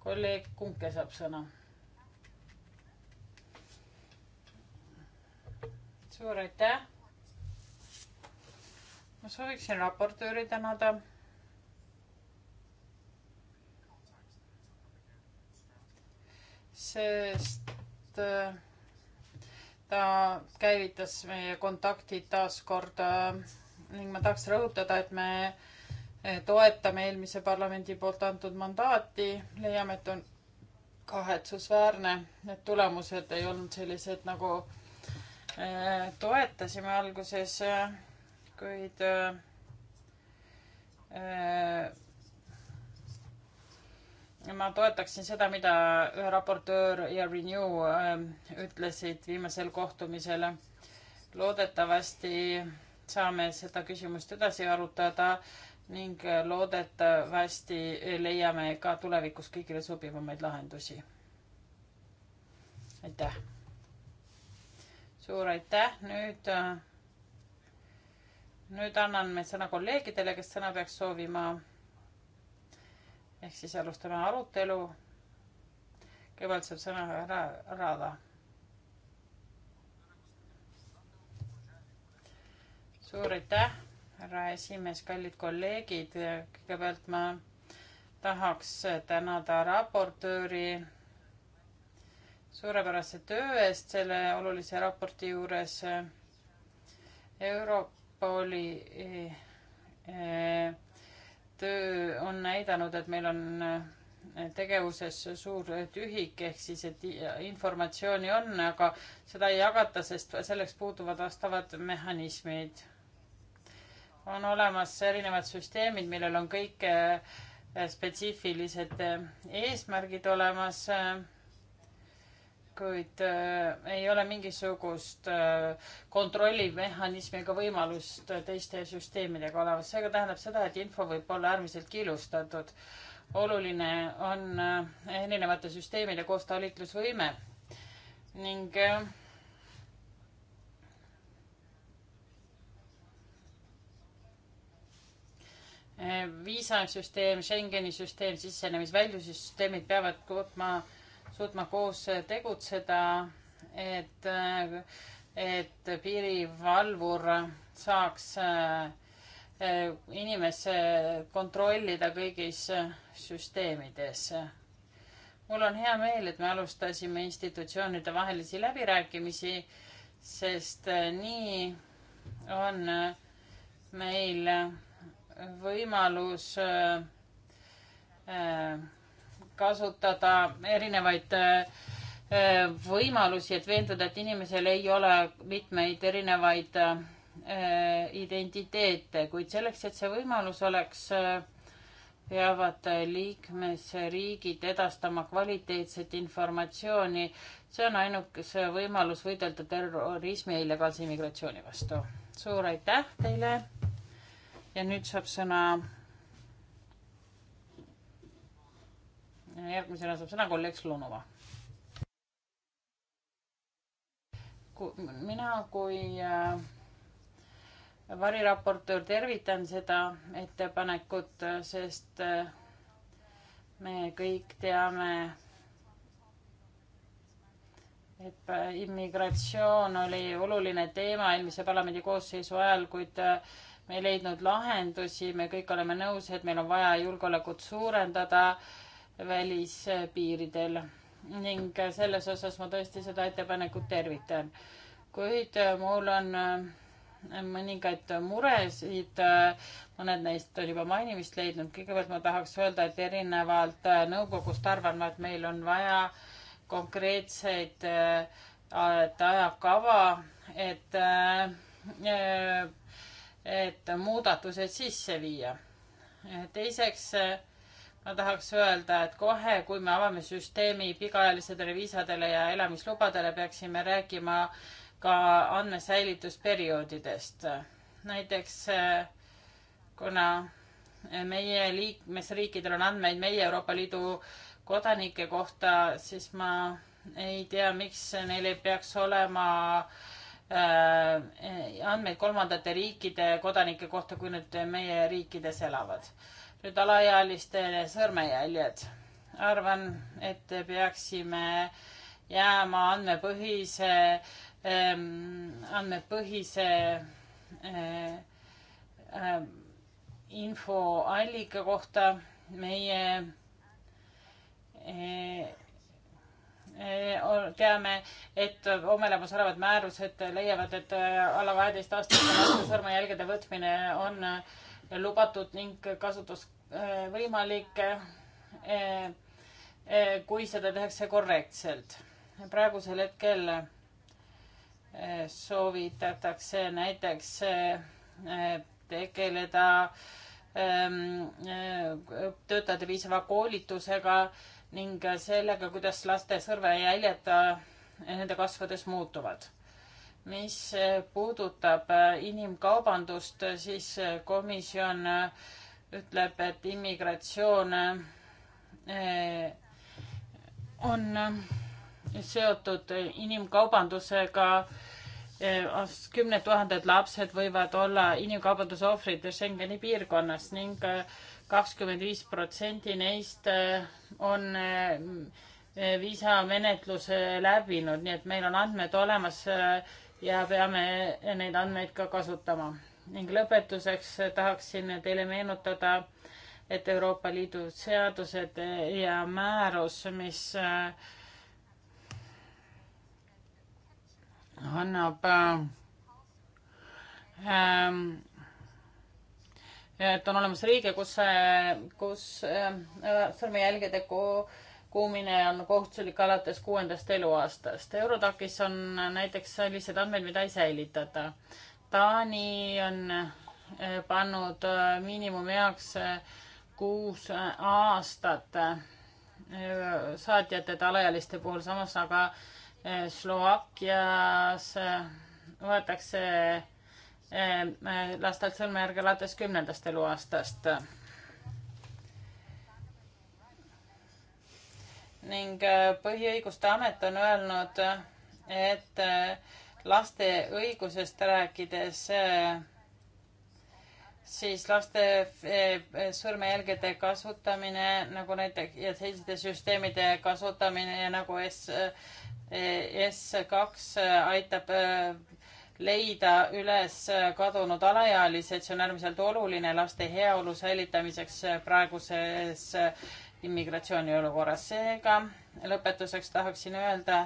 S4: kolleeg Kunke saab sõna. suur aitäh. ma sooviksin raportööri tänada sest äh, ta käivitas meie kontaktid taas kord äh, ning ma tahaks rõhutada, et me äh, toetame eelmise parlamendi poolt antud mandaati, leiame, et on kahetsusväärne, et tulemused ei olnud sellised, nagu äh, toetasime alguses, kuid ma toetaksin seda, mida raportöör ja Renew ähm, ütlesid viimasel kohtumisel. loodetavasti saame seda küsimust edasi arutada ning äh, loodetavasti leiame ka tulevikus kõigile sobivamaid lahendusi. aitäh. suur aitäh, nüüd, äh, nüüd annan sõna kolleegidele, kes sõna peaks soovima ehk siis alustame arutelu. kõigepealt saab sõna härra Raada. suur aitäh, härra esimees, kallid kolleegid, kõigepealt ma tahaks tänada raportööri suurepärase töö eest selle olulise raporti juures. Europoli eh, eh, töö on näidanud, et meil on äh, tegevuses suur tühik, ehk siis, et informatsiooni on, aga seda ei jagata, sest selleks puuduvad vastavad mehhanismid. on olemas erinevad süsteemid, millel on kõik äh, spetsiifilised äh, eesmärgid olemas kuid äh, ei ole mingisugust äh, kontrollimehhanismi ega võimalust äh, teiste süsteemidega olemas. seega tähendab seda, et info võib olla äärmiselt killustatud. oluline on äh, erinevate süsteemide koostalitlusvõime ning äh, äh viisasüsteem, Schengeni süsteem, sisenemis-väljusüsteemid peavad tootma äh, suutma koos tegutseda, et, et piirivalvur saaks eh, inimese kontrollida kõigis süsteemides. mul on hea meel, et me alustasime institutsioonide vahelisi läbirääkimisi, sest eh, nii on eh, meil võimalus äh, kasutada erinevaid äh, võimalusi, et veenduda, et inimesel ei ole mitmeid erinevaid äh, identiteete, kuid selleks, et see võimalus oleks, äh, peavad liikmesriigid edastama kvaliteetset informatsiooni. see on ainukese võimalus võidelda terrorismi ja illegaalse immigratsiooni vastu. suur aitäh teile. ja nüüd saab sõna järgmisena saab sõna kolleeg Slonova. mina kui äh, variraportöör tervitan seda ettepanekut, äh, sest äh, me kõik teame, et immigratsioon oli oluline teema eelmise parlamendi koosseisu ajal, kuid me ei leidnud lahendusi, me kõik oleme nõus, et meil on vaja julgeolekut suurendada välispiiridel ning selles osas ma tõesti seda ettepanekut tervitan. kuid äh, mul on äh, mõningaid muresid, äh, mõned neist on juba mainimist leidnud. kõigepealt ma tahaks öelda, et erinevalt nõukogust arvan ma, et meil on vaja konkreetseid ajakava, et, et muudatused sisse viia. teiseks ma tahaks öelda, et kohe, kui me avame süsteemi pikaajalisedele viisadele ja elamislubadele, peaksime rääkima ka andmesäilitusperioodidest. näiteks kuna meie liikmesriikidel on andmeid meie Euroopa Liidu kodanike kohta, siis ma ei tea, miks neil ei peaks olema äh, andmeid kolmandate riikide kodanike kohta, kui nad meie riikides elavad nüüd alaealistele sõrmejäljed. arvan, et peaksime jääma andmepõhise ähm,, andmepõhise äh, äh, infoallika kohta meie äh, äh, teame, et omelemas olevad määrused leiavad, et äh, alla kaheteist aastaste laste sõrmejälgede võtmine on äh, lubatud ning kasutus Äh, võimalik, äh, äh, kui seda tehakse korrektselt. praegusel hetkel soovitatakse näiteks tegeleda ähm, töötajate piisava koolitusega ning sellega, kuidas laste sõrmejäljed nende kasvades muutuvad. mis puudutab inimkaubandust, siis komisjon äh, ütleb, et immigratsioon eh, on eh, seotud inimkaubandusega. Eh, kümned tuhanded lapsed võivad olla inimkaubanduse ohvrid Schengeni piirkonnas ning kakskümmend viis protsenti neist on viisamenetluse läbinud, nii et meil on andmed olemas ja peame neid andmeid ka kasutama ning lõpetuseks tahaksin teile meenutada, et Euroopa Liidu seadused ja määrus, mis äh, annab ähm, et on olemas riige, kus, äh, kus äh, sõrmejälgede kuumine on kohustuslik alates kuuendast eluaastast. Eurodacis on näiteks sellised andmed, mida ei säilitata. Taani on eh, pannud eh, miinimumi jaoks eh, kuus aastat saatjate alaealiste puhul, samas aga Slovakkias võetakse lastelt sõrmejärge alates kümnendast eluaastast. ning Põhiõiguste Amet on öelnud, et laste õigusest rääkides, eh, siis laste eh, sõrmejälgede kasutamine nagu näiteks ja selliste süsteemide kasutamine nagu S, eh, S2 aitab leida üles kadunud alaealised, see on äärmiselt oluline laste heaolu säilitamiseks praeguses immigratsiooniolukorras. seega lõpetuseks tahaksin öelda,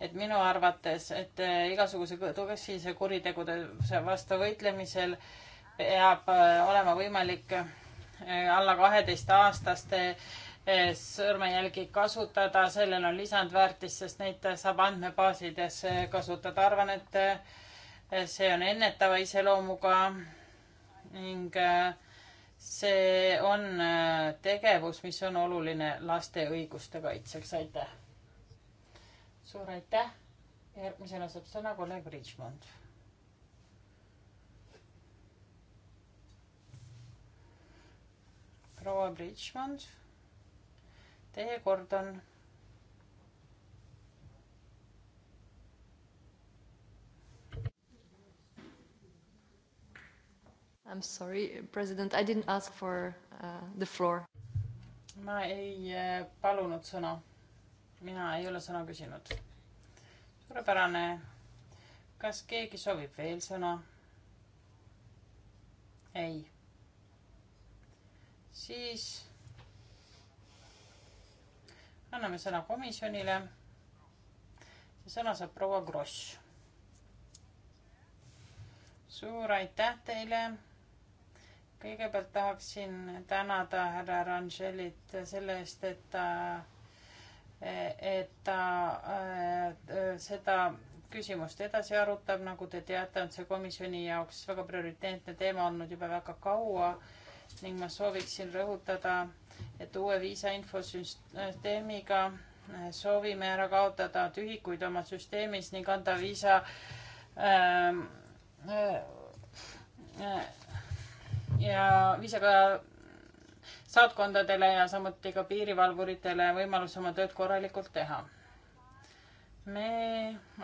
S4: et minu arvates, et eh, igasuguse tõsise kuritegude vastu võitlemisel peab eh, olema võimalik eh, alla kaheteistaastaste sõrmejälgi kasutada, sellel on lisandväärtis, sest neid saab andmebaasides kasutada. arvan, et see on ennetava iseloomuga ning see on tegevus, mis on oluline laste õiguste kaitseks. aitäh! suur aitäh. järgmisena saab sõna kolleeg Richmond. proua Richmond, teie kord on. I am sorry, president, I didn't ask for uh, the floor. ma ei äh, palunud sõna mina ei ole sõna küsinud. suurepärane. kas keegi soovib veel sõna? ei. siis anname sõna komisjonile. sõna saab proua Gross. suur aitäh teile kõigepealt tahaksin tänada härra Rangelit selle eest, et ta et ta äh, äh, seda küsimust edasi arutab, nagu te teate, on see komisjoni jaoks väga prioriteetne teema olnud juba väga kaua ning ma sooviksin rõhutada, et uue viisa infosüsteemiga äh, soovime ära kaotada tühikuid oma süsteemis ning anda viisa ähm, äh, äh, ja viisaga saatkondadele ja samuti ka piirivalvuritele võimalus oma tööd korralikult teha. me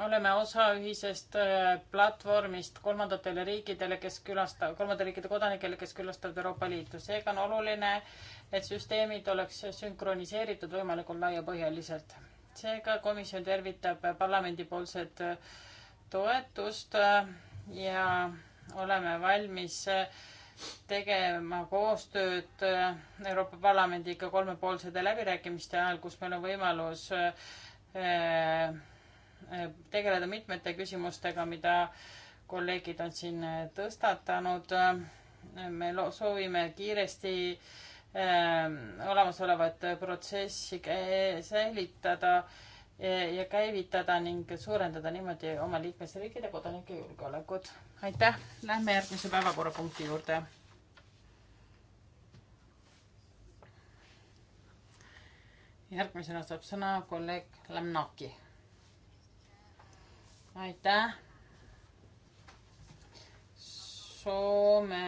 S4: oleme osa ühisest äh, platvormist kolmandatele riikidele, kes külastavad, kolmandate riikide kodanikele, kes külastavad Euroopa Liitu. seega on oluline, et süsteemid oleks sünkroniseeritud võimalikult laiapõhjaliselt. seega komisjon tervitab parlamendipoolset äh, toetust äh, ja oleme valmis äh, tegema koostööd äh, Euroopa Parlamendiga kolmepoolsete läbirääkimiste ajal, kus meil on võimalus äh, äh, tegeleda mitmete küsimustega, mida kolleegid on siin tõstatanud. me soovime kiiresti olemasolevat protsessi säilitada ja käivitada ning suurendada niimoodi oma liikmesriikide kodanike julgeolekut aitäh, lähme järgmise päevakorrapunkti juurde. järgmisena saab sõna kolleeg Lämnaki. aitäh. Soome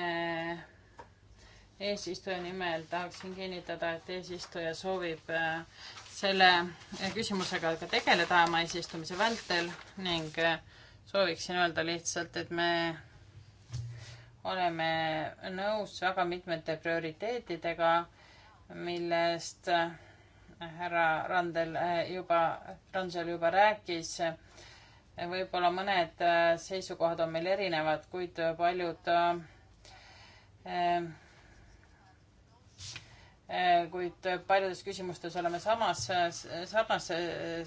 S4: eesistuja nimel tahaksin kinnitada, et eesistuja soovib äh, selle äh, küsimusega ka tegeleda oma eesistumise vältel ning äh, sooviksin öelda lihtsalt, et me oleme nõus väga mitmete prioriteetidega, millest äh, härra Randel äh, juba, Randel juba rääkis. võib-olla mõned äh, seisukohad on meil erinevad, kuid paljud kuid paljudes küsimustes oleme samas, sarnastel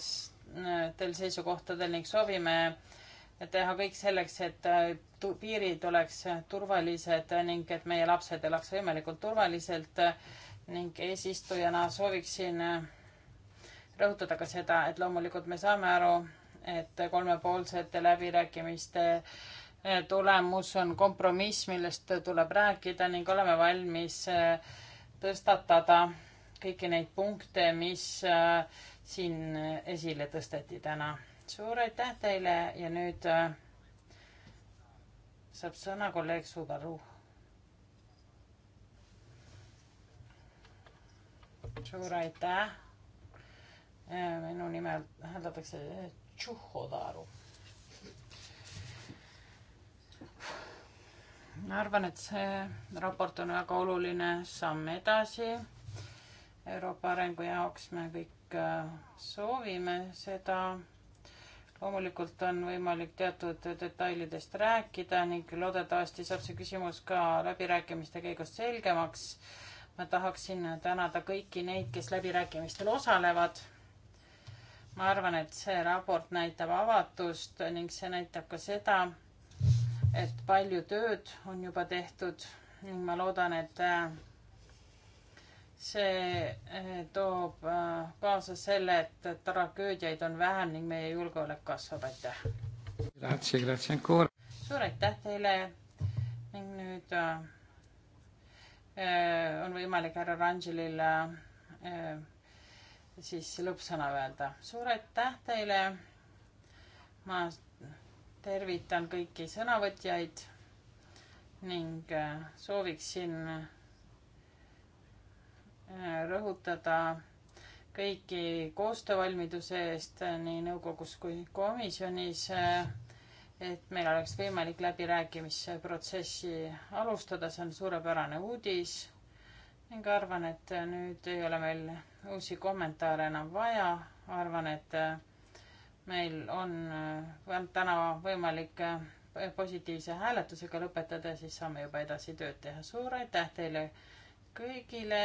S4: seisukohtadel ning soovime äh, teha kõik selleks, et äh, piirid oleks äh, turvalised ning et meie lapsed elaks võimalikult turvaliselt äh, ning eesistujana sooviksin rõhutada ka seda, et loomulikult me saame aru, et kolmepoolsete läbirääkimiste tulemus on kompromiss, millest tuleb rääkida ning oleme valmis tõstatada kõiki neid punkte, mis siin esile tõsteti täna suur aitäh teile ja nüüd äh, saab sõna kolleeg Subaru. suur aitäh. Äh, minu nime hääldatakse äh, Tšuhodaru. ma arvan, et see raport on väga oluline samm edasi Euroopa arengu jaoks. me kõik soovime seda loomulikult on võimalik teatud detailidest rääkida ning loodetavasti saab see küsimus ka läbirääkimiste käigus selgemaks. ma tahaksin tänada kõiki neid, kes läbirääkimistel osalevad. ma arvan, et see raport näitab avatust ning see näitab ka seda, et palju tööd on juba tehtud ning ma loodan, et see eh, toob eh, kaasa selle, et tragöödiaid on vähem ning meie julgeolek kasvab, aitäh. suur aitäh teile ning nüüd äh, on võimalik härra Rangelil äh, siis lõppsõna öelda. suur aitäh teile. ma tervitan kõiki sõnavõtjaid ning äh, sooviksin rõhutada kõiki koostöövalmiduse eest nii nõukogus kui komisjonis, et meil oleks võimalik läbirääkimisprotsessi alustada, see on suurepärane uudis ning arvan, et nüüd ei ole meil uusi kommentaare enam vaja, arvan, et meil on täna võimalik positiivse hääletusega lõpetada ja siis saame juba edasi tööd teha. suur aitäh teile kõigile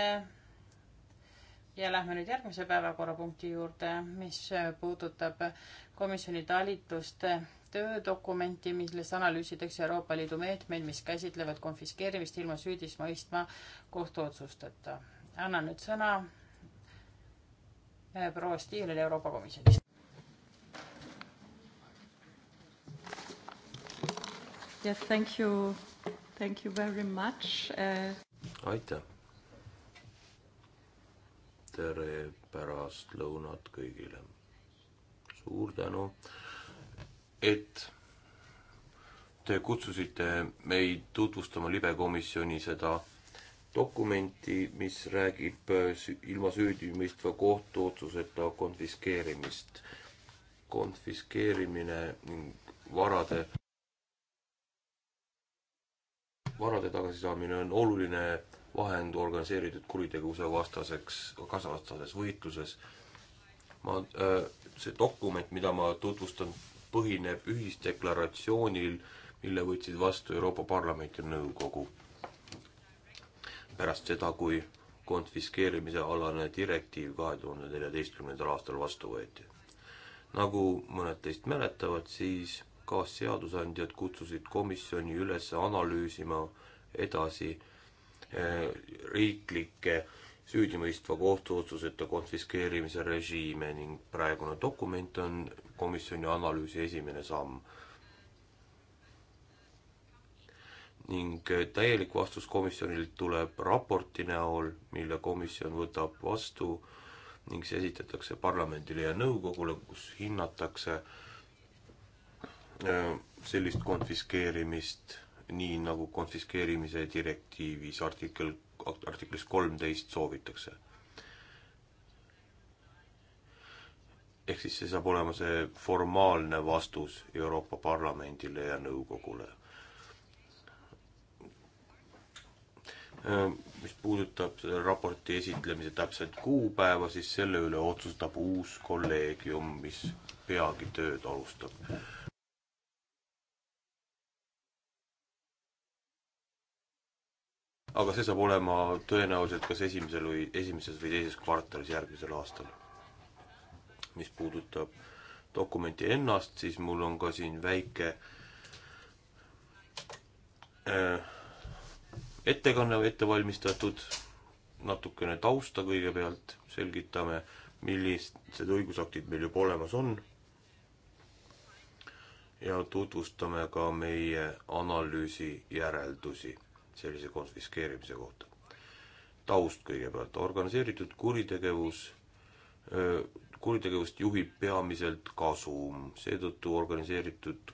S4: ja lähme nüüd järgmise päevakorrapunkti juurde, mis puudutab komisjoni talituste töödokumenti, milles analüüsitakse Euroopa Liidu meetmeid, mis käsitlevad konfiskeerimist ilma süüdismõistma kohtuotsusteta. annan nüüd sõna eh, proua Stiilile Euroopa Komisjonist. Yes, thank you, thank you very much uh....
S2: aitäh tere pärastlõunat kõigile. suur tänu, et te kutsusite meid tutvustama libekomisjoni seda dokumenti, mis räägib ilma süüdimõistva kohtuotsuseta konfiskeerimist. konfiskeerimine ning varade varade tagasisaamine on oluline vahend organiseeritud kuritegevuse vastaseks, kaasavastases võitluses. ma, äh, see dokument, mida ma tutvustan, põhineb ühisdeklaratsioonil, mille võtsid vastu Euroopa Parlament ja Nõukogu. pärast seda, kui konfiskeerimise alane direktiiv kahe tuhande neljateistkümnendal aastal vastu võeti. nagu mõned teist mäletavad, siis kaasseadusandjad kutsusid komisjoni üles analüüsima edasi riiklike süüdimõistva kohtuotsuseta konfiskeerimise režiime ning praegune dokument on komisjoni analüüsi esimene samm. ning täielik vastus komisjonilt tuleb raporti näol, mille komisjon võtab vastu ning see esitatakse parlamendile ja nõukogule, kus hinnatakse äh, sellist konfiskeerimist nii nagu konfiskeerimise direktiivis artikkel, artiklis kolmteist soovitakse. ehk siis see saab olema see formaalne vastus Euroopa Parlamendile ja nõukogule. mis puudutab selle raporti esitlemise täpset kuupäeva, siis selle üle otsustab uus kolleegium, mis peagi tööd alustab aga see saab olema tõenäoliselt kas esimesel või, esimeses või teises kvartalis järgmisel aastal. mis puudutab dokumenti ennast, siis mul on ka siin väike äh, ettekanne ette valmistatud, natukene tausta kõigepealt, selgitame, millised õigusaktid meil juba olemas on ja tutvustame ka meie analüüsi järeldusi sellise konfiskeerimise kohta. taust kõigepealt, organiseeritud kuritegevus, kuritegevust juhib peamiselt kasum, seetõttu organiseeritud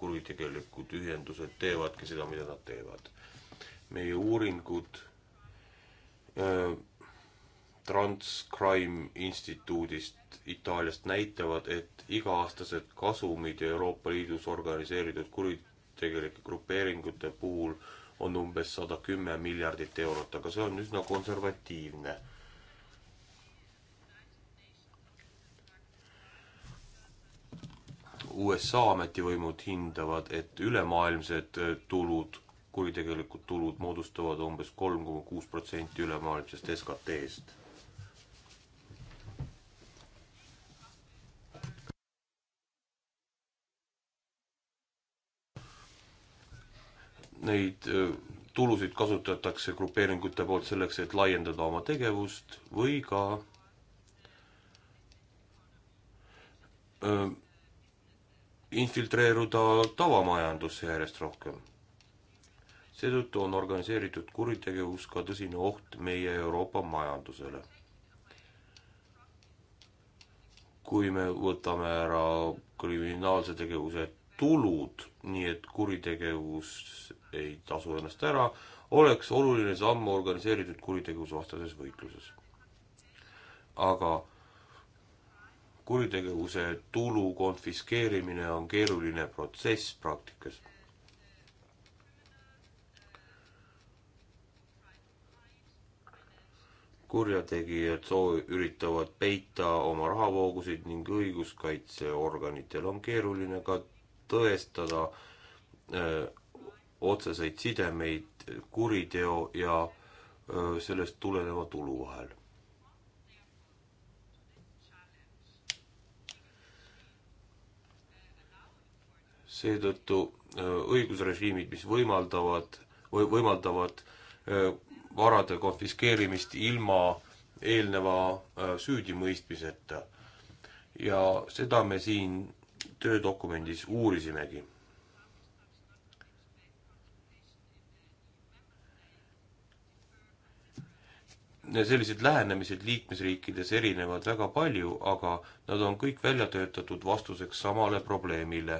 S2: kuritegelikud ühendused teevadki seda, mida nad teevad. meie uuringud Transcrime instituudist Itaaliast näitavad, et iga-aastased kasumid Euroopa Liidus organiseeritud kuritegelike grupeeringute puhul on umbes sada kümme miljardit eurot, aga see on üsna konservatiivne. USA ametivõimud hindavad, et ülemaailmsed äh, tulud, kuritegelikud tulud moodustavad umbes kolm koma kuus protsenti ülemaailmsest SKT-st neid tulusid kasutatakse grupeeringute poolt selleks, et laiendada oma tegevust või ka öö, infiltreeruda tavamajandusse järjest rohkem. seetõttu on organiseeritud kuritegevus ka tõsine oht meie Euroopa majandusele. kui me võtame ära kriminaalse tegevuse tulud, nii et kuritegevus ei tasu ennast ära, oleks oluline samm organiseeritud kuritegevusvastases võitluses. aga kuritegevuse tulu konfiskeerimine on keeruline protsess praktikas kurjategijad soo-, üritavad peita oma rahavoogusid ning õiguskaitseorganitel on keeruline ka tõestada äh, otseseid sidemeid kuriteo ja sellest tuleneva tulu vahel. seetõttu õigusrežiimid, mis võimaldavad või võimaldavad varade konfiskeerimist ilma eelneva süüdimõistmiseta. ja seda me siin töödokumendis uurisimegi. sellised lähenemised liikmesriikides erinevad väga palju, aga nad on kõik välja töötatud vastuseks samale probleemile.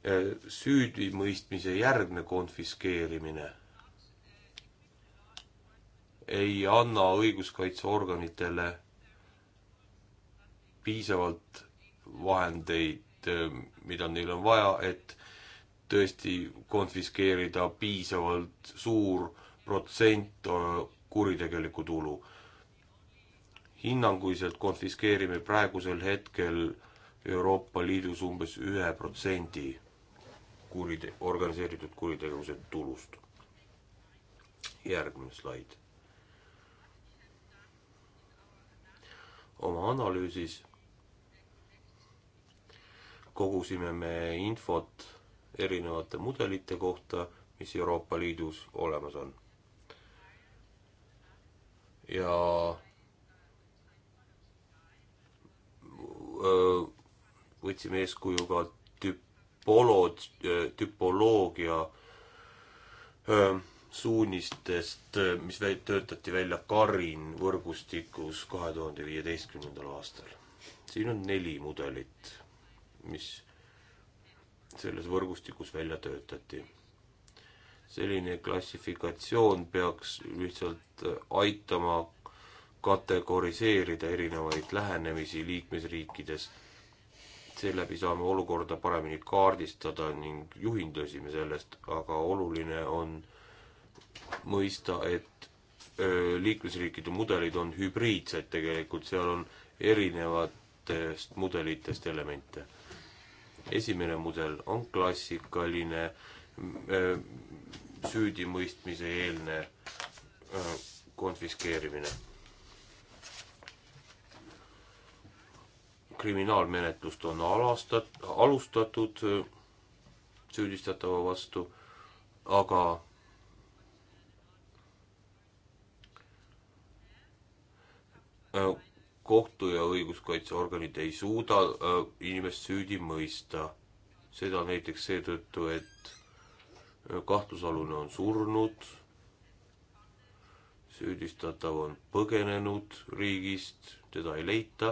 S2: Äh, süüdimõistmise järgne konfiskeerimine ei anna õiguskaitseorganitele piisavalt vahendeid, äh, mida neil on vaja, et tõesti konfiskeerida piisavalt suur protsent äh, kuritegelikku tulu. hinnanguliselt konfiskeerime praegusel hetkel Euroopa Liidus umbes ühe protsendi kurite-, organiseeritud kuritegevuse tulust. järgmine slaid. oma analüüsis kogusime me infot erinevate mudelite kohta, mis Euroopa Liidus olemas on ja võtsime eeskuju ka tüpoloog-, tüpoloogia suunistest, mis väid-, töötati välja Karin võrgustikus kahe tuhande viieteistkümnendal aastal. siin on neli mudelit, mis selles võrgustikus välja töötati selline klassifikatsioon peaks lihtsalt aitama kategoriseerida erinevaid lähenemisi liikmesriikides. seeläbi saame olukorda paremini kaardistada ning juhindusime sellest, aga oluline on mõista, et liikmesriikide mudelid on hübriidsed tegelikult, seal on erinevatest mudelitest elemente. esimene mudel on klassikaline äh, Äh, süüdimõistmise eelne äh, konfiskeerimine. kriminaalmenetlust on alastat-, alustatud äh, süüdistatava vastu, aga kohtu ja õiguskaitseorganid ei suuda inimest süüdi mõista. seda näiteks seetõttu, et kahtlusalune on surnud, süüdistatav on põgenenud riigist, teda ei leita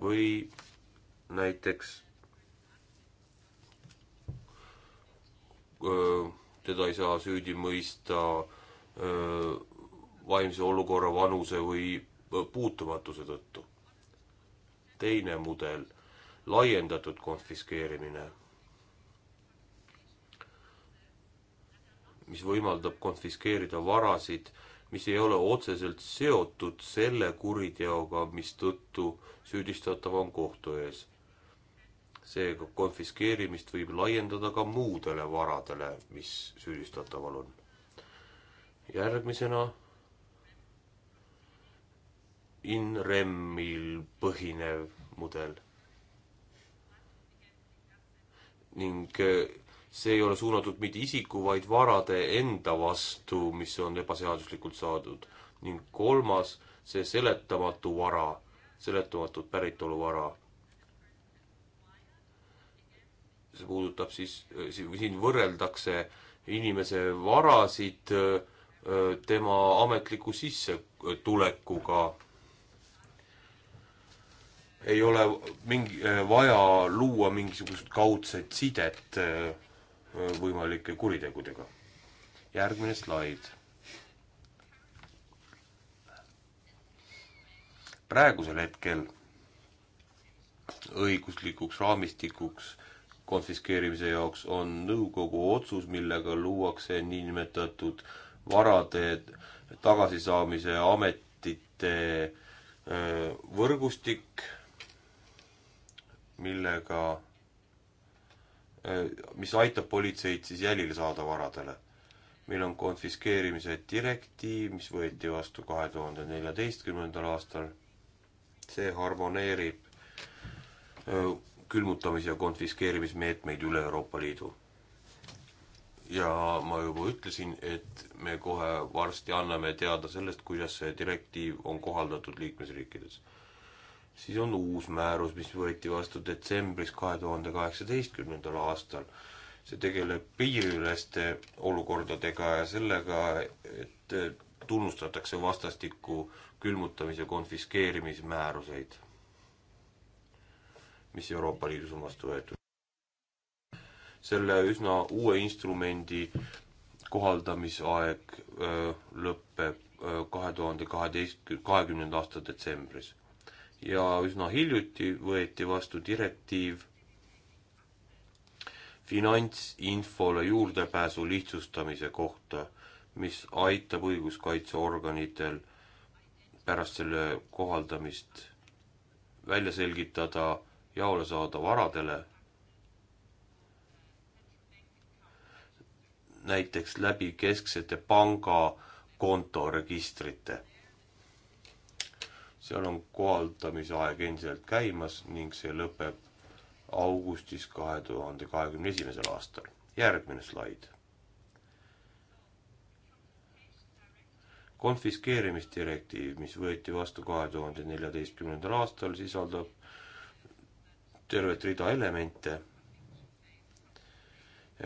S2: või näiteks teda ei saa süüdi mõista vaimse olukorra, vanuse või puutumatuse tõttu. teine mudel, laiendatud konfiskeerimine mis võimaldab konfiskeerida varasid, mis ei ole otseselt seotud selle kuriteoga, mistõttu süüdistatav on kohtu ees. seega konfiskeerimist võib laiendada ka muudele varadele, mis süüdistataval on. järgmisena in rem-il põhinev mudel. ning see ei ole suunatud mitte isiku, vaid varade enda vastu, mis on ebaseaduslikult saadud. ning kolmas, see seletamatu vara, seletamatut päritoluvara. see puudutab siis, siin võrreldakse inimese varasid tema ametliku sissetulekuga ei ole mingi, vaja luua mingisugust kaudset sidet Äh, võimalike kuritegudega. järgmine slaid. praegusel hetkel õiguslikuks raamistikuks konfiskeerimise jaoks on nõukogu otsus, millega luuakse niinimetatud varade tagasisaamise ametite äh, võrgustik, millega Äh, mis aitab politseid siis jälile saada varadele. meil on konfiskeerimise direktiiv, mis võeti vastu kahe tuhande neljateistkümnendal aastal. see harmoneerib äh, külmutamise ja konfiskeerimismeetmeid üle Euroopa Liidu. ja ma juba ütlesin, et me kohe varsti anname teada sellest, kuidas see direktiiv on kohaldatud liikmesriikides siis on uus määrus, mis võeti vastu detsembris kahe tuhande kaheksateistkümnendal aastal. see tegeleb piiriüleste olukordadega ja sellega, et tunnustatakse vastastikku külmutamise konfiskeerimismääruseid, mis Euroopa Liidus on vastu võetud. selle üsna uue instrumendi kohaldamisaeg öö, äh, lõpeb äh, kahe tuhande kaheteist, kahekümnenda aasta detsembris ja üsna hiljuti võeti vastu direktiiv finantsinfole juurdepääsu lihtsustamise kohta, mis aitab õiguskaitseorganitel pärast selle kohaldamist välja selgitada jaole saada varadele, näiteks läbi kesksete pangakontoregistrite seal on kohaldamise aeg endiselt käimas ning see lõpeb augustis kahe tuhande kahekümne esimesel aastal. järgmine slaid. konfiskeerimisdirektiiv, mis võeti vastu kahe tuhande neljateistkümnendal aastal, sisaldab tervet rida elemente,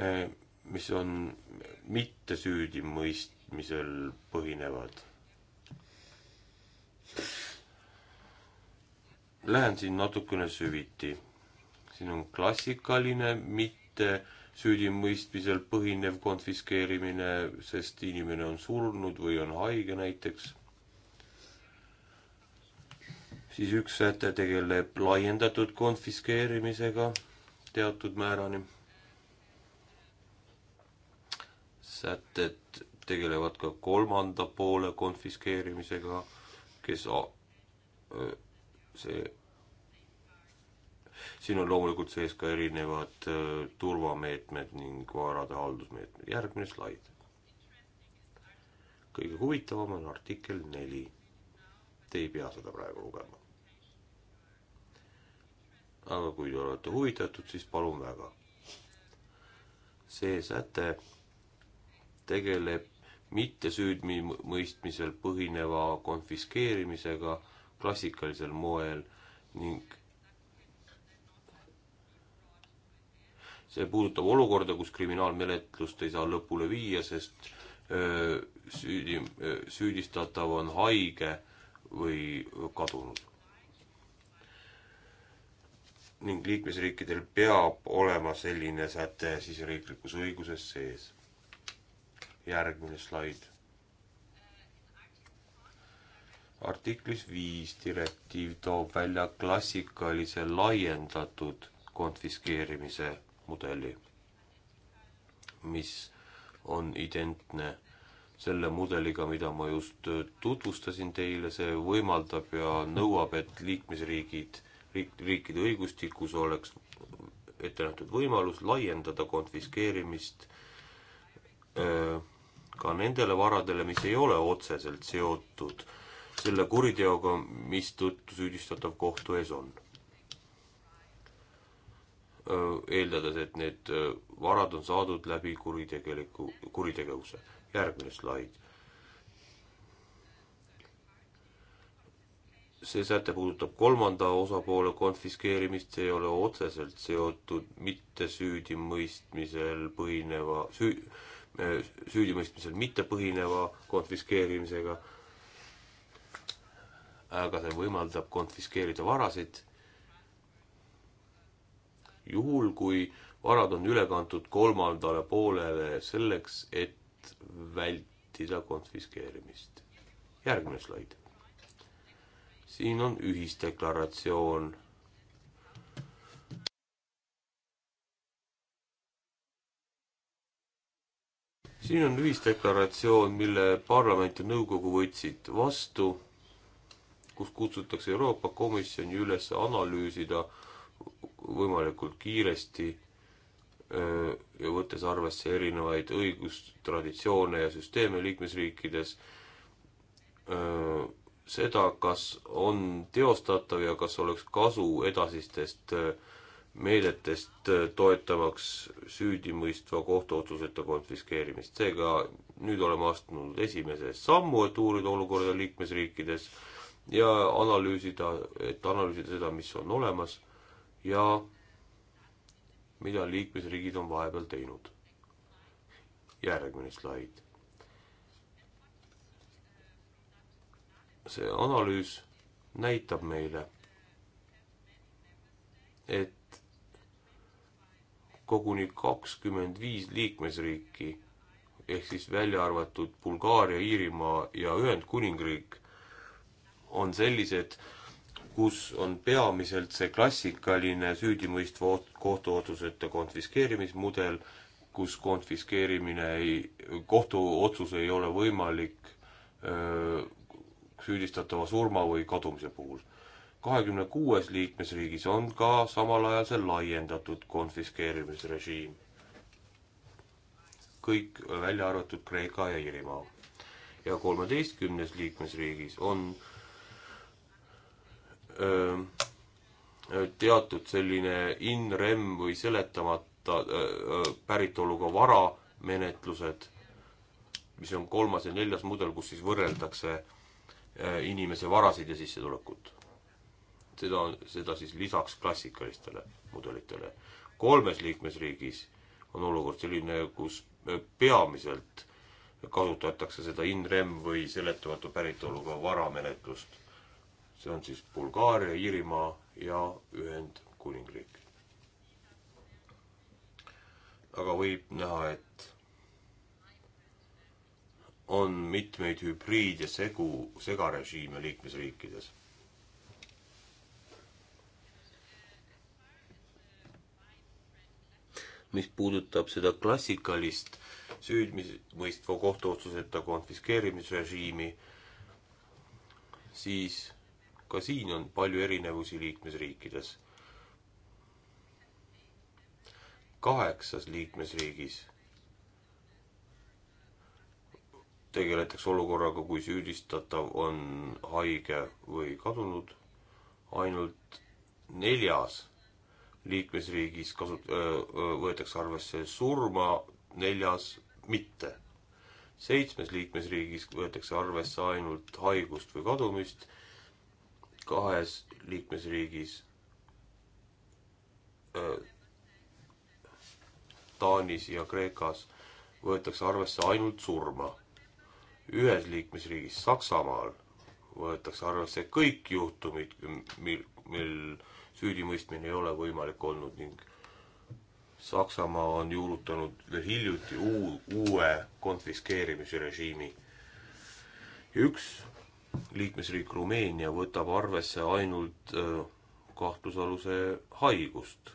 S2: eh, mis on mittesüüdimõistmisel põhinevad Lähen siin natukene süviti. siin on klassikaline, mitte süüdimõistmisel põhinev konfiskeerimine, sest inimene on surnud või on haige näiteks. siis üks säte tegeleb laiendatud konfiskeerimisega teatud määrani. sätted tegelevad ka kolmanda poole konfiskeerimisega, kes see, siin on loomulikult sees ka erinevad äh, turvameetmed ning varade haldusmeetmed. järgmine slaid. kõige huvitavam on artikkel neli. Te ei pea seda praegu lugema. aga kui te olete huvitatud, siis palun väga. see säte tegeleb mittesüüdmõistmisel põhineva konfiskeerimisega klassikalisel moel ning see puudutab olukorda, kus kriminaalmenetlust ei saa lõpule viia, sest süüdi, süüdistatav on haige või kadunud. ning liikmesriikidel peab olema selline säte siseriiklikus õiguses sees. järgmine slaid artiklis viis direktiiv toob välja klassikalise laiendatud konfiskeerimise mudeli, mis on identne selle mudeliga, mida ma just äh, tutvustasin teile, see võimaldab ja nõuab, et liikmesriigid, riik, riikide õigustikus oleks ette nähtud võimalus laiendada konfiskeerimist öö, äh, ka nendele varadele, mis ei ole otseselt seotud selle kuriteoga, mistõttu süüdistatav kohtu ees on. eeldades, et need varad on saadud läbi kuritegeliku, kuritegevuse. järgmine slaid. see säte puudutab kolmanda osapoole konfiskeerimist, see ei ole otseselt seotud mitte süüdimõistmisel põhineva, süü-, süüdimõistmisel mitte põhineva konfiskeerimisega aga see võimaldab konfiskeerida varasid juhul, kui varad on üle kantud kolmandale poolele selleks, et vältida konfiskeerimist. järgmine slaid. siin on ühisdeklaratsioon siin on ühisdeklaratsioon, mille parlament ja nõukogu võtsid vastu kus kutsutakse Euroopa Komisjoni üles analüüsida võimalikult kiiresti ja võttes arvesse erinevaid õigustraditsioone ja süsteeme liikmesriikides, seda, kas on teostatav ja kas oleks kasu edasistest meedetest toetamaks süüdimõistva kohtuotsuseta konfiskeerimist. seega nüüd oleme astunud esimese sammu, et uurida olukorda liikmesriikides ja analüüsida, et analüüsida seda, mis on olemas ja mida liikmesriigid on vahepeal teinud. järgmine slaid. see analüüs näitab meile, et koguni kakskümmend viis liikmesriiki ehk siis välja arvatud Bulgaaria, Iirimaa ja Ühendkuningriik on sellised, kus on peamiselt see klassikaline süüdimõistva kohtuotsuseta konfiskeerimismudel, kus konfiskeerimine ei, kohtuotsus ei ole võimalik öö, süüdistatava surma või kadumise puhul. kahekümne kuues liikmesriigis on ka samal ajal see laiendatud konfiskeerimisrežiim. kõik välja arvatud Kreeka ja Iirimaa. ja kolmeteistkümnes liikmesriigis on öö, teatud selline in-rem või seletamata päritoluga vara menetlused, mis on kolmas ja neljas mudel, kus siis võrreldakse inimese varasid ja sissetulekut. seda, seda siis lisaks klassikalistele mudelitele. kolmes liikmesriigis on olukord selline, kus peamiselt kasutatakse seda in-rem või seletamatu päritoluga varamenetlust see on siis Bulgaaria, Iirimaa ja Ühendkuningriik. aga võib näha, et on mitmeid hübriid ja segu, segarežiime liikmesriikides. mis puudutab seda klassikalist süüdmõistva kohtuotsuseta konfiskeerimisrežiimi, siis ka siin on palju erinevusi liikmesriikides. kaheksas liikmesriigis tegeletakse olukorraga, kui süüdistatav on haige või kadunud. ainult neljas liikmesriigis kasut-, võetakse arvesse surma, neljas mitte. seitsmes liikmesriigis võetakse arvesse ainult haigust või kadumist kahes liikmesriigis Taanis ja Kreekas võetakse arvesse ainult surma. ühes liikmesriigis, Saksamaal, võetakse arvesse kõik juhtumid, mil, mil süüdimõistmine ei ole võimalik olnud ning Saksamaa on juurutanud veel hiljuti uu-, uue konfiskeerimise režiimi. ja üks liikmesriik Rumeenia võtab arvesse ainult äh, kahtlusaluse haigust.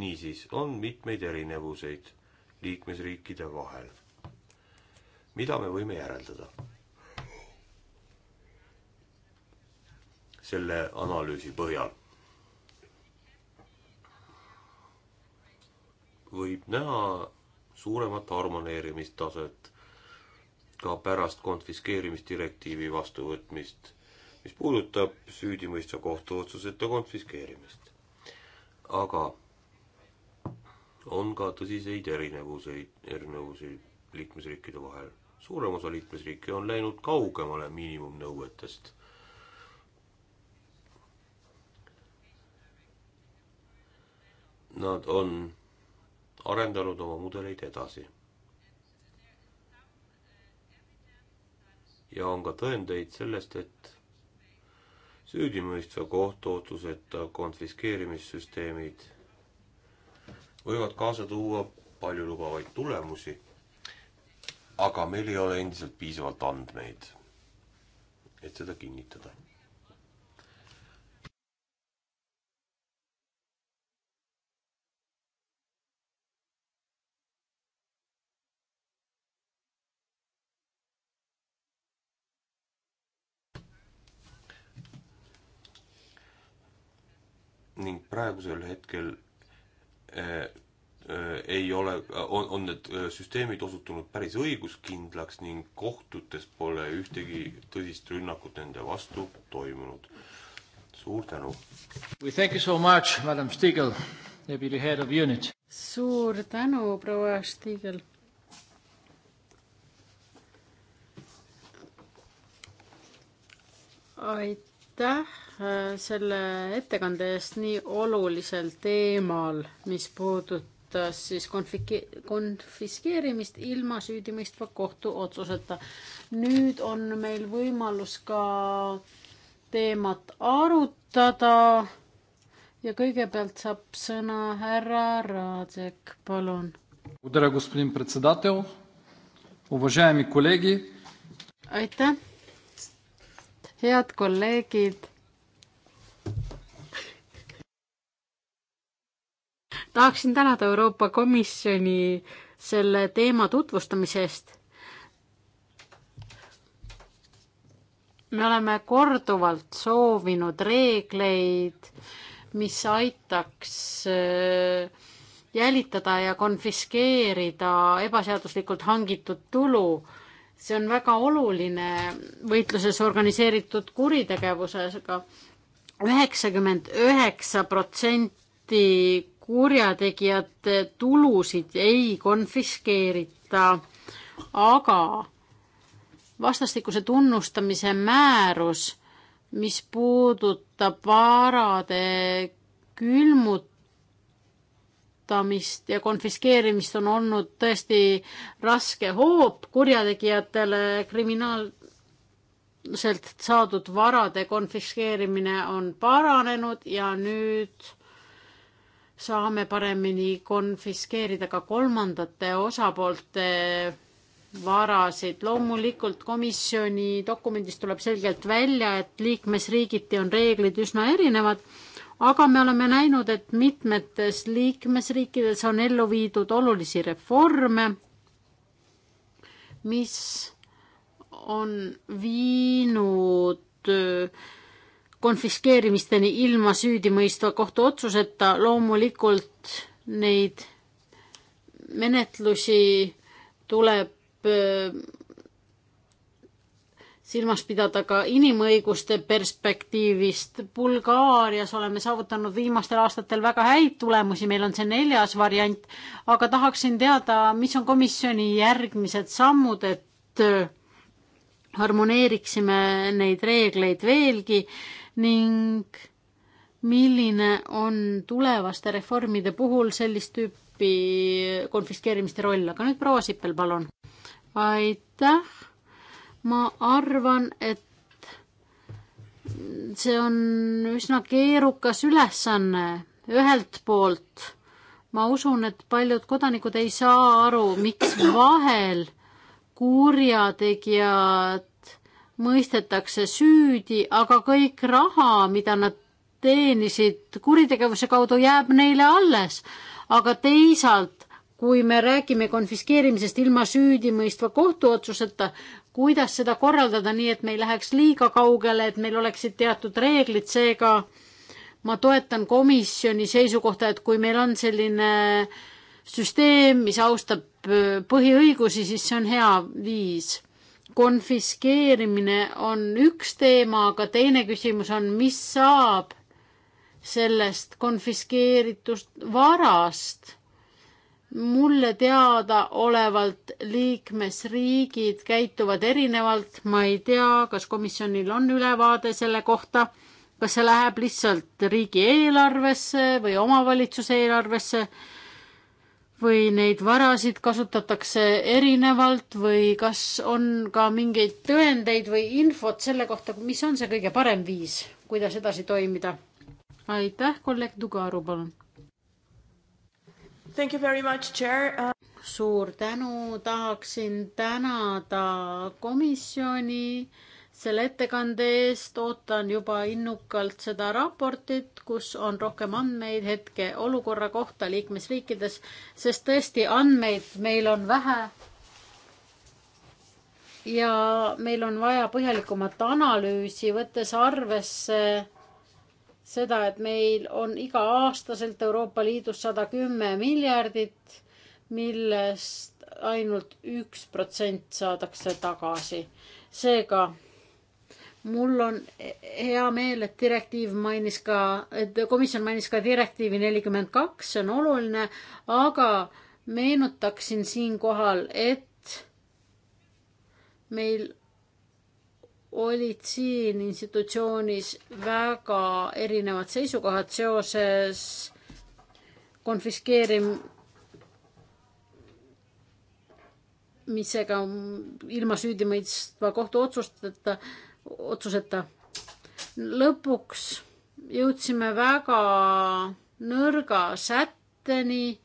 S2: niisiis, on mitmeid erinevuseid liikmesriikide vahel. mida me võime järeldada? selle analüüsi põhjal võib näha suuremat harmoneerimistaset ka pärast konfiskeerimisdirektiivi vastuvõtmist, mis puudutab süüdimõistva kohtuotsuseta konfiskeerimist. aga on ka tõsiseid erinevuseid, erinevusi liikmesriikide vahel. suurem osa liikmesriike on läinud kaugemale miinimumnõuetest. Nad on arendanud oma mudeleid edasi ja on ka tõendeid sellest, et süüdimõistva kohtuotsuseta konfiskeerimissüsteemid võivad kaasa tuua paljulubavaid tulemusi, aga meil ei ole endiselt piisavalt andmeid, et seda kinnitada ning praegusel hetkel äh, äh, ei ole, on, on need äh, süsteemid osutunud päris õiguskindlaks ning kohtutes pole ühtegi tõsist rünnakut nende vastu toimunud. suur tänu!
S1: We thank you so much, madam Stigl, deputy head of unit.
S3: suur tänu, proua Stigl. aitäh! aitäh äh, selle ettekande eest nii olulisel teemal, mis puudutas siis konfiki-, konfiskeerimist ilma süüdimõistva kohtuotsuseta. nüüd on meil võimalus ka teemat arutada ja kõigepealt saab sõna härra Raadek, palun. aitäh head kolleegid. tahaksin tänada Euroopa Komisjoni selle teema tutvustamise eest. me oleme korduvalt soovinud reegleid, mis aitaks äh, jälitada ja konfiskeerida ebaseaduslikult hangitud tulu see on väga oluline võitluses organiseeritud kuritegevusega. üheksakümmend üheksa protsenti kurjategijate tulusid ei konfiskeerita, aga vastastikuse tunnustamise määrus, mis puudutab varade külmut-, kasutamist ja konfiskeerimist on olnud tõesti raske hoop kurjategijatele. kriminaalselt saadud varade konfiskeerimine on paranenud ja nüüd saame paremini konfiskeerida ka kolmandate osapoolte varasid. loomulikult komisjoni dokumendist tuleb selgelt välja, et liikmesriigiti on reeglid üsna erinevad aga me oleme näinud, et mitmetes liikmesriikides on ellu viidud olulisi reforme, mis on viinud äh, konfiskeerimisteni ilma süüdimõistva kohtuotsuseta, loomulikult neid menetlusi tuleb äh, silmas pidada ka inimõiguste perspektiivist. Bulgaarias oleme saavutanud viimastel aastatel väga häid tulemusi, meil on see neljas variant, aga tahaksin teada, mis on komisjoni järgmised sammud, et äh, harmoneeriksime neid reegleid veelgi ning milline on tulevaste reformide puhul sellist tüüpi konfiskeerimiste roll, aga nüüd proua Sippel, palun. aitäh ma arvan, et see on üsna keerukas ülesanne ühelt poolt. ma usun, et paljud kodanikud ei saa aru, miks vahel kurjategijad mõistetakse süüdi, aga kõik raha, mida nad teenisid kuritegevuse kaudu, jääb neile alles. aga teisalt, kui me räägime konfiskeerimisest ilma süüdimõistva kohtuotsuseta, kuidas seda korraldada nii, et me ei läheks liiga kaugele, et meil oleksid teatud reeglid, seega ma toetan komisjoni seisukohta, et kui meil on selline süsteem, mis austab äh, põhiõigusi, siis see on hea viis. konfiskeerimine on üks teema, aga teine küsimus on, mis saab sellest konfiskeeritud varast mulle teadaolevalt liikmesriigid käituvad erinevalt, ma ei tea, kas komisjonil on ülevaade selle kohta, kas see läheb lihtsalt riigieelarvesse või omavalitsuse eelarvesse või neid varasid kasutatakse erinevalt või kas on ka mingeid tõendeid või infot selle kohta, mis on see kõige parem viis, kuidas edasi toimida? aitäh, kolleeg Tugaru, palun Thank you very much, chair uh.... suur tänu, tahaksin tänada komisjoni selle ettekande eest, ootan juba innukalt seda raportit, kus on rohkem andmeid hetkeolukorra kohta liikmesriikides, sest tõesti andmeid meil on vähe. ja meil on vaja põhjalikumat analüüsi, võttes arvesse seda, et meil on iga-aastaselt Euroopa Liidus sada kümme miljardit, millest ainult üks protsent saadakse tagasi. seega mul on hea meel, et direktiiv mainis ka, et komisjon mainis ka direktiivi nelikümmend kaks, see on oluline, aga meenutaksin siinkohal, et meil olid siin institutsioonis väga erinevad seisukohad seoses konfiskeerimisega ilma süüdimõistva kohtu otsusteta, otsuseta. lõpuks jõudsime väga nõrga sätteni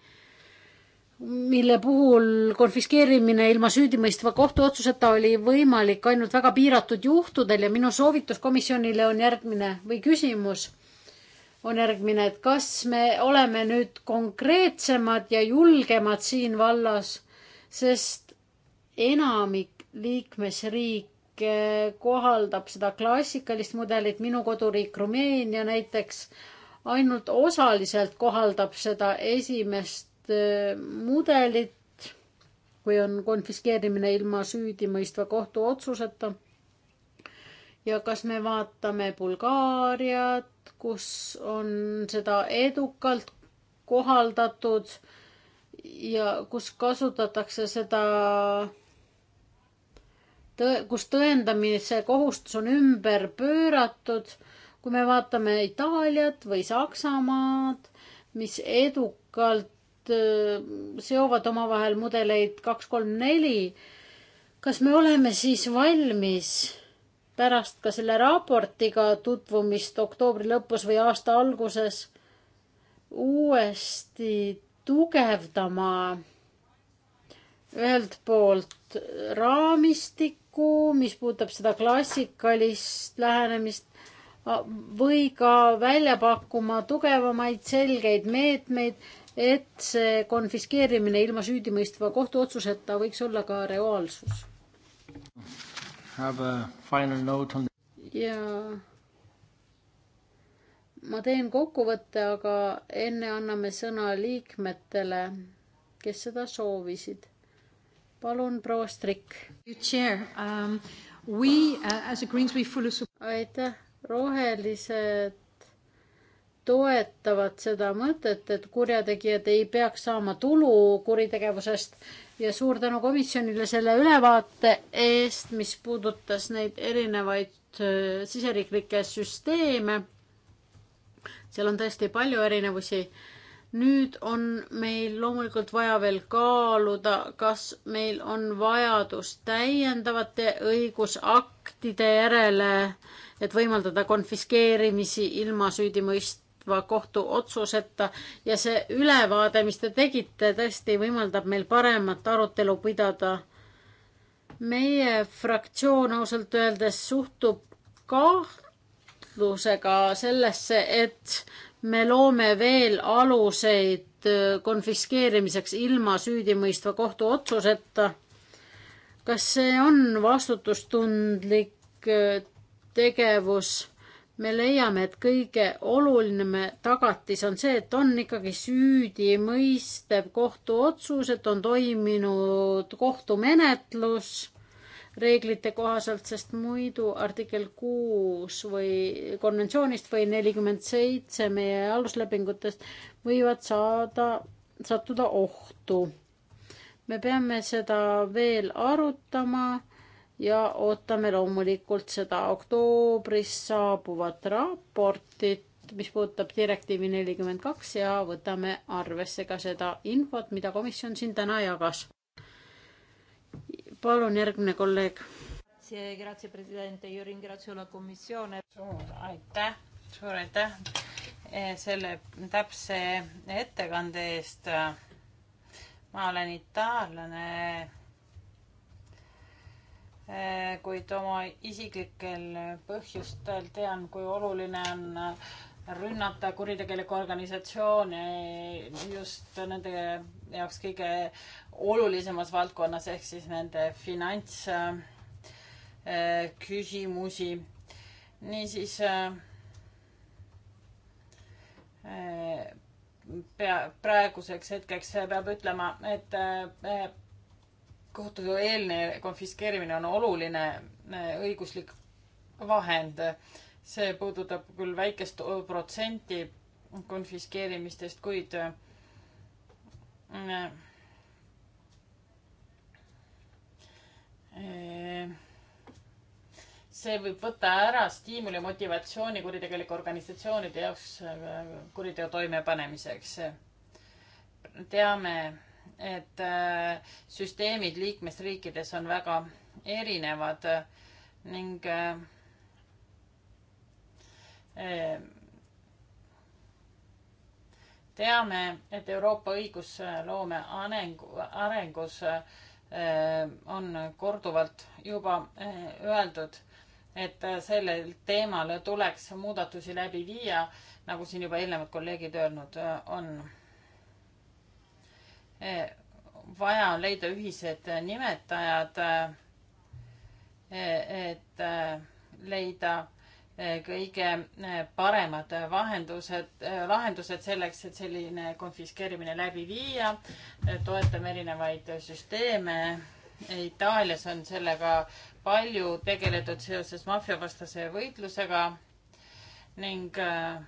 S3: mille puhul konfiskeerimine ilma süüdimõistva kohtuotsuseta oli võimalik ainult väga piiratud juhtudel ja minu soovitus komisjonile on järgmine või küsimus on järgmine, et kas me oleme nüüd konkreetsemad ja julgemad siin vallas, sest enamik liikmesriike kohaldab seda klassikalist mudelit, minu koduriik Rumeenia näiteks ainult osaliselt kohaldab seda esimest Eh, mudelit, kui on konfiskeerimine ilma süüdimõistva kohtuotsuseta. ja kas me vaatame Bulgaariat, kus on seda edukalt kohaldatud ja kus kasutatakse seda tõ-, kus tõendamise kohustus on ümber pööratud, kui me vaatame Itaaliat või Saksamaad, mis edukalt Äh, seovad omavahel mudeleid kaks, kolm, neli. kas me oleme siis valmis pärast ka selle raportiga tutvumist oktoobri lõpus või aasta alguses uuesti tugevdama ühelt poolt raamistikku, mis puudutab seda klassikalist lähenemist või ka välja pakkuma tugevamaid selgeid meetmeid, et see konfiskeerimine ilma süüdimõistva kohtuotsuseta võiks olla ka reaalsus. ja ma teen kokkuvõtte, aga enne anname sõna liikmetele, kes seda soovisid. palun, proua Strik. Um, uh, aitäh, rohelised toetavad seda mõtet, et kurjategijad ei peaks saama tulu kuritegevusest ja suur tänu komisjonile selle ülevaate eest, mis puudutas neid erinevaid äh, siseriiklikke süsteeme. seal on tõesti palju erinevusi. nüüd on meil loomulikult vaja veel kaaluda, kas meil on vajadus täiendavate õigusaktide järele, et võimaldada konfiskeerimisi ilma süüdimõist-, mõistva kohtu otsus, et ja see ülevaade, mis te tegite, tõesti võimaldab meil paremat arutelu pidada. meie fraktsioon ausalt öeldes suhtub kahtlusega sellesse, et me loome veel aluseid konfiskeerimiseks ilma süüdimõistva kohtu otsuseta. kas see on vastutustundlik tegevus? me leiame, et kõige olulisem tagatis on see, et on ikkagi süüdimõistev kohtuotsus, et on toiminud kohtumenetlus reeglite kohaselt, sest muidu artikkel kuus või konventsioonist või nelikümmend seitse meie aluslepingutest võivad saada, sattuda ohtu. me peame seda veel arutama ja ootame loomulikult seda oktoobris saabuvat raportit, mis puudutab direktiivi nelikümmend kaks ja võtame arvesse ka seda infot, mida komisjon siin täna jagas. palun, järgmine kolleeg.
S4: aitäh, suur aitäh eh, selle täpse ettekande eest. ma olen itaallane Eh, kuid oma isiklikel põhjustel tean, kui oluline on eh, rünnata kuritegelikke organisatsioone just nende jaoks kõige olulisemas valdkonnas ehk siis nende finantsküsimusi eh, äh,. niisiis äh, pea, praeguseks hetkeks peab ütlema, et äh, kohtueelne konfiskeerimine on oluline äh, õiguslik vahend. see puudutab küll väikest protsenti konfiskeerimistest, kuid äh, äh, see võib võtta ära stiimuli motivatsiooni kuritegelike organisatsioonide jaoks kuriteo toimepanemiseks. teame et äh, süsteemid liikmesriikides on väga erinevad äh, ning äh, teame, et Euroopa õigusloome arengu, arengus on korduvalt juba öeldud, et sellel teemal tuleks muudatusi läbi viia, nagu siin juba eelnevad kolleegid öelnud on Eh, vaja on leida ühised nimetajad, eh, et eh, leida kõige paremad vahendused, lahendused selleks, et selline konfiskeerimine läbi viia. toetame erinevaid süsteeme. Itaalias on sellega palju tegeletud seoses maffiavastase võitlusega ning äh,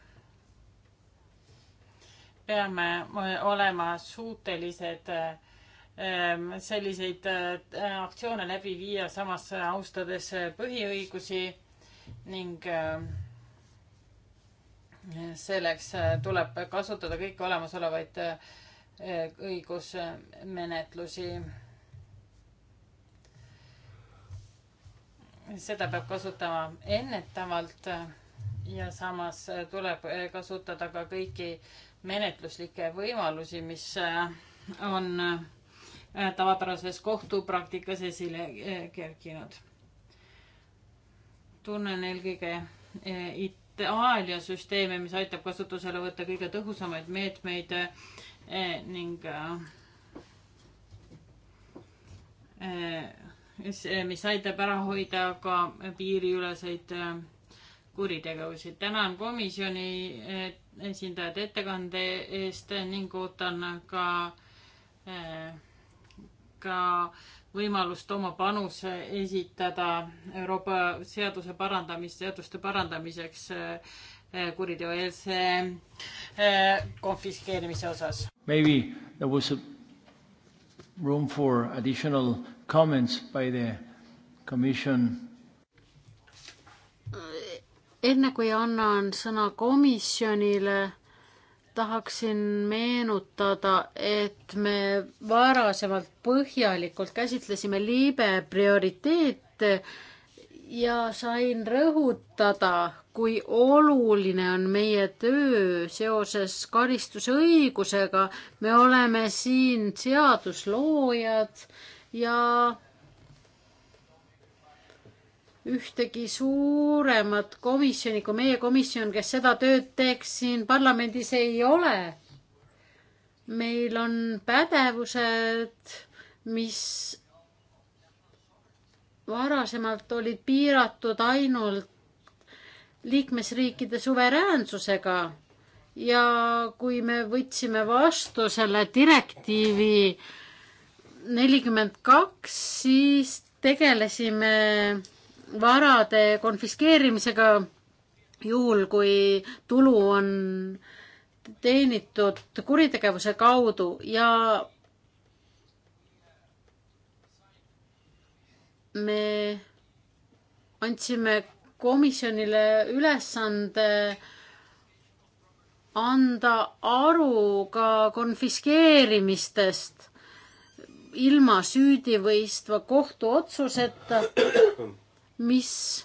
S4: peame äh, olema suutelised ähm, selliseid äh, aktsioone läbi viia, samas austades äh, põhiõigusi ning selleks tuleb kasutada kõiki olemasolevaid õigusmenetlusi. seda peab kasutama ennetavalt ja samas tuleb kasutada ka kõiki äh, menetluslikke võimalusi, mis äh, on äh, tavapärases kohtupraktikas esile äh, kerkinud. tunnen eelkõige Itaalia süsteemi, mis aitab kasutusele võtta kõige tõhusamaid meetmeid ning mis aitab ära hoida ka piiriüleseid kuritegevusi. tänan komisjoni esindajad ettekande eest ning ootan ka, eh, ka võimalust oma panuse esitada Euroopa seaduse parandamis, seaduste parandamiseks eh, kuriteoeelse eh, konfiskeerimise osas.
S1: Maybe there was a room for additional comments by the commission
S3: enne kui annan sõna komisjonile, tahaksin meenutada, et me varasemalt põhjalikult käsitlesime liibe prioriteete ja sain rõhutada, kui oluline on meie töö seoses karistusõigusega. me oleme siin seadusloojad ja ühtegi suuremat komisjoni kui meie komisjon, kes seda tööd teeks siin parlamendis ei ole. meil on pädevused, mis varasemalt olid piiratud ainult liikmesriikide suveräänsusega ja kui me võtsime vastu selle direktiivi nelikümmend kaks, siis tegelesime varade konfiskeerimisega, juhul kui tulu on teenitud kuritegevuse kaudu ja me andsime komisjonile ülesande anda aru ka konfiskeerimistest ilma süüdivõistva kohtuotsuseta mis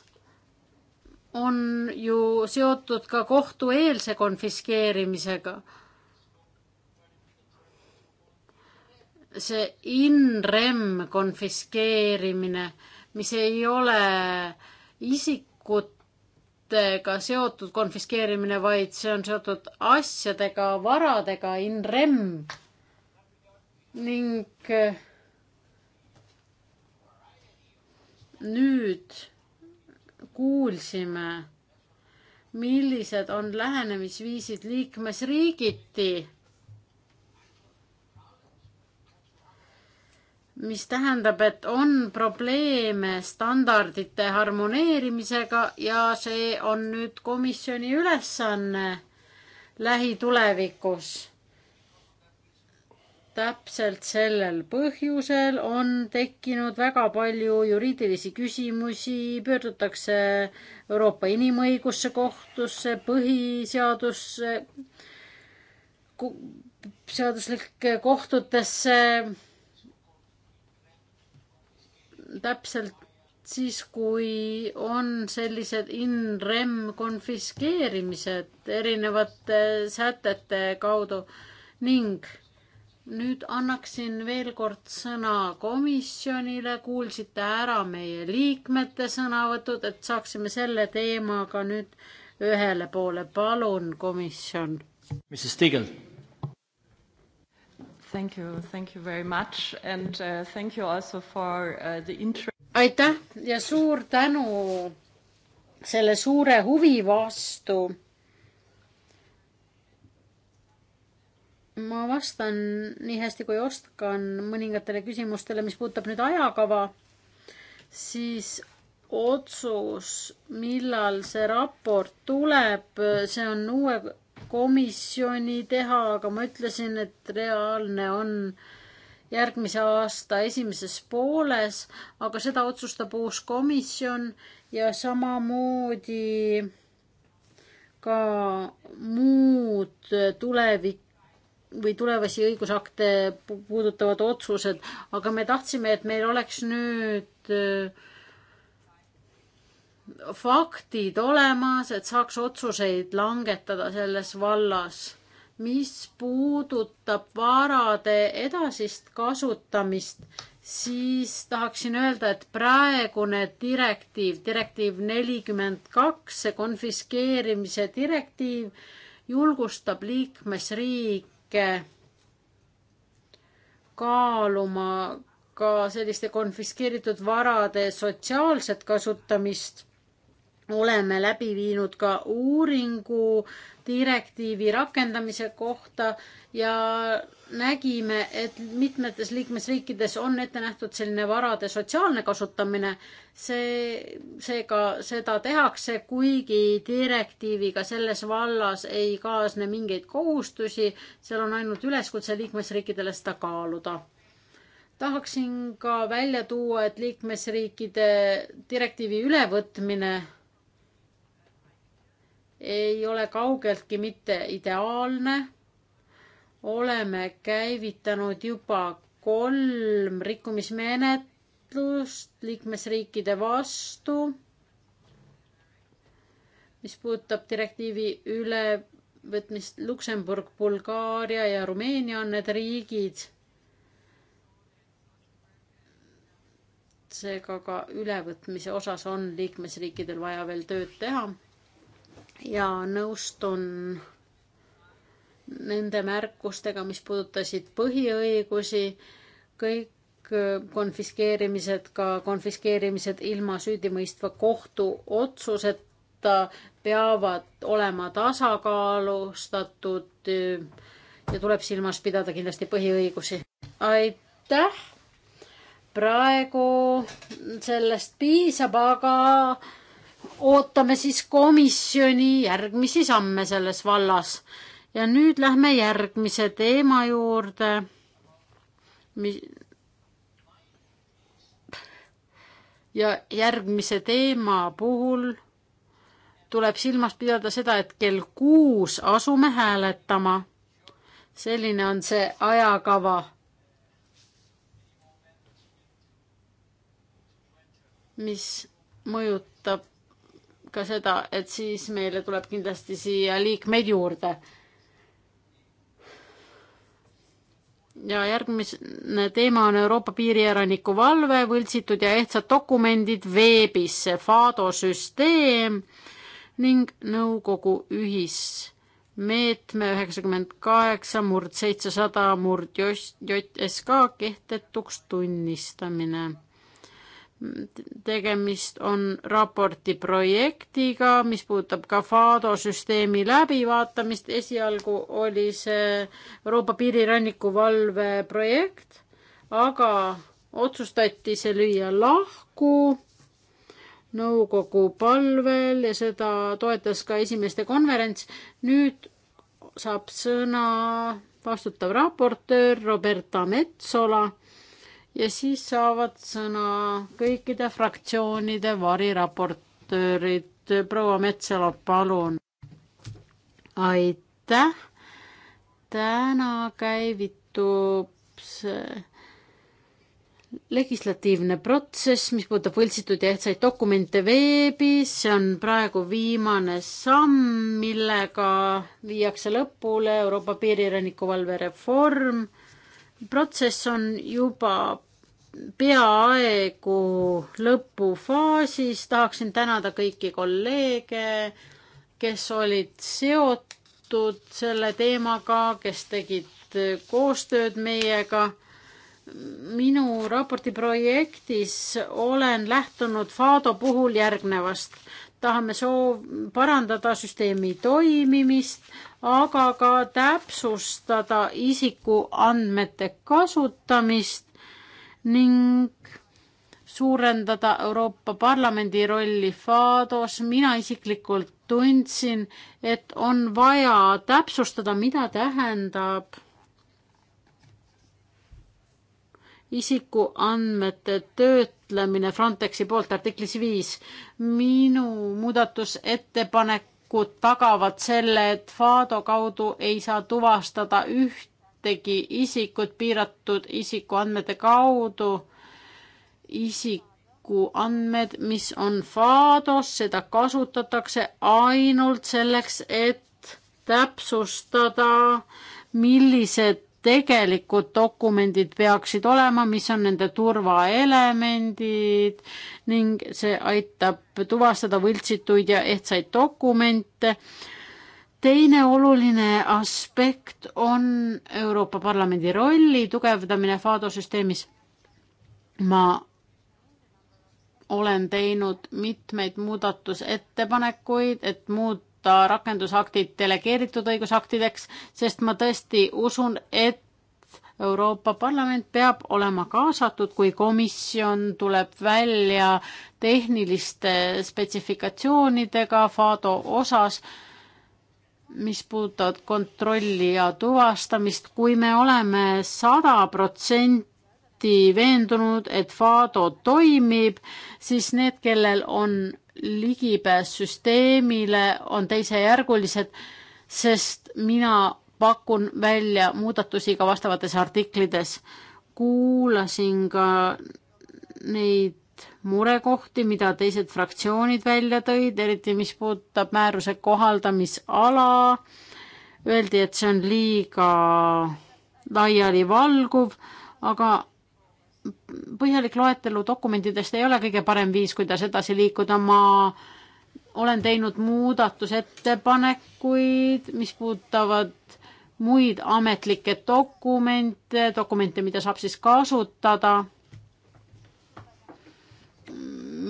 S3: on ju seotud ka kohtueelse konfiskeerimisega. see in-rem konfiskeerimine, mis ei ole isikutega seotud konfiskeerimine, vaid see on seotud asjadega, varadega, in-rem ning äh, nüüd kuulsime, millised on lähenemisviisid liikmesriigiti, mis tähendab, et on probleeme standardite harmoneerimisega ja see on nüüd komisjoni ülesanne lähitulevikus täpselt sellel põhjusel on tekkinud väga palju juriidilisi küsimusi, pöördutakse Euroopa Inimõigusse Kohtusse, põhiseadusse, seaduslike kohtutesse. täpselt siis, kui on sellised in rem konfiskeerimised erinevate sätete kaudu ning nüüd annaksin veel kord sõna komisjonile, kuulsite ära meie liikmete sõnavõtud, et saaksime selle teemaga nüüd ühele poole. palun, komisjon. Mrs
S1: Stigel.
S4: Thank you, thank you very much and uh, thank you also for uh, the interest.
S3: aitäh ja suur tänu selle suure huvi vastu ma vastan nii hästi kui oskan mõningatele küsimustele, mis puudutab nüüd ajakava, siis otsus, millal see raport tuleb, see on uue komisjoni teha, aga ma ütlesin, et reaalne on järgmise aasta esimeses pooles, aga seda otsustab uus komisjon ja samamoodi ka muud tulevik või tulevasi õigusakte puudutavad otsused, aga me tahtsime, et meil oleks nüüd äh, faktid olemas, et saaks otsuseid langetada selles vallas. mis puudutab varade edasist kasutamist, siis tahaksin öelda, et praegune direktiiv, direktiiv nelikümmend kaks, see konfiskeerimise direktiiv, julgustab liikmesriik riike kaaluma ka selliste konfiskeeritud varade sotsiaalset kasutamist oleme läbi viinud ka uuringu direktiivi rakendamise kohta ja nägime, et mitmetes liikmesriikides on ette nähtud selline varade sotsiaalne kasutamine. see, seega seda tehakse, kuigi direktiiviga selles vallas ei kaasne mingeid kohustusi, seal on ainult üleskutse liikmesriikidele seda kaaluda tahaksin ka välja tuua, et liikmesriikide direktiivi ülevõtmine ei ole kaugeltki mitte ideaalne. oleme käivitanud juba kolm rikkumismenetlust liikmesriikide vastu, mis puudutab direktiivi ülevõtmist. Luksemburg, Bulgaaria ja Rumeenia on need riigid. seega ka ülevõtmise osas on liikmesriikidel vaja veel tööd teha ja nõustun nende märkustega, mis puudutasid põhiõigusi, kõik konfiskeerimised, ka konfiskeerimised ilma süüdimõistva kohtu otsuseta peavad olema tasakaalustatud ja tuleb silmas pidada kindlasti põhiõigusi. aitäh! praegu sellest piisab, aga ootame siis komisjoni järgmisi samme selles vallas. ja nüüd lähme järgmise teema juurde. ja järgmise teema puhul tuleb silmas pidada seda, et kell kuus asume hääletama. selline on see ajakava. mis mõjutab ka seda, et siis meile tuleb kindlasti siia liikmeid juurde. ja järgmine teema on Euroopa piirielaniku valve, võltsitud ja ehtsad dokumendid veebis, see FADO süsteem ning nõukogu ühismeetme üheksakümmend kaheksa murd seitsesada murd JSK kehtetuks tunnistamine tegemist on raporti projektiga, mis puudutab ka FADO süsteemi läbivaatamist. esialgu oli see Euroopa piiriranniku valve projekt, aga otsustati see lüüa lahku nõukogu palvel ja seda toetas ka esimeste konverents. nüüd saab sõna vastutav raportöör Roberta Metsola ja siis saavad sõna kõikide fraktsioonide variraportöörid. proua Metsala, palun. aitäh. täna käivitub see legislatiivne protsess, mis puudutab võltsitud ja ehtsaid dokumente veebis, see on praegu viimane samm, millega viiakse lõpule Euroopa piiriranikuvalve reform protsess on juba peaaegu lõpufaasis, tahaksin tänada kõiki kolleege, kes olid seotud selle teemaga, kes tegid koostööd meiega. minu raporti projektis olen lähtunud Fado puhul järgnevast. tahame soov, parandada süsteemi toimimist, aga ka täpsustada isikuandmete kasutamist ning suurendada Euroopa Parlamendi rolli FADOs. mina isiklikult tundsin, et on vaja täpsustada, mida tähendab isikuandmete töötlemine Frontexi poolt artiklis viis. minu muudatusettepanek nõuanikud tagavad selle, et FADO kaudu ei saa tuvastada ühtegi isikut piiratud isikuandmete kaudu. isikuandmed, mis on FADO-s, seda kasutatakse ainult selleks, et täpsustada, millised tegelikud dokumendid peaksid olema, mis on nende turvaelemendid ning see aitab tuvastada võltsituid ja ehtsaid dokumente. teine oluline aspekt on Euroopa Parlamendi rolli tugevdamine FADO süsteemis. ma olen teinud mitmeid muudatusettepanekuid, et muud muuta rakendusaktid delegeeritud õigusaktideks, sest ma tõesti usun, et Euroopa Parlament peab olema kaasatud, kui komisjon tuleb välja tehniliste spetsifikatsioonidega FADO osas, mis puudutavad kontrolli ja tuvastamist, kui me oleme sada protsenti veendunud, et FADO toimib, siis need, kellel on ligipääs süsteemile on teisejärgulised, sest mina pakun välja muudatusi ka vastavates artiklides. kuulasin ka neid murekohti, mida teised fraktsioonid välja tõid, eriti mis puudutab määruse kohaldamisala. Öeldi, et see on liiga laialivalguv, aga põhjalik loetelu dokumentidest ei ole kõige parem viis, kuidas edasi liikuda, ma olen teinud muudatusettepanekuid, mis puudutavad muid ametlikke dokumente, dokumente, mida saab siis kasutada,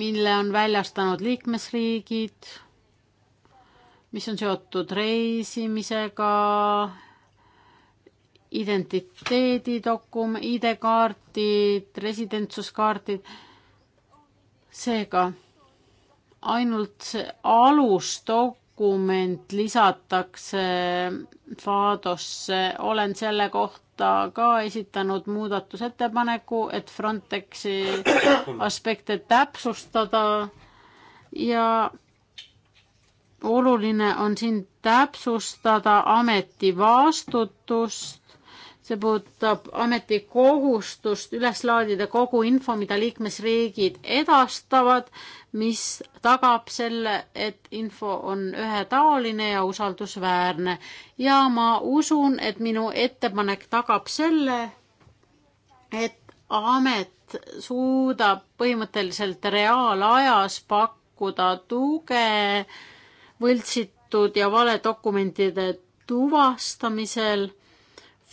S3: mille on väljastanud liikmesriigid, mis on seotud reisimisega, identiteedidokum-, ID-kaardid, residentsuskaardid. seega ainult see alusdokument lisatakse FADOsse, olen selle kohta ka esitanud muudatusettepaneku, et Frontexi aspekte täpsustada ja oluline on siin täpsustada ameti vastutust see puudutab ameti kohustust üles laadida kogu info, mida liikmesriigid edastavad, mis tagab selle, et info on ühetaoline ja usaldusväärne. ja ma usun, et minu ettepanek tagab selle, et amet suudab põhimõtteliselt reaalajas pakkuda tuge võltsitud ja valedokumentide tuvastamisel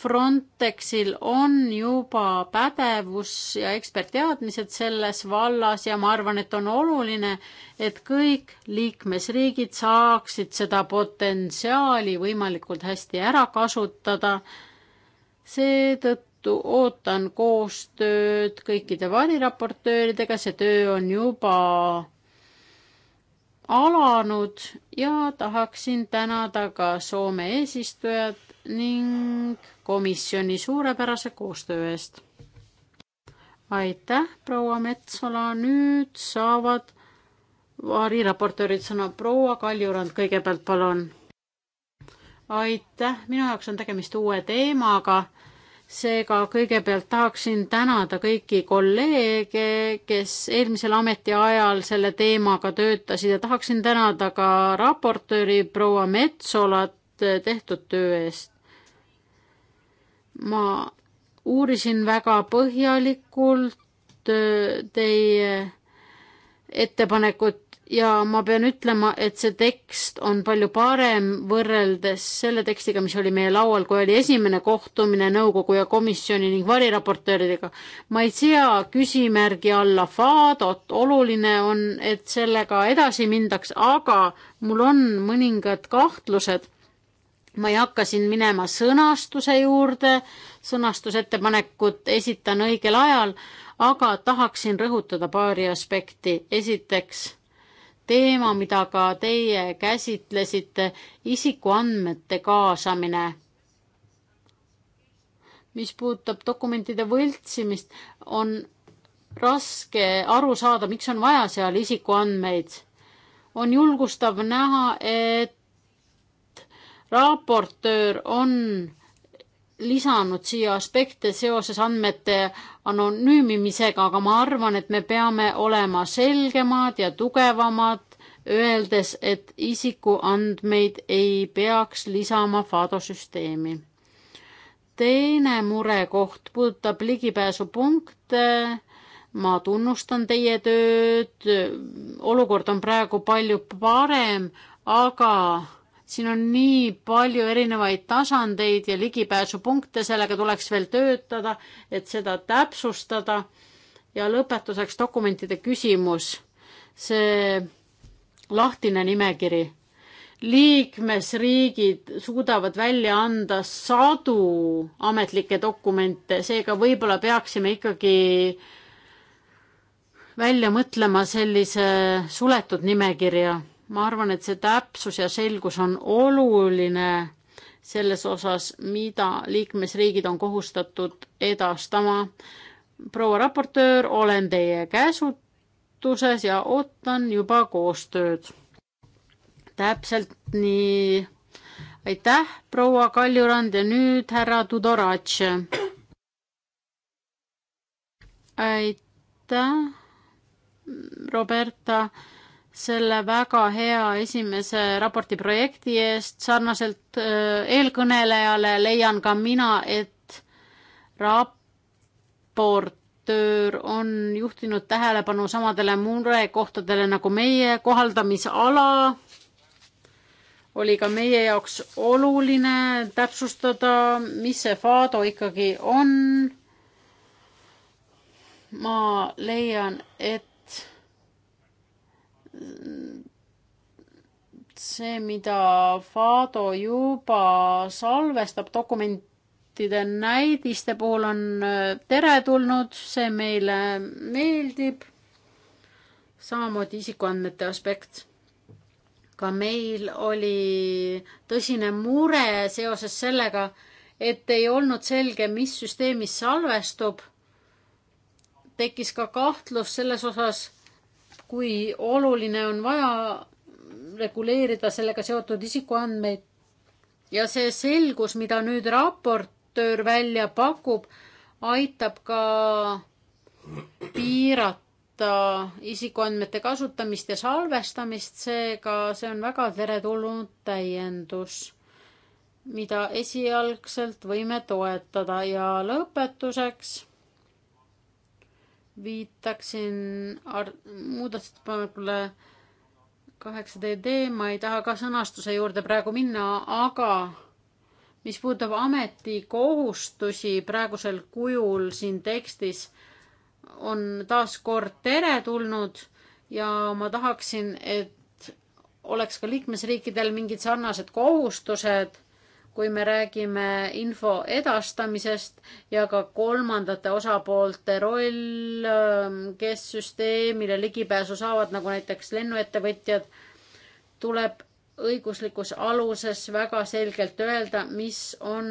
S3: Frontexil on juba pädevus ja ekspertteadmised selles vallas ja ma arvan, et on oluline, et kõik liikmesriigid saaksid seda potentsiaali võimalikult hästi ära kasutada. seetõttu ootan koostööd kõikide variraportööridega, see töö on juba alanud ja tahaksin tänada ka Soome eesistujat ning komisjoni suurepärase koostöö eest. aitäh, proua Metsola, nüüd saavad variraportöörid sõna. proua Kaljurand kõigepealt, palun. aitäh, minu jaoks on tegemist uue teemaga seega kõigepealt tahaksin tänada kõiki kolleege, kes eelmisel ametiajal selle teemaga töötasid ja tahaksin tänada ka raportööri proua Metsolat tehtud töö eest ma uurisin väga põhjalikult äh, teie ettepanekut ja ma pean ütlema, et see tekst on palju parem võrreldes selle tekstiga, mis oli meie laual, kui oli esimene kohtumine nõukogu ja komisjoni ning variraportööridega. ma ei sea küsimärgi alla Fadot, oluline on, et sellega edasi mindaks, aga mul on mõningad kahtlused ma ei hakka siin minema sõnastuse juurde, sõnastusettepanekut esitan õigel ajal, aga tahaksin rõhutada paari aspekti. esiteks teema, mida ka teie käsitlesite, isikuandmete kaasamine. mis puudutab dokumentide võltsimist, on raske aru saada, miks on vaja seal isikuandmeid. on julgustav näha, et raportöör on lisanud siia aspekte seoses andmete anonüümimisega, aga ma arvan, et me peame olema selgemad ja tugevamad, öeldes, et isikuandmeid ei peaks lisama FADO süsteemi. teine murekoht puudutab ligipääsupunkte. ma tunnustan teie tööd, olukord on praegu palju parem, aga siin on nii palju erinevaid tasandeid ja ligipääsupunkte, sellega tuleks veel töötada, et seda täpsustada. ja lõpetuseks dokumentide küsimus, see lahtine nimekiri. liikmesriigid suudavad välja anda sadu ametlikke dokumente, seega võib-olla peaksime ikkagi välja mõtlema sellise suletud nimekirja ma arvan, et see täpsus ja selgus on oluline selles osas, mida liikmesriigid on kohustatud edastama. proua raportöör, olen teie käsutuses ja ootan juba koostööd. täpselt nii. aitäh, proua Kaljurand ja nüüd härra Tudoratš. aitäh, Roberta selle väga hea esimese raporti projekti eest. sarnaselt eelkõnelejale leian ka mina, et raportöör on juhtinud tähelepanu samadele murekohtadele nagu meie kohaldamisala oli ka meie jaoks oluline täpsustada, mis see Fado ikkagi on. ma leian, et see, mida Fado juba salvestab dokumentide näidiste puhul, on äh, teretulnud, see meile meeldib. samamoodi isikuandmete aspekt. ka meil oli tõsine mure seoses sellega, et ei olnud selge, mis süsteemis salvestub. tekkis ka kahtlus selles osas kui oluline on vaja reguleerida sellega seotud isikuandmeid. ja see selgus, mida nüüd raportöör välja pakub, aitab ka piirata isikuandmete kasutamist ja salvestamist, seega see on väga teretulnud täiendus, mida esialgselt võime toetada ja lõpetuseks viitaksin muudatusettepanekule kaheksa DD, ma ei taha ka sõnastuse juurde praegu minna, aga mis puudutab ametikohustusi praegusel kujul siin tekstis, on taas kord teretulnud ja ma tahaksin, et oleks ka liikmesriikidel mingid sarnased kohustused kui me räägime info edastamisest ja ka kolmandate osapoolte roll, ähm, kes süsteemile ligipääsu saavad, nagu näiteks lennuettevõtjad, tuleb õiguslikus aluses väga selgelt öelda, mis on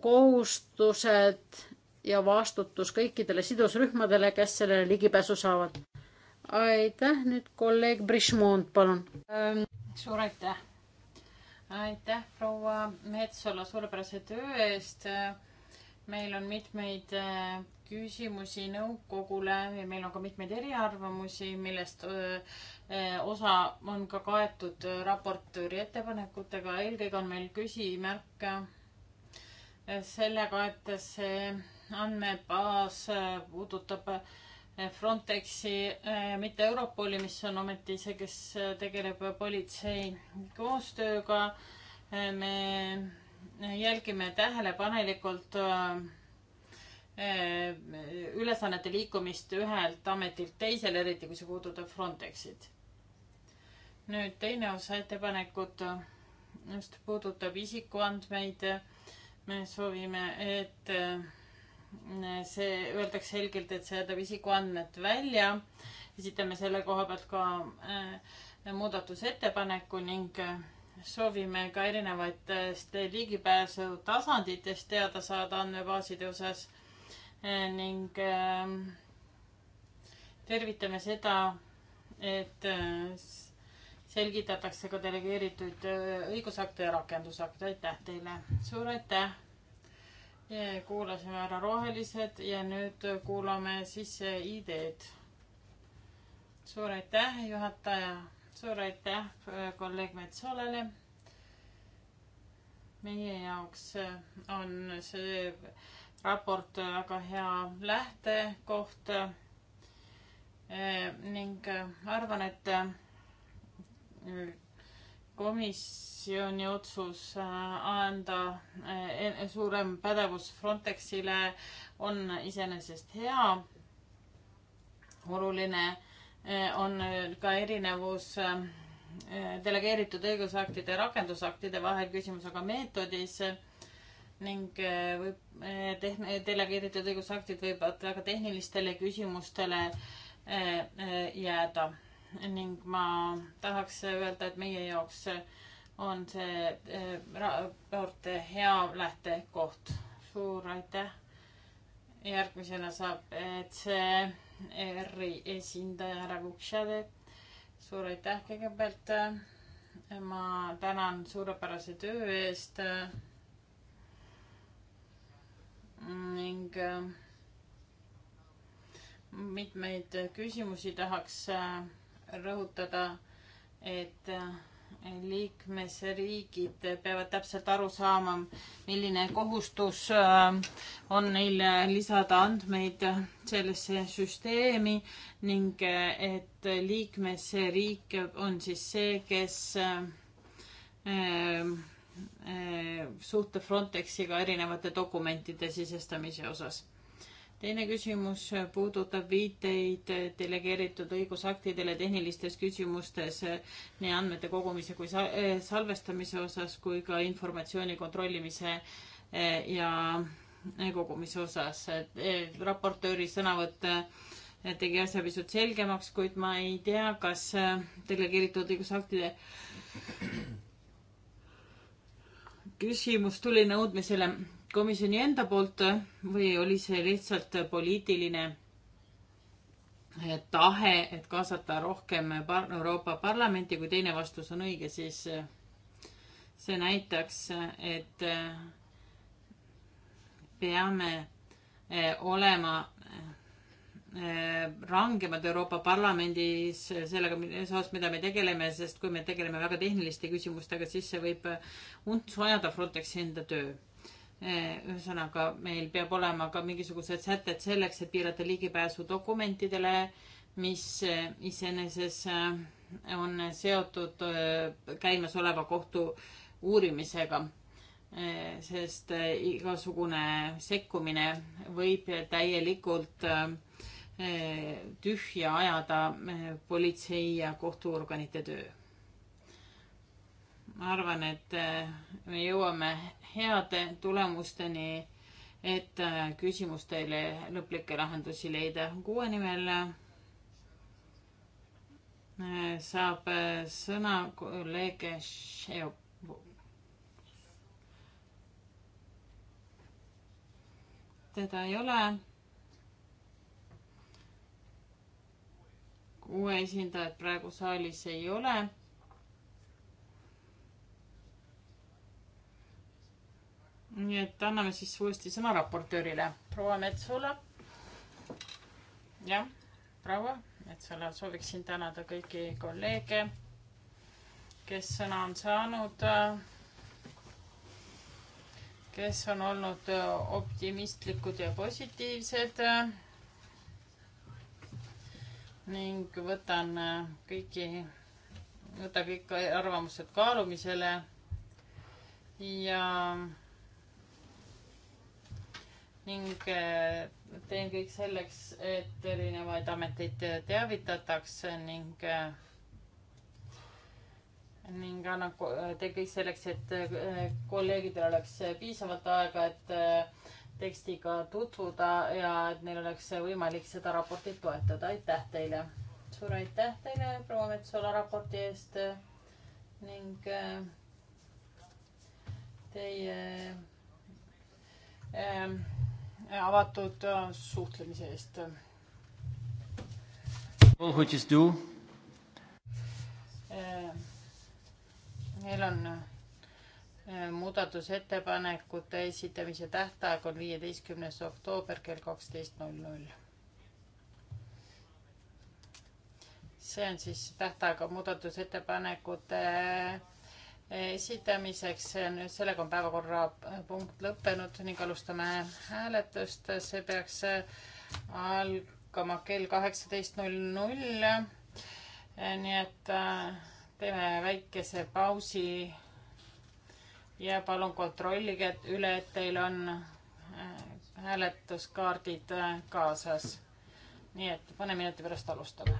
S3: kohustused ja vastutus kõikidele sidusrühmadele, kes sellele ligipääsu saavad. aitäh, nüüd kolleeg Brismond, palun. Ähm,
S4: suur aitäh aitäh, proua Metsola, suurepärase töö eest. meil on mitmeid äh, küsimusi nõukogule ja meil on ka mitmeid eriarvamusi, millest osa on ka kaetud äh, raportööri ettepanekutega. eelkõige on meil küsimärk äh, sellega, et see andmebaas puudutab äh, Frontexi, eh, mitte Europoli, mis on ometi see, kes eh, tegeleb politsei koostööga. Eh, me jälgime tähelepanelikult ülesannete liikumist ühelt ametilt teisele, eriti kui see puudutab Frontexit. nüüd teine osa ettepanekut, mis puudutab isikuandmeid. me soovime, et see öeldakse selgelt, et see jätab isikuandmed välja. esitame selle koha pealt ka äh, muudatusettepaneku ning äh, soovime ka erinevatest ligipääsu tasanditest teada saada andmebaaside osas äh, ning tervitame seda, et selgitatakse ka delegeeritud õigusakte ja rakendusakte. aitäh teile. suur aitäh kuulasime ära rohelised ja nüüd kuulame sisse ideed. suur aitäh, juhataja, suur aitäh äh, kolleeg Metsolale. meie jaoks äh, on see raport äh, väga hea lähtekoht ning arvan, et komisjoni otsus äh, anda äh, suurem pädevus Frontexile on iseenesest hea. oluline äh, on ka erinevus delegeeritud õigusaktide ja rakendusaktide vahel küsimus aga meetodis ning võib tehn-, delegeeritud õigusaktid võivad väga tehnilistele küsimustele jääda ning ma tahaks öelda, et meie jaoks on see eh, raport hea lähtekoht. suur aitäh. järgmisena saab ECR-i esindaja härra Vukšade. suur aitäh kõigepealt. ma tänan suurepärase töö eest. ning eh, mitmeid küsimusi tahaks äh, rõhutada, et äh, liikmesriigid peavad täpselt aru saama, milline kohustus äh, on neil lisada andmeid sellesse süsteemi ning äh, et liikmesriik on siis see, kes suhtleb Frontexiga erinevate dokumentide sisestamise osas teine küsimus puudutab viiteid delegeeritud õigusaktidele tehnilistes küsimustes nii andmete kogumise kui eh, salvestamise osas kui ka informatsiooni kontrollimise eh, ja eh, kogumise osas. raportööri sõnavõtt tegi asja pisut selgemaks, kuid ma ei tea, kas delegeeritud õigusaktide küsimus tuli nõudmisele komisjoni enda poolt või oli see lihtsalt poliitiline eh, tahe, et kaasata rohkem par Euroopa Parlamenti, kui teine vastus on õige, siis eh, see näitaks, et eh, peame olema rangemad Euroopa Parlamendis sellega, selles osas, mida me tegeleme, sest kui me tegeleme väga tehniliste küsimustega, siis see võib untsu ajada Frontexi enda töö Eh, ühesõnaga, meil peab olema ka mingisugused sätted selleks, et piirata ligipääsu dokumentidele, mis eh, iseenesest eh, on seotud käimasoleva kohtu uurimisega. sest igasugune sekkumine võib täielikult tühja ajada politsei ja kohtuorganite töö ma arvan, et äh, me jõuame heade tulemusteni, et äh, küsimustele lõplikke lahendusi leida. kuue nimel äh, saab sõna kolleeg Šev. teda ei ole. kuue esindajat praegu saalis ei ole nii et anname siis uuesti sõna raportöörile, proua Metsola. jah, proua Metsola, sooviksin tänada kõiki kolleege, kes sõna on saanud, kes on olnud optimistlikud ja positiivsed. ning võtan kõiki, võta kõik arvamused kaalumisele ja ning eh, teen kõik selleks, et erinevaid ameteid teavitataks ning eh, ning annan, teen kõik selleks, et eh, kolleegidel oleks piisavalt aega, et tekstiga tutvuda ja et neil oleks võimalik seda raportit toetada. aitäh teile. suur aitäh teile proua Metsola raporti eest ning teie ähm, avatud äh, suhtlemise eest. Neil äh, on äh, muudatusettepanekute esitamise tähtaeg on viieteistkümnes oktoober kell kaksteist null null. see on siis tähtaega muudatusettepanekute esitamiseks. sellega on päevakorrapunkt lõppenud ning alustame hääletust. see peaks algama kell kaheksateist null null. nii et äh, teeme väikese pausi ja palun kontrollige üle, et teil on äh, hääletuskaardid äh, kaasas. nii et mõne minuti pärast alustame.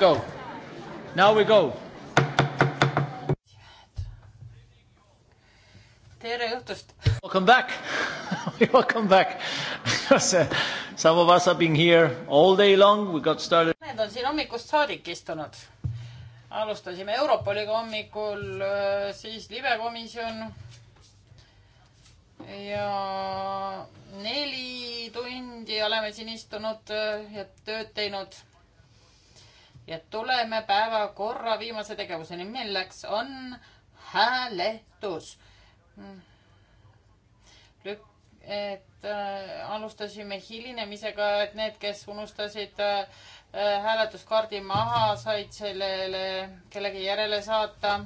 S1: go. Now we go.
S4: tere õhtust! Welcome back Welcome
S1: back uh, Some of us have been here all day long, we got started.
S4: Need on siin hommikust saadik istunud. alustasime Europoliga hommikul, äh, siis libekomisjon ja neli tundi oleme siin istunud äh, ja tööd teinud ja tuleme päevakorra viimase tegevuseni, milleks on hääletus. et äh, alustasime hilinemisega, et need, kes unustasid äh, hääletuskaardi maha, said sellele kellegi järele saata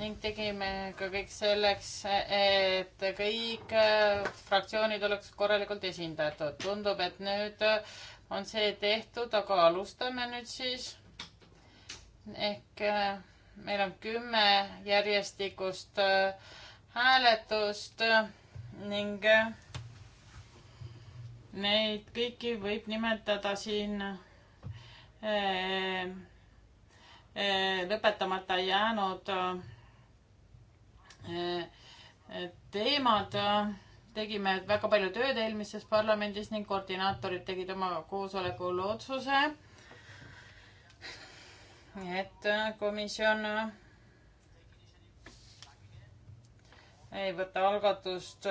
S4: ning tegime ka kõik selleks, et kõik äh, fraktsioonid oleks korralikult esindatud. tundub, et nüüd äh, on see tehtud, aga alustame nüüd siis. ehk äh, meil on kümme järjestikust äh, hääletust äh, ning neid kõiki võib nimetada siin lõpetamata jäänud teemad tegime väga palju tööd eelmises parlamendis ning koordinaatorid tegid oma koosolekul otsuse, et komisjon ei võta algatust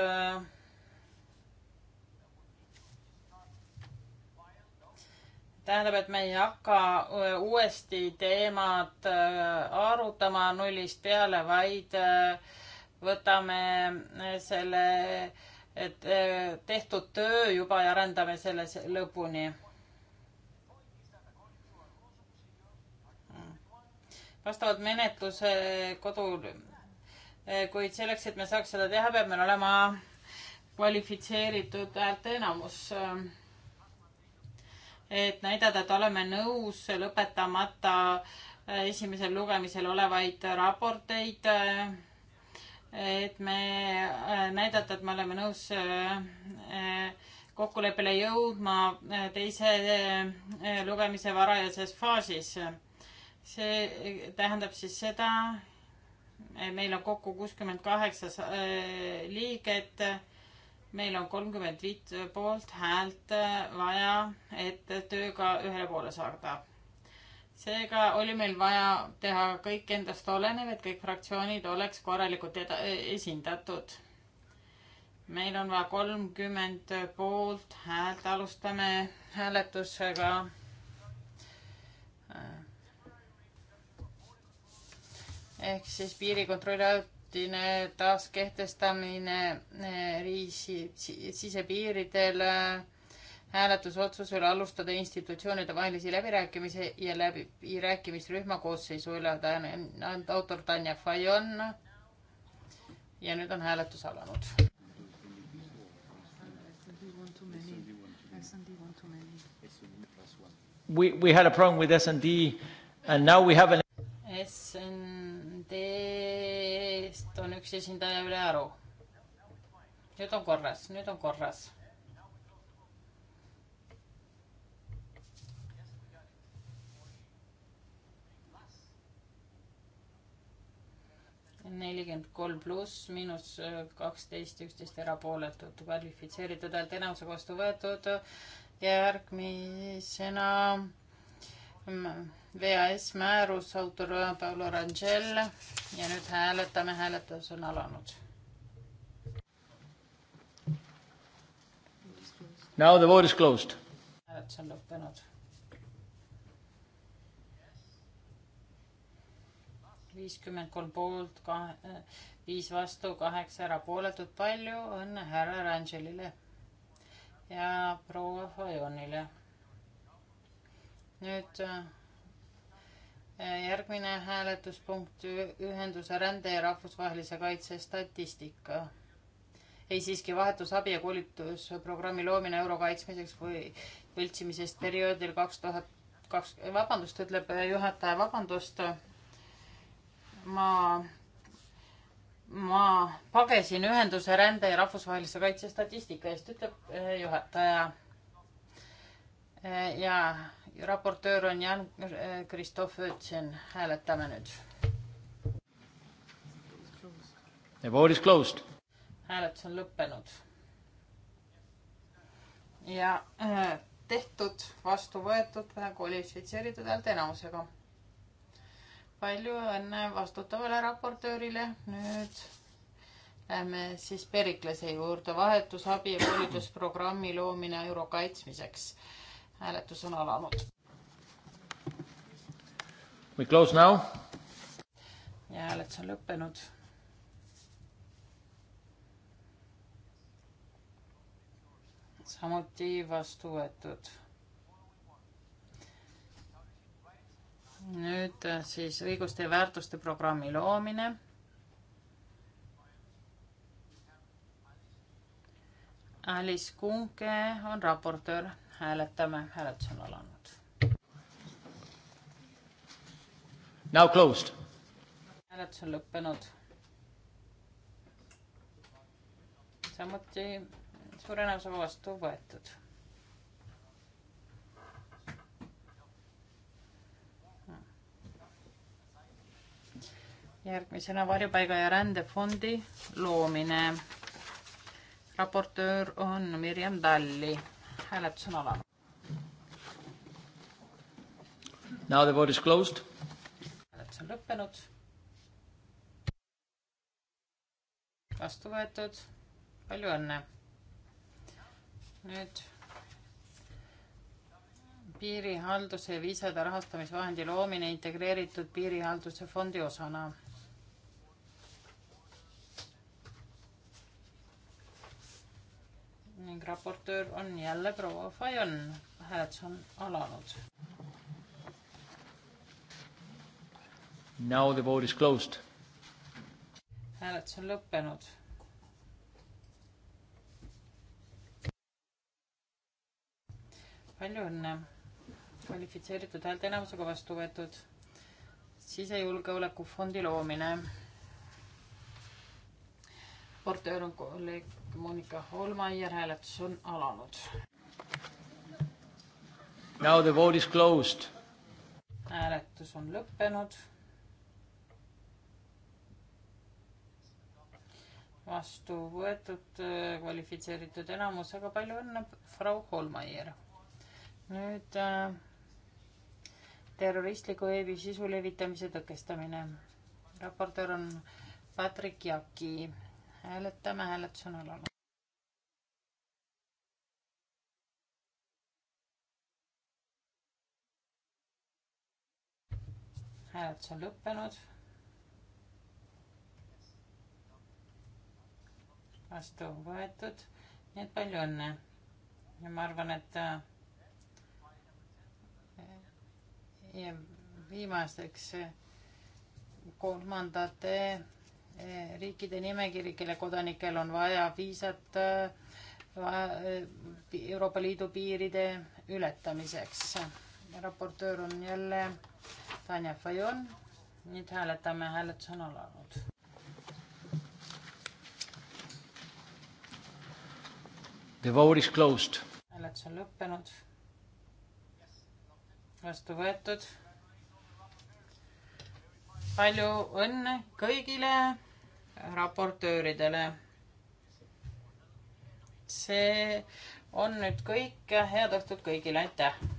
S4: tähendab, et me ei hakka äh, uuesti teemat äh, arutama nullist peale, vaid äh, võtame selle et eh, tehtud töö juba ja arendame selle lõpuni. vastavad menetluse kodul, eh, kuid selleks, et me saaks seda teha, peab meil olema kvalifitseeritud häälteenamus. Eh, et näidata, et oleme nõus lõpetamata esimesel lugemisel olevaid raporteid et me äh, näidata, et me oleme nõus äh, äh, kokkuleppele jõudma teise lugemise varajases faasis. see tähendab siis seda, meil on kokku kuuskümmend kaheksa liiget, meil on kolmkümmend viit poolthäält vaja, et tööga ühele poole saada seega oli meil vaja teha kõik endast olenev, et kõik fraktsioonid oleks korralikult eda-, esindatud. meil on vaja kolmkümmend poolt häält, alustame hääletusega. ehk siis piirikontrolli ajutine taaskehtestamine eh, riisi sisepiiridel hääletusotsus üle alustada institutsioonide vahelisi läbirääkimisi ja läbirääkimisrühma koosseisu üle autor Tanja Fajon. ja nüüd on hääletus alanud.
S1: We, we had a problem with SND and now we have an
S4: SND-st on üks esindaja üle aru. nüüd on korras, nüüd on korras nelikümmend kolm pluss, miinus äh, kaksteist, üksteist erapooletut, kvalifitseeritud häälteenamuse vastu võetud. järgmisena mm, VAS määrus, autor Paolo Rangel ja nüüd hääletame, hääletus on alanud.
S1: Now the vote is closed.
S4: hääletus on lõppenud viiskümmend kolm poolt, viis vastu, kaheksa erapooletut. palju õnne härra Rangelile ja proua Fajonile. nüüd äh, järgmine hääletuspunkt, ühenduse rände ja rahvusvahelise kaitse statistika. ei siiski vahetusabi ja koolitusprogrammi loomine euro kaitsmiseks või võltsimisest perioodil kaks tuhat kaks, vabandust, ütleb juhataja, vabandust ma, ma pagesin ühenduse rände ja rahvusvahelise kaitse statistika eest, ütleb eh, juhataja. Eh, ja raportöör on Jan-Kristof eh, Ötsen, hääletame nüüd.
S1: The vote is closed.
S4: hääletus on lõppenud. ja tehtud, vastu võetud, praegu oli šveitseeritud häälteenamusega palju õnne vastutavale raportöörile, nüüd lähme siis Periklase juurde, vahetusabi ja koolitusprogrammi loomine euro kaitsmiseks. hääletus on alanud. We close now. ja hääletus on lõppenud samuti vastu võetud nüüd äh, siis õiguste ja väärtuste programmi loomine. Alice Kunke on raportöör, hääletame, hääletus on alanud. Now closed. hääletus on lõppenud. samuti suure enamusega vastu võetud järgmisena varjupaiga ja rändefondi loomine. raportöör on Mirjam Talli. hääletus on alanud.
S1: Now the vote is closed.
S4: hääletus on lõppenud. vastu võetud. palju õnne. nüüd piirihalduse ja viisade rahastamisvahendi loomine integreeritud piirihalduse fondi osana ning raportöör on jälle proua Fajon. hääletus on alanud.
S1: Now the vote is closed.
S4: hääletus on lõppenud. palju õnne. kvalifitseeritud häälteenamusega vastu võetud sisejulgeolekufondi loomine. raportöör on kolleeg Monika Holmaier, hääletus on alanud.
S1: Now the vote is closed.
S4: hääletus on lõppenud. vastu võetud kvalifitseeritud enamus, aga palju õnne, Frau Holmaier. nüüd äh, terroristliku veebi sisu levitamise tõkestamine. raportöör on Patrick Jaki hääletame, hääletus on alanud. hääletus on lõppenud. vastu võetud, nii et palju õnne. ja ma arvan, et äh, ja viimasteks äh, kolmandate riikide nimekiri, kelle kodanikel on vaja viisat äh, äh, Euroopa Liidu piiride ületamiseks. raportöör on jälle Tanja Fajon. nüüd hääletame, hääletus on alanud.
S1: The vote is closed.
S4: hääletus on lõppenud. vastu võetud. palju õnne kõigile raportööridele. see on nüüd kõik ja head õhtut kõigile, aitäh!